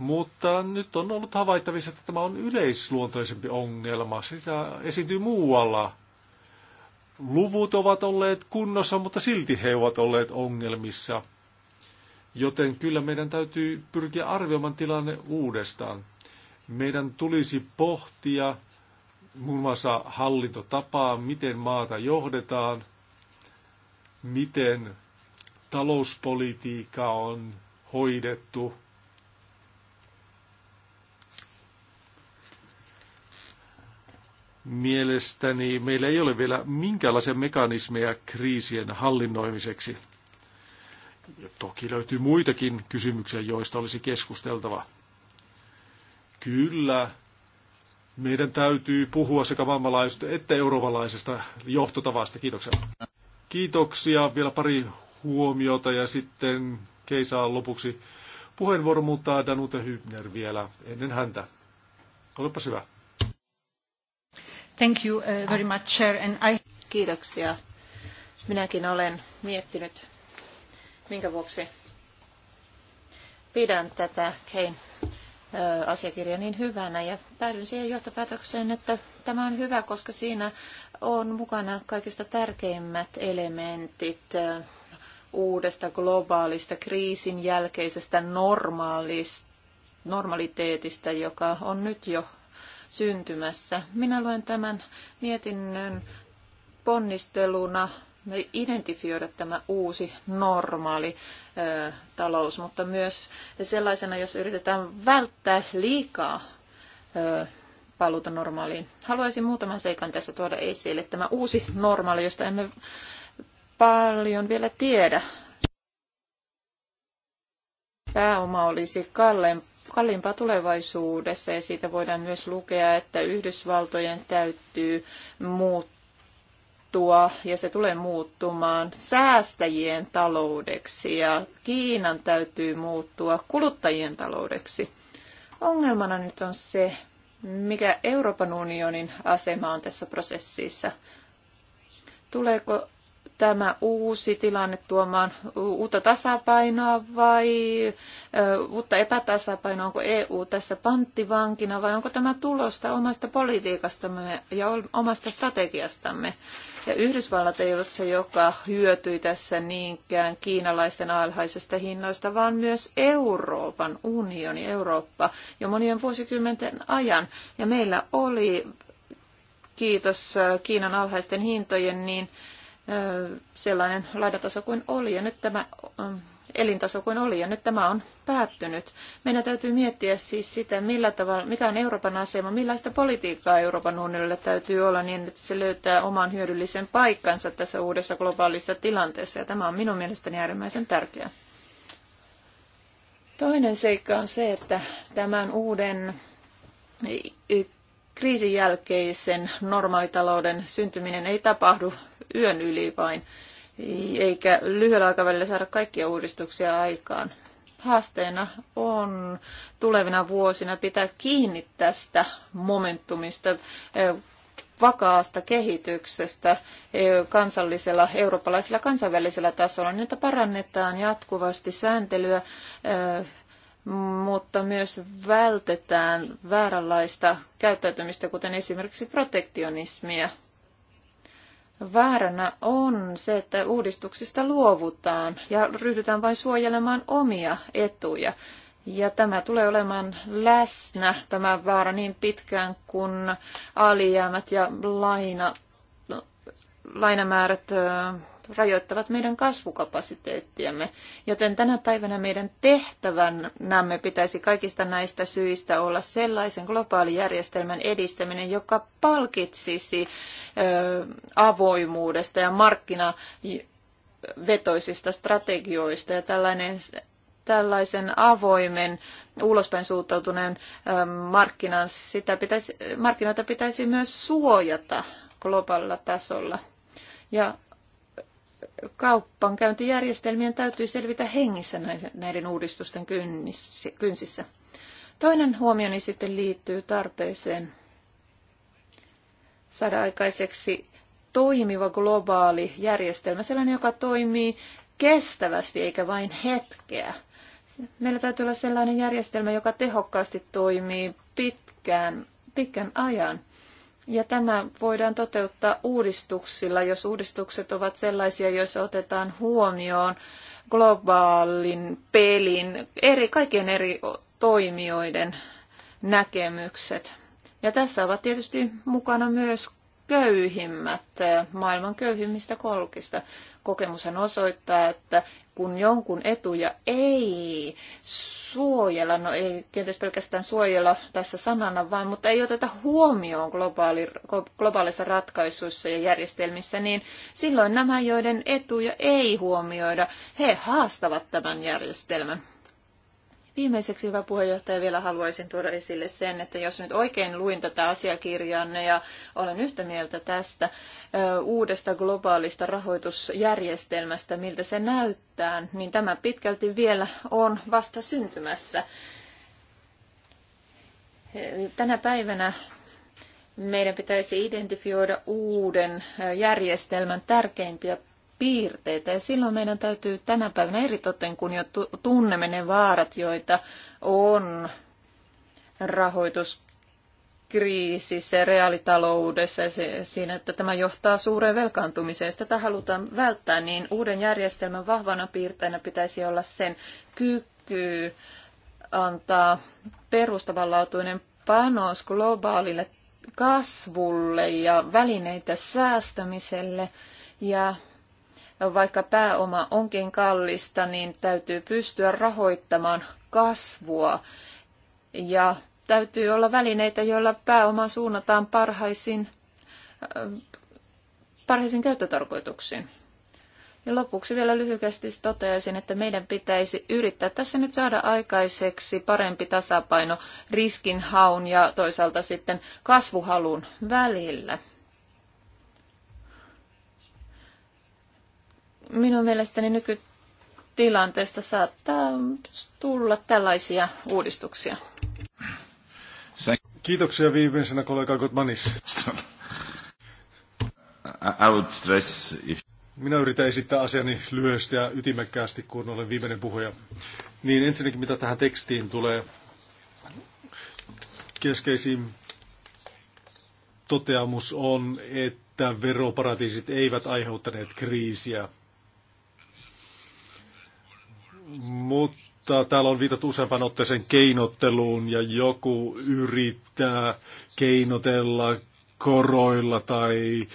Mutta nyt on ollut havaittavissa, että tämä on yleisluontoisempi ongelma. Sitä siis, esiintyy muualla. Luvut ovat olleet kunnossa, mutta silti he ovat olleet ongelmissa. Joten kyllä meidän täytyy pyrkiä arvioimaan tilanne uudestaan. Meidän tulisi pohtia muun muassa hallintotapaa, miten maata johdetaan, miten talouspolitiikka on hoidettu – Mielestäni meillä ei ole vielä minkäänlaisia mekanismeja kriisien hallinnoimiseksi. Ja toki löytyy muitakin kysymyksiä, joista olisi keskusteltava. Kyllä, meidän täytyy puhua sekä maailmanlaajuisesta että eurovalaisesta johtotavasta. Kiitoksia. Kiitoksia. Vielä pari huomiota ja sitten Keisaa lopuksi puheenvuoro, muuttaa Danute Hybner vielä ennen häntä. Olepa hyvä.
Thank you uh, very much, Chair. And I... Kiitoksia. Minäkin olen miettinyt, minkä vuoksi pidän tätä Kein asiakirjaa niin hyvänä ja päädyin siihen johtopäätökseen, että tämä on hyvä, koska siinä on mukana kaikista tärkeimmät elementit uudesta globaalista kriisin jälkeisestä normaalista, normaliteetista, joka on nyt jo syntymässä. Minä luen tämän mietinnön ponnisteluna identifioida tämä uusi normaali ö, talous, mutta myös sellaisena, jos yritetään välttää liikaa ö, paluuta normaaliin. Haluaisin muutaman seikan tässä tuoda esille. Tämä uusi normaali, josta emme paljon vielä tiedä. Pääoma olisi kallein, kalliimpaa tulevaisuudessa ja siitä voidaan myös lukea, että Yhdysvaltojen täytyy muuttua ja se tulee muuttumaan säästäjien taloudeksi ja Kiinan täytyy muuttua kuluttajien taloudeksi. Ongelmana nyt on se, mikä Euroopan unionin asema on tässä prosessissa. Tuleeko tämä uusi tilanne tuomaan uutta tasapainoa vai uutta epätasapainoa? Onko EU tässä panttivankina vai onko tämä tulosta omasta politiikastamme ja omasta strategiastamme? Ja Yhdysvallat ei ollut se, joka hyötyi tässä niinkään kiinalaisten alhaisesta hinnoista, vaan myös Euroopan unioni, Eurooppa jo monien vuosikymmenten ajan. Ja meillä oli, kiitos Kiinan alhaisten hintojen, niin sellainen laidataso kuin oli ja nyt tämä elintaso kuin oli ja nyt tämä on päättynyt. Meidän täytyy miettiä siis sitä, millä tavalla, mikä on Euroopan asema, millaista politiikkaa Euroopan unionilla täytyy olla niin, että se löytää oman hyödyllisen paikkansa tässä uudessa globaalissa tilanteessa ja tämä on minun mielestäni äärimmäisen tärkeää. Toinen seikka on se, että tämän uuden kriisin jälkeisen normaalitalouden syntyminen ei tapahdu yön yli vain, eikä lyhyellä aikavälillä saada kaikkia uudistuksia aikaan. Haasteena on tulevina vuosina pitää kiinni tästä momentumista, eh, vakaasta kehityksestä eh, kansallisella, eurooppalaisella kansainvälisellä tasolla, niin että parannetaan jatkuvasti sääntelyä, eh, mutta myös vältetään vääränlaista käyttäytymistä, kuten esimerkiksi protektionismia. Vaarana on se, että uudistuksista luovutaan ja ryhdytään vain suojelemaan omia etuja. Ja tämä tulee olemaan läsnä, tämä vaara niin pitkään, kun alijäämät ja laina, lainamäärät rajoittavat meidän kasvukapasiteettiamme. Joten tänä päivänä meidän tehtävänämme pitäisi kaikista näistä syistä olla sellaisen globaalijärjestelmän edistäminen, joka palkitsisi avoimuudesta ja markkinavetoisista strategioista ja tällainen tällaisen avoimen, ulospäin suuntautuneen markkinan, sitä pitäisi, markkinoita pitäisi myös suojata globaalilla tasolla. Ja kauppankäyntijärjestelmien täytyy selvitä hengissä näiden uudistusten kynsissä. Toinen huomioni sitten liittyy tarpeeseen saada aikaiseksi toimiva globaali järjestelmä, sellainen, joka toimii kestävästi eikä vain hetkeä. Meillä täytyy olla sellainen järjestelmä, joka tehokkaasti toimii pitkään, pitkän ajan. Ja tämä voidaan toteuttaa uudistuksilla, jos uudistukset ovat sellaisia, joissa otetaan huomioon globaalin pelin eri, kaikkien eri toimijoiden näkemykset. Ja tässä ovat tietysti mukana myös köyhimmät, maailman köyhimmistä kolkista. Kokemushan osoittaa, että kun jonkun etuja ei suojella, no ei kenties pelkästään suojella tässä sanana vaan, mutta ei oteta huomioon globaali, globaalissa ratkaisuissa ja järjestelmissä, niin silloin nämä, joiden etuja ei huomioida, he haastavat tämän järjestelmän. Viimeiseksi, hyvä puheenjohtaja, vielä haluaisin tuoda esille sen, että jos nyt oikein luin tätä asiakirjaanne ja olen yhtä mieltä tästä uudesta globaalista rahoitusjärjestelmästä, miltä se näyttää, niin tämä pitkälti vielä on vasta syntymässä. Tänä päivänä meidän pitäisi identifioida uuden järjestelmän tärkeimpiä piirteitä. Ja silloin meidän täytyy tänä päivänä eritoten, kun jo tunnemme ne vaarat, joita on rahoituskriisissä, reaalitaloudessa ja se, siinä, että tämä johtaa suureen velkaantumiseen. Sitä halutaan välttää, niin uuden järjestelmän vahvana piirteinä pitäisi olla sen kyky antaa perustavanlaatuinen panos globaalille kasvulle ja välineitä säästämiselle ja vaikka pääoma onkin kallista, niin täytyy pystyä rahoittamaan kasvua ja täytyy olla välineitä, joilla pääoma suunnataan parhaisiin, äh, parhaisiin käyttötarkoituksiin. Ja lopuksi vielä lyhykästi toteaisin, että meidän pitäisi yrittää tässä nyt saada aikaiseksi parempi tasapaino riskinhaun ja toisaalta sitten kasvuhalun välillä. Minun mielestäni nykytilanteesta saattaa tulla tällaisia uudistuksia.
Kiitoksia viimeisenä kollega Gottmanis.
I would stress if...
Minä yritän esittää asiani lyhyesti ja ytimekkäästi, kun olen viimeinen puhuja. Niin ensinnäkin mitä tähän tekstiin tulee keskeisin toteamus on, että veroparatiisit eivät aiheuttaneet kriisiä. Mutta täällä on viitattu useampaan otteeseen keinotteluun ja joku yrittää keinotella koroilla tai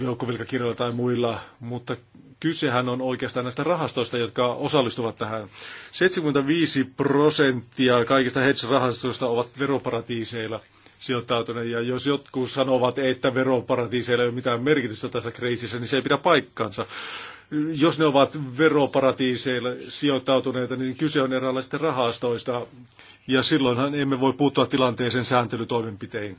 joukkovilkakirjoilla tai muilla, mutta kysehän on oikeastaan näistä rahastoista, jotka osallistuvat tähän. 75 prosenttia kaikista hedge-rahastoista ovat veroparatiiseilla sijoittautuneet, ja jos jotkut sanovat, että veroparatiiseilla ei ole mitään merkitystä tässä kriisissä, niin se ei pidä paikkaansa jos ne ovat veroparatiiseilla sijoittautuneita, niin kyse on eräänlaisista rahastoista, ja silloinhan emme voi puuttua tilanteeseen sääntelytoimenpitein.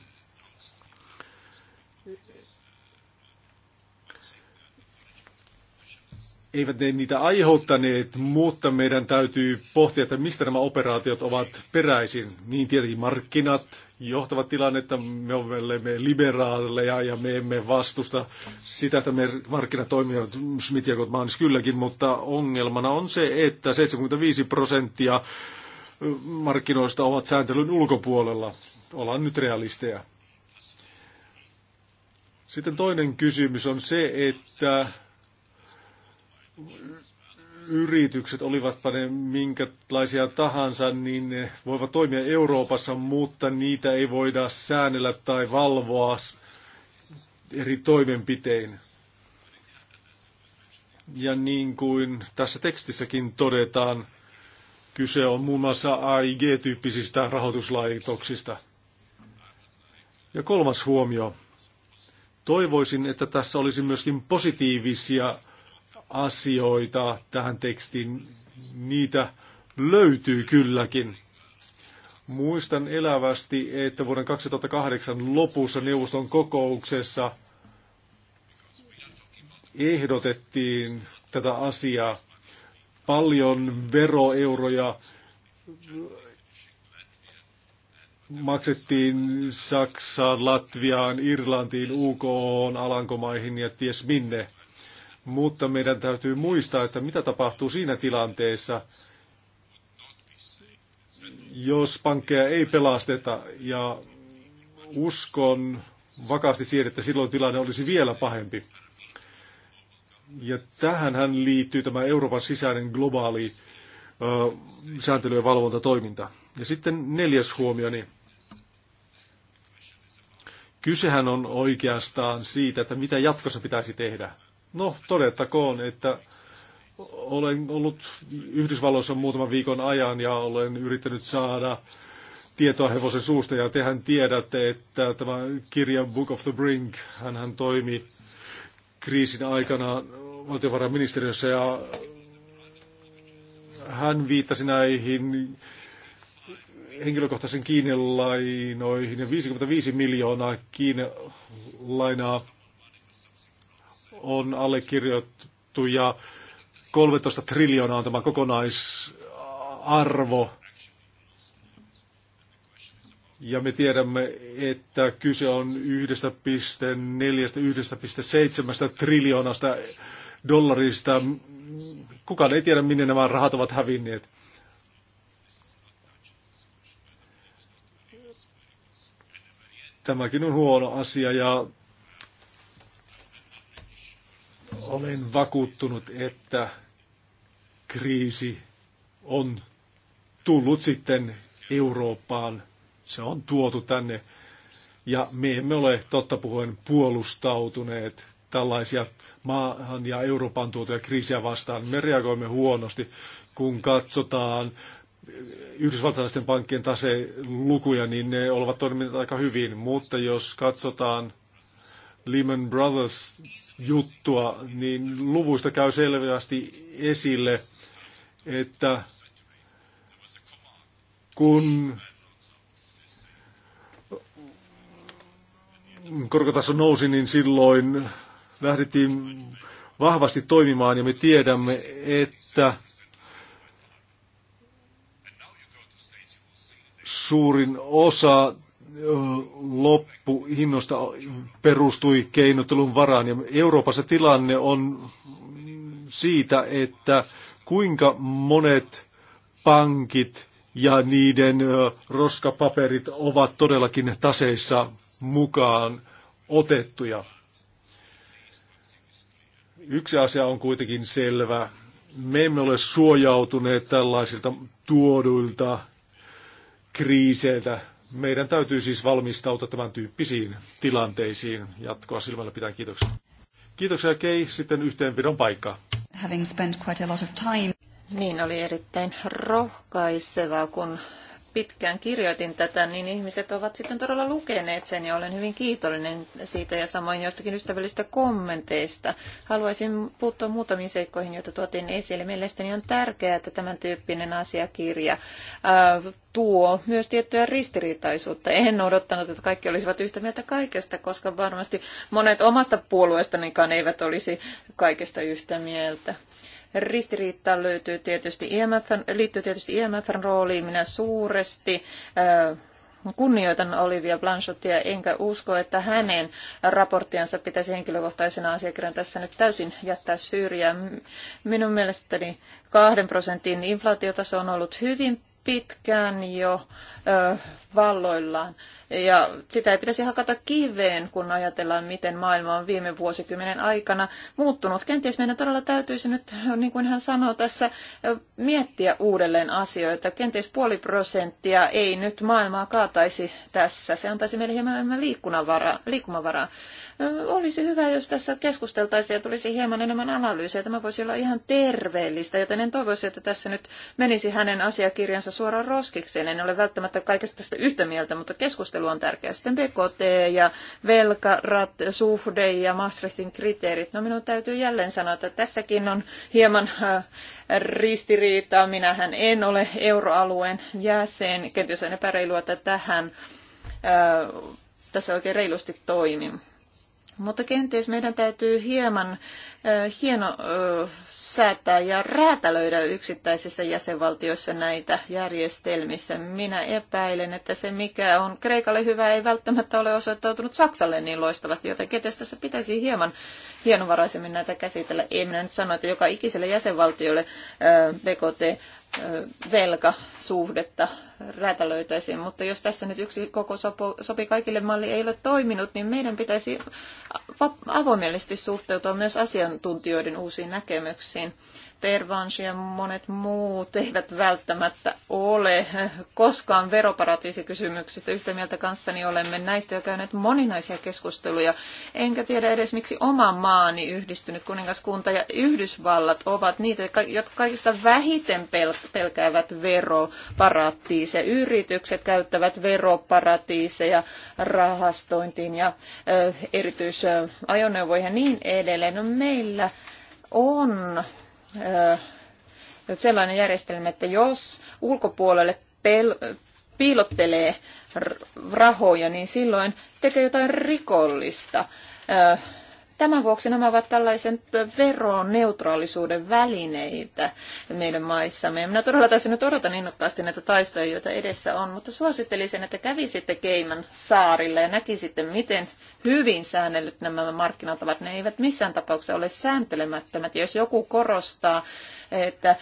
eivät ne niitä aiheuttaneet, mutta meidän täytyy pohtia, että mistä nämä operaatiot ovat peräisin. Niin tietenkin markkinat johtavat tilannetta, me olemme liberaaleja ja me emme vastusta sitä, että me markkinat toimivat Smith ja Gottmanis siis kylläkin, mutta ongelmana on se, että 75 prosenttia markkinoista ovat sääntelyn ulkopuolella. Ollaan nyt realisteja. Sitten toinen kysymys on se, että yritykset, olivatpa ne minkälaisia tahansa, niin ne voivat toimia Euroopassa, mutta niitä ei voida säännellä tai valvoa eri toimenpitein. Ja niin kuin tässä tekstissäkin todetaan, kyse on muun muassa AIG-tyyppisistä rahoituslaitoksista. Ja kolmas huomio. Toivoisin, että tässä olisi myöskin positiivisia asioita tähän tekstiin, niitä löytyy kylläkin. Muistan elävästi, että vuoden 2008 lopussa neuvoston kokouksessa ehdotettiin tätä asiaa. Paljon veroeuroja maksettiin Saksaan, Latviaan, Irlantiin, UK, Alankomaihin ja ties minne – mutta meidän täytyy muistaa, että mitä tapahtuu siinä tilanteessa, jos pankkeja ei pelasteta ja uskon vakaasti siihen, että silloin tilanne olisi vielä pahempi. Ja tähän hän liittyy tämä Euroopan sisäinen globaali ö, sääntely- ja valvontatoiminta. Ja sitten neljäs huomioni. Niin kysehän on oikeastaan siitä, että mitä jatkossa pitäisi tehdä. No, todettakoon, että olen ollut Yhdysvalloissa muutaman viikon ajan ja olen yrittänyt saada tietoa hevosen suusta. Ja tehän tiedätte, että tämä kirja Book of the Brink, hän toimi kriisin aikana valtiovarainministeriössä ja hän viittasi näihin henkilökohtaisen kiinelainoihin ja 55 miljoonaa kiinelainaa on allekirjoittu ja 13 triljoonaa on tämä kokonaisarvo. Ja me tiedämme, että kyse on 1,4-1,7 triljoonasta dollarista. Kukaan ei tiedä, minne nämä rahat ovat hävinneet. Tämäkin on huono asia ja olen vakuuttunut, että kriisi on tullut sitten Eurooppaan. Se on tuotu tänne ja me emme ole totta puhuen puolustautuneet tällaisia maahan ja Euroopan tuotuja kriisiä vastaan. Me reagoimme huonosti, kun katsotaan yhdysvaltalaisten pankkien taselukuja, niin ne ovat toimineet aika hyvin, mutta jos katsotaan Lehman Brothers juttua, niin luvuista käy selvästi esille, että kun korkotaso nousi, niin silloin lähdettiin vahvasti toimimaan ja me tiedämme, että suurin osa loppu hinnosta perustui keinottelun varaan. Ja Euroopassa tilanne on siitä, että kuinka monet pankit ja niiden roskapaperit ovat todellakin taseissa mukaan otettuja. Yksi asia on kuitenkin selvä. Me emme ole suojautuneet tällaisilta tuoduilta kriiseiltä. Meidän täytyy siis valmistautua tämän tyyppisiin tilanteisiin. Jatkoa silmällä pitää kiitoksia. Kiitoksia Kei, sitten yhteenpidon paikka.
Having spent quite a lot of time. Niin oli erittäin rohkaisevaa, kun pitkään kirjoitin tätä, niin ihmiset ovat sitten todella lukeneet sen ja olen hyvin kiitollinen siitä ja samoin joistakin ystävällistä kommenteista. Haluaisin puuttua muutamiin seikkoihin, joita tuotiin esille. Mielestäni on tärkeää, että tämän tyyppinen asiakirja äh, tuo myös tiettyä ristiriitaisuutta. En odottanut, että kaikki olisivat yhtä mieltä kaikesta, koska varmasti monet omasta puolueestanikaan eivät olisi kaikesta yhtä mieltä. Ristiriita löytyy tietysti IMF, e liittyy tietysti IMFn e rooliin. Minä suuresti äh, kunnioitan Olivia Blanchottia, enkä usko, että hänen raporttiansa pitäisi henkilökohtaisena asiakirjan tässä nyt täysin jättää syrjään. Minun mielestäni kahden prosentin inflaatiotaso on ollut hyvin pitkään jo ö, valloillaan. Ja sitä ei pitäisi hakata kiveen, kun ajatellaan, miten maailma on viime vuosikymmenen aikana muuttunut. Kenties meidän todella täytyisi nyt, niin kuin hän sanoo tässä, miettiä uudelleen asioita. Kenties puoli prosenttia ei nyt maailmaa kaataisi tässä. Se antaisi meille hieman enemmän liikkumavaraa. Olisi hyvä, jos tässä keskusteltaisiin ja tulisi hieman enemmän analyysiä. Tämä voisi olla ihan terveellistä, joten en toivoisi, että tässä nyt menisi hänen asiakirjansa suoraan roskikseen. En ole välttämättä kaikesta tästä yhtä mieltä, mutta keskustelu on tärkeää. Sitten BKT ja velkarat, suhde ja Maastrichtin kriteerit. No minun täytyy jälleen sanoa, että tässäkin on hieman ristiriitaa. Minähän en ole euroalueen jäsen. Kenties on epäreilua, että tähän tässä oikein reilusti toimin. Mutta kenties meidän täytyy hieman äh, hieno äh, säätää ja räätälöidä yksittäisissä jäsenvaltioissa näitä järjestelmissä. Minä epäilen, että se mikä on Kreikalle hyvä ei välttämättä ole osoittautunut Saksalle niin loistavasti, joten kenties tässä pitäisi hieman hienovaraisemmin näitä käsitellä. Ei minä nyt sano, että joka ikiselle jäsenvaltiolle äh, BKT velkasuhdetta räätälöitäisiin, mutta jos tässä nyt yksi koko sopo, sopi kaikille malli ei ole toiminut, niin meidän pitäisi avoimellisesti suhteutua myös asiantuntijoiden uusiin näkemyksiin. Tervansi ja monet muut eivät välttämättä ole koskaan veroparatiisikysymyksistä yhtä mieltä kanssani olemme näistä jo käyneet moninaisia keskusteluja. Enkä tiedä edes miksi oma maani yhdistynyt kuningaskunta ja Yhdysvallat ovat niitä, jotka kaikista vähiten pelkäävät veroparatiiseja. Yritykset käyttävät veroparatiiseja rahastointiin ja erityisajoneuvoihin ja niin edelleen. No meillä on sellainen järjestelmä, että jos ulkopuolelle pel- piilottelee rahoja, niin silloin tekee jotain rikollista. Tämän vuoksi nämä ovat tällaisen veroneutraalisuuden välineitä meidän maissamme. Minä todella tässä nyt odotan innokkaasti näitä taistoja, joita edessä on, mutta suosittelisin, että kävisitte Keiman saarille ja näkisitte, miten hyvin säännellyt nämä markkinat ovat. Ne eivät missään tapauksessa ole sääntelemättömät. Ja jos joku korostaa, että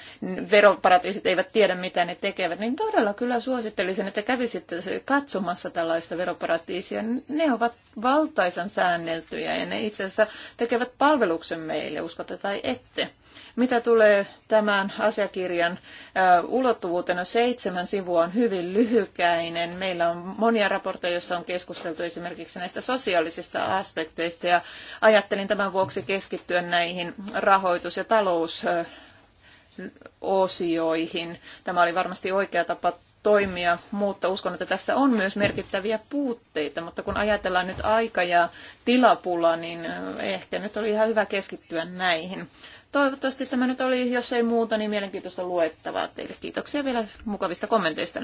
veroparatiisit eivät tiedä, mitä ne tekevät, niin todella kyllä suosittelisin, että kävisitte katsomassa tällaista veroparatiisia. Ne ovat valtaisan säänneltyjä ja ne itse asiassa tekevät palveluksen meille, uskotte tai ette. Mitä tulee tämän asiakirjan äh, no seitsemän sivua on hyvin lyhykäinen. Meillä on monia raportteja, joissa on keskusteltu esimerkiksi näistä sosiaalisista aspekteista ja ajattelin tämän vuoksi keskittyä näihin rahoitus- ja talousosioihin. Tämä oli varmasti oikea tapa toimia, mutta uskon, että tässä on myös merkittäviä puutteita. Mutta kun ajatellaan nyt aika- ja tilapula, niin ehkä nyt oli ihan hyvä keskittyä näihin. Toivottavasti tämä nyt oli, jos ei muuta, niin mielenkiintoista luettavaa teille. Kiitoksia vielä mukavista kommenteista.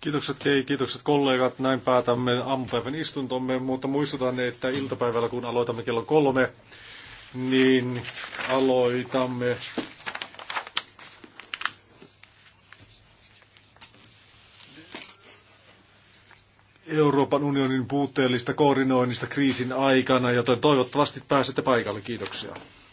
Kiitokset Kei, kiitokset kollegat. Näin päätämme aamupäivän istuntomme, mutta muistutan, että iltapäivällä kun aloitamme kello kolme, niin aloitamme Euroopan unionin puutteellista koordinoinnista kriisin aikana, joten toivottavasti pääsette paikalle. Kiitoksia.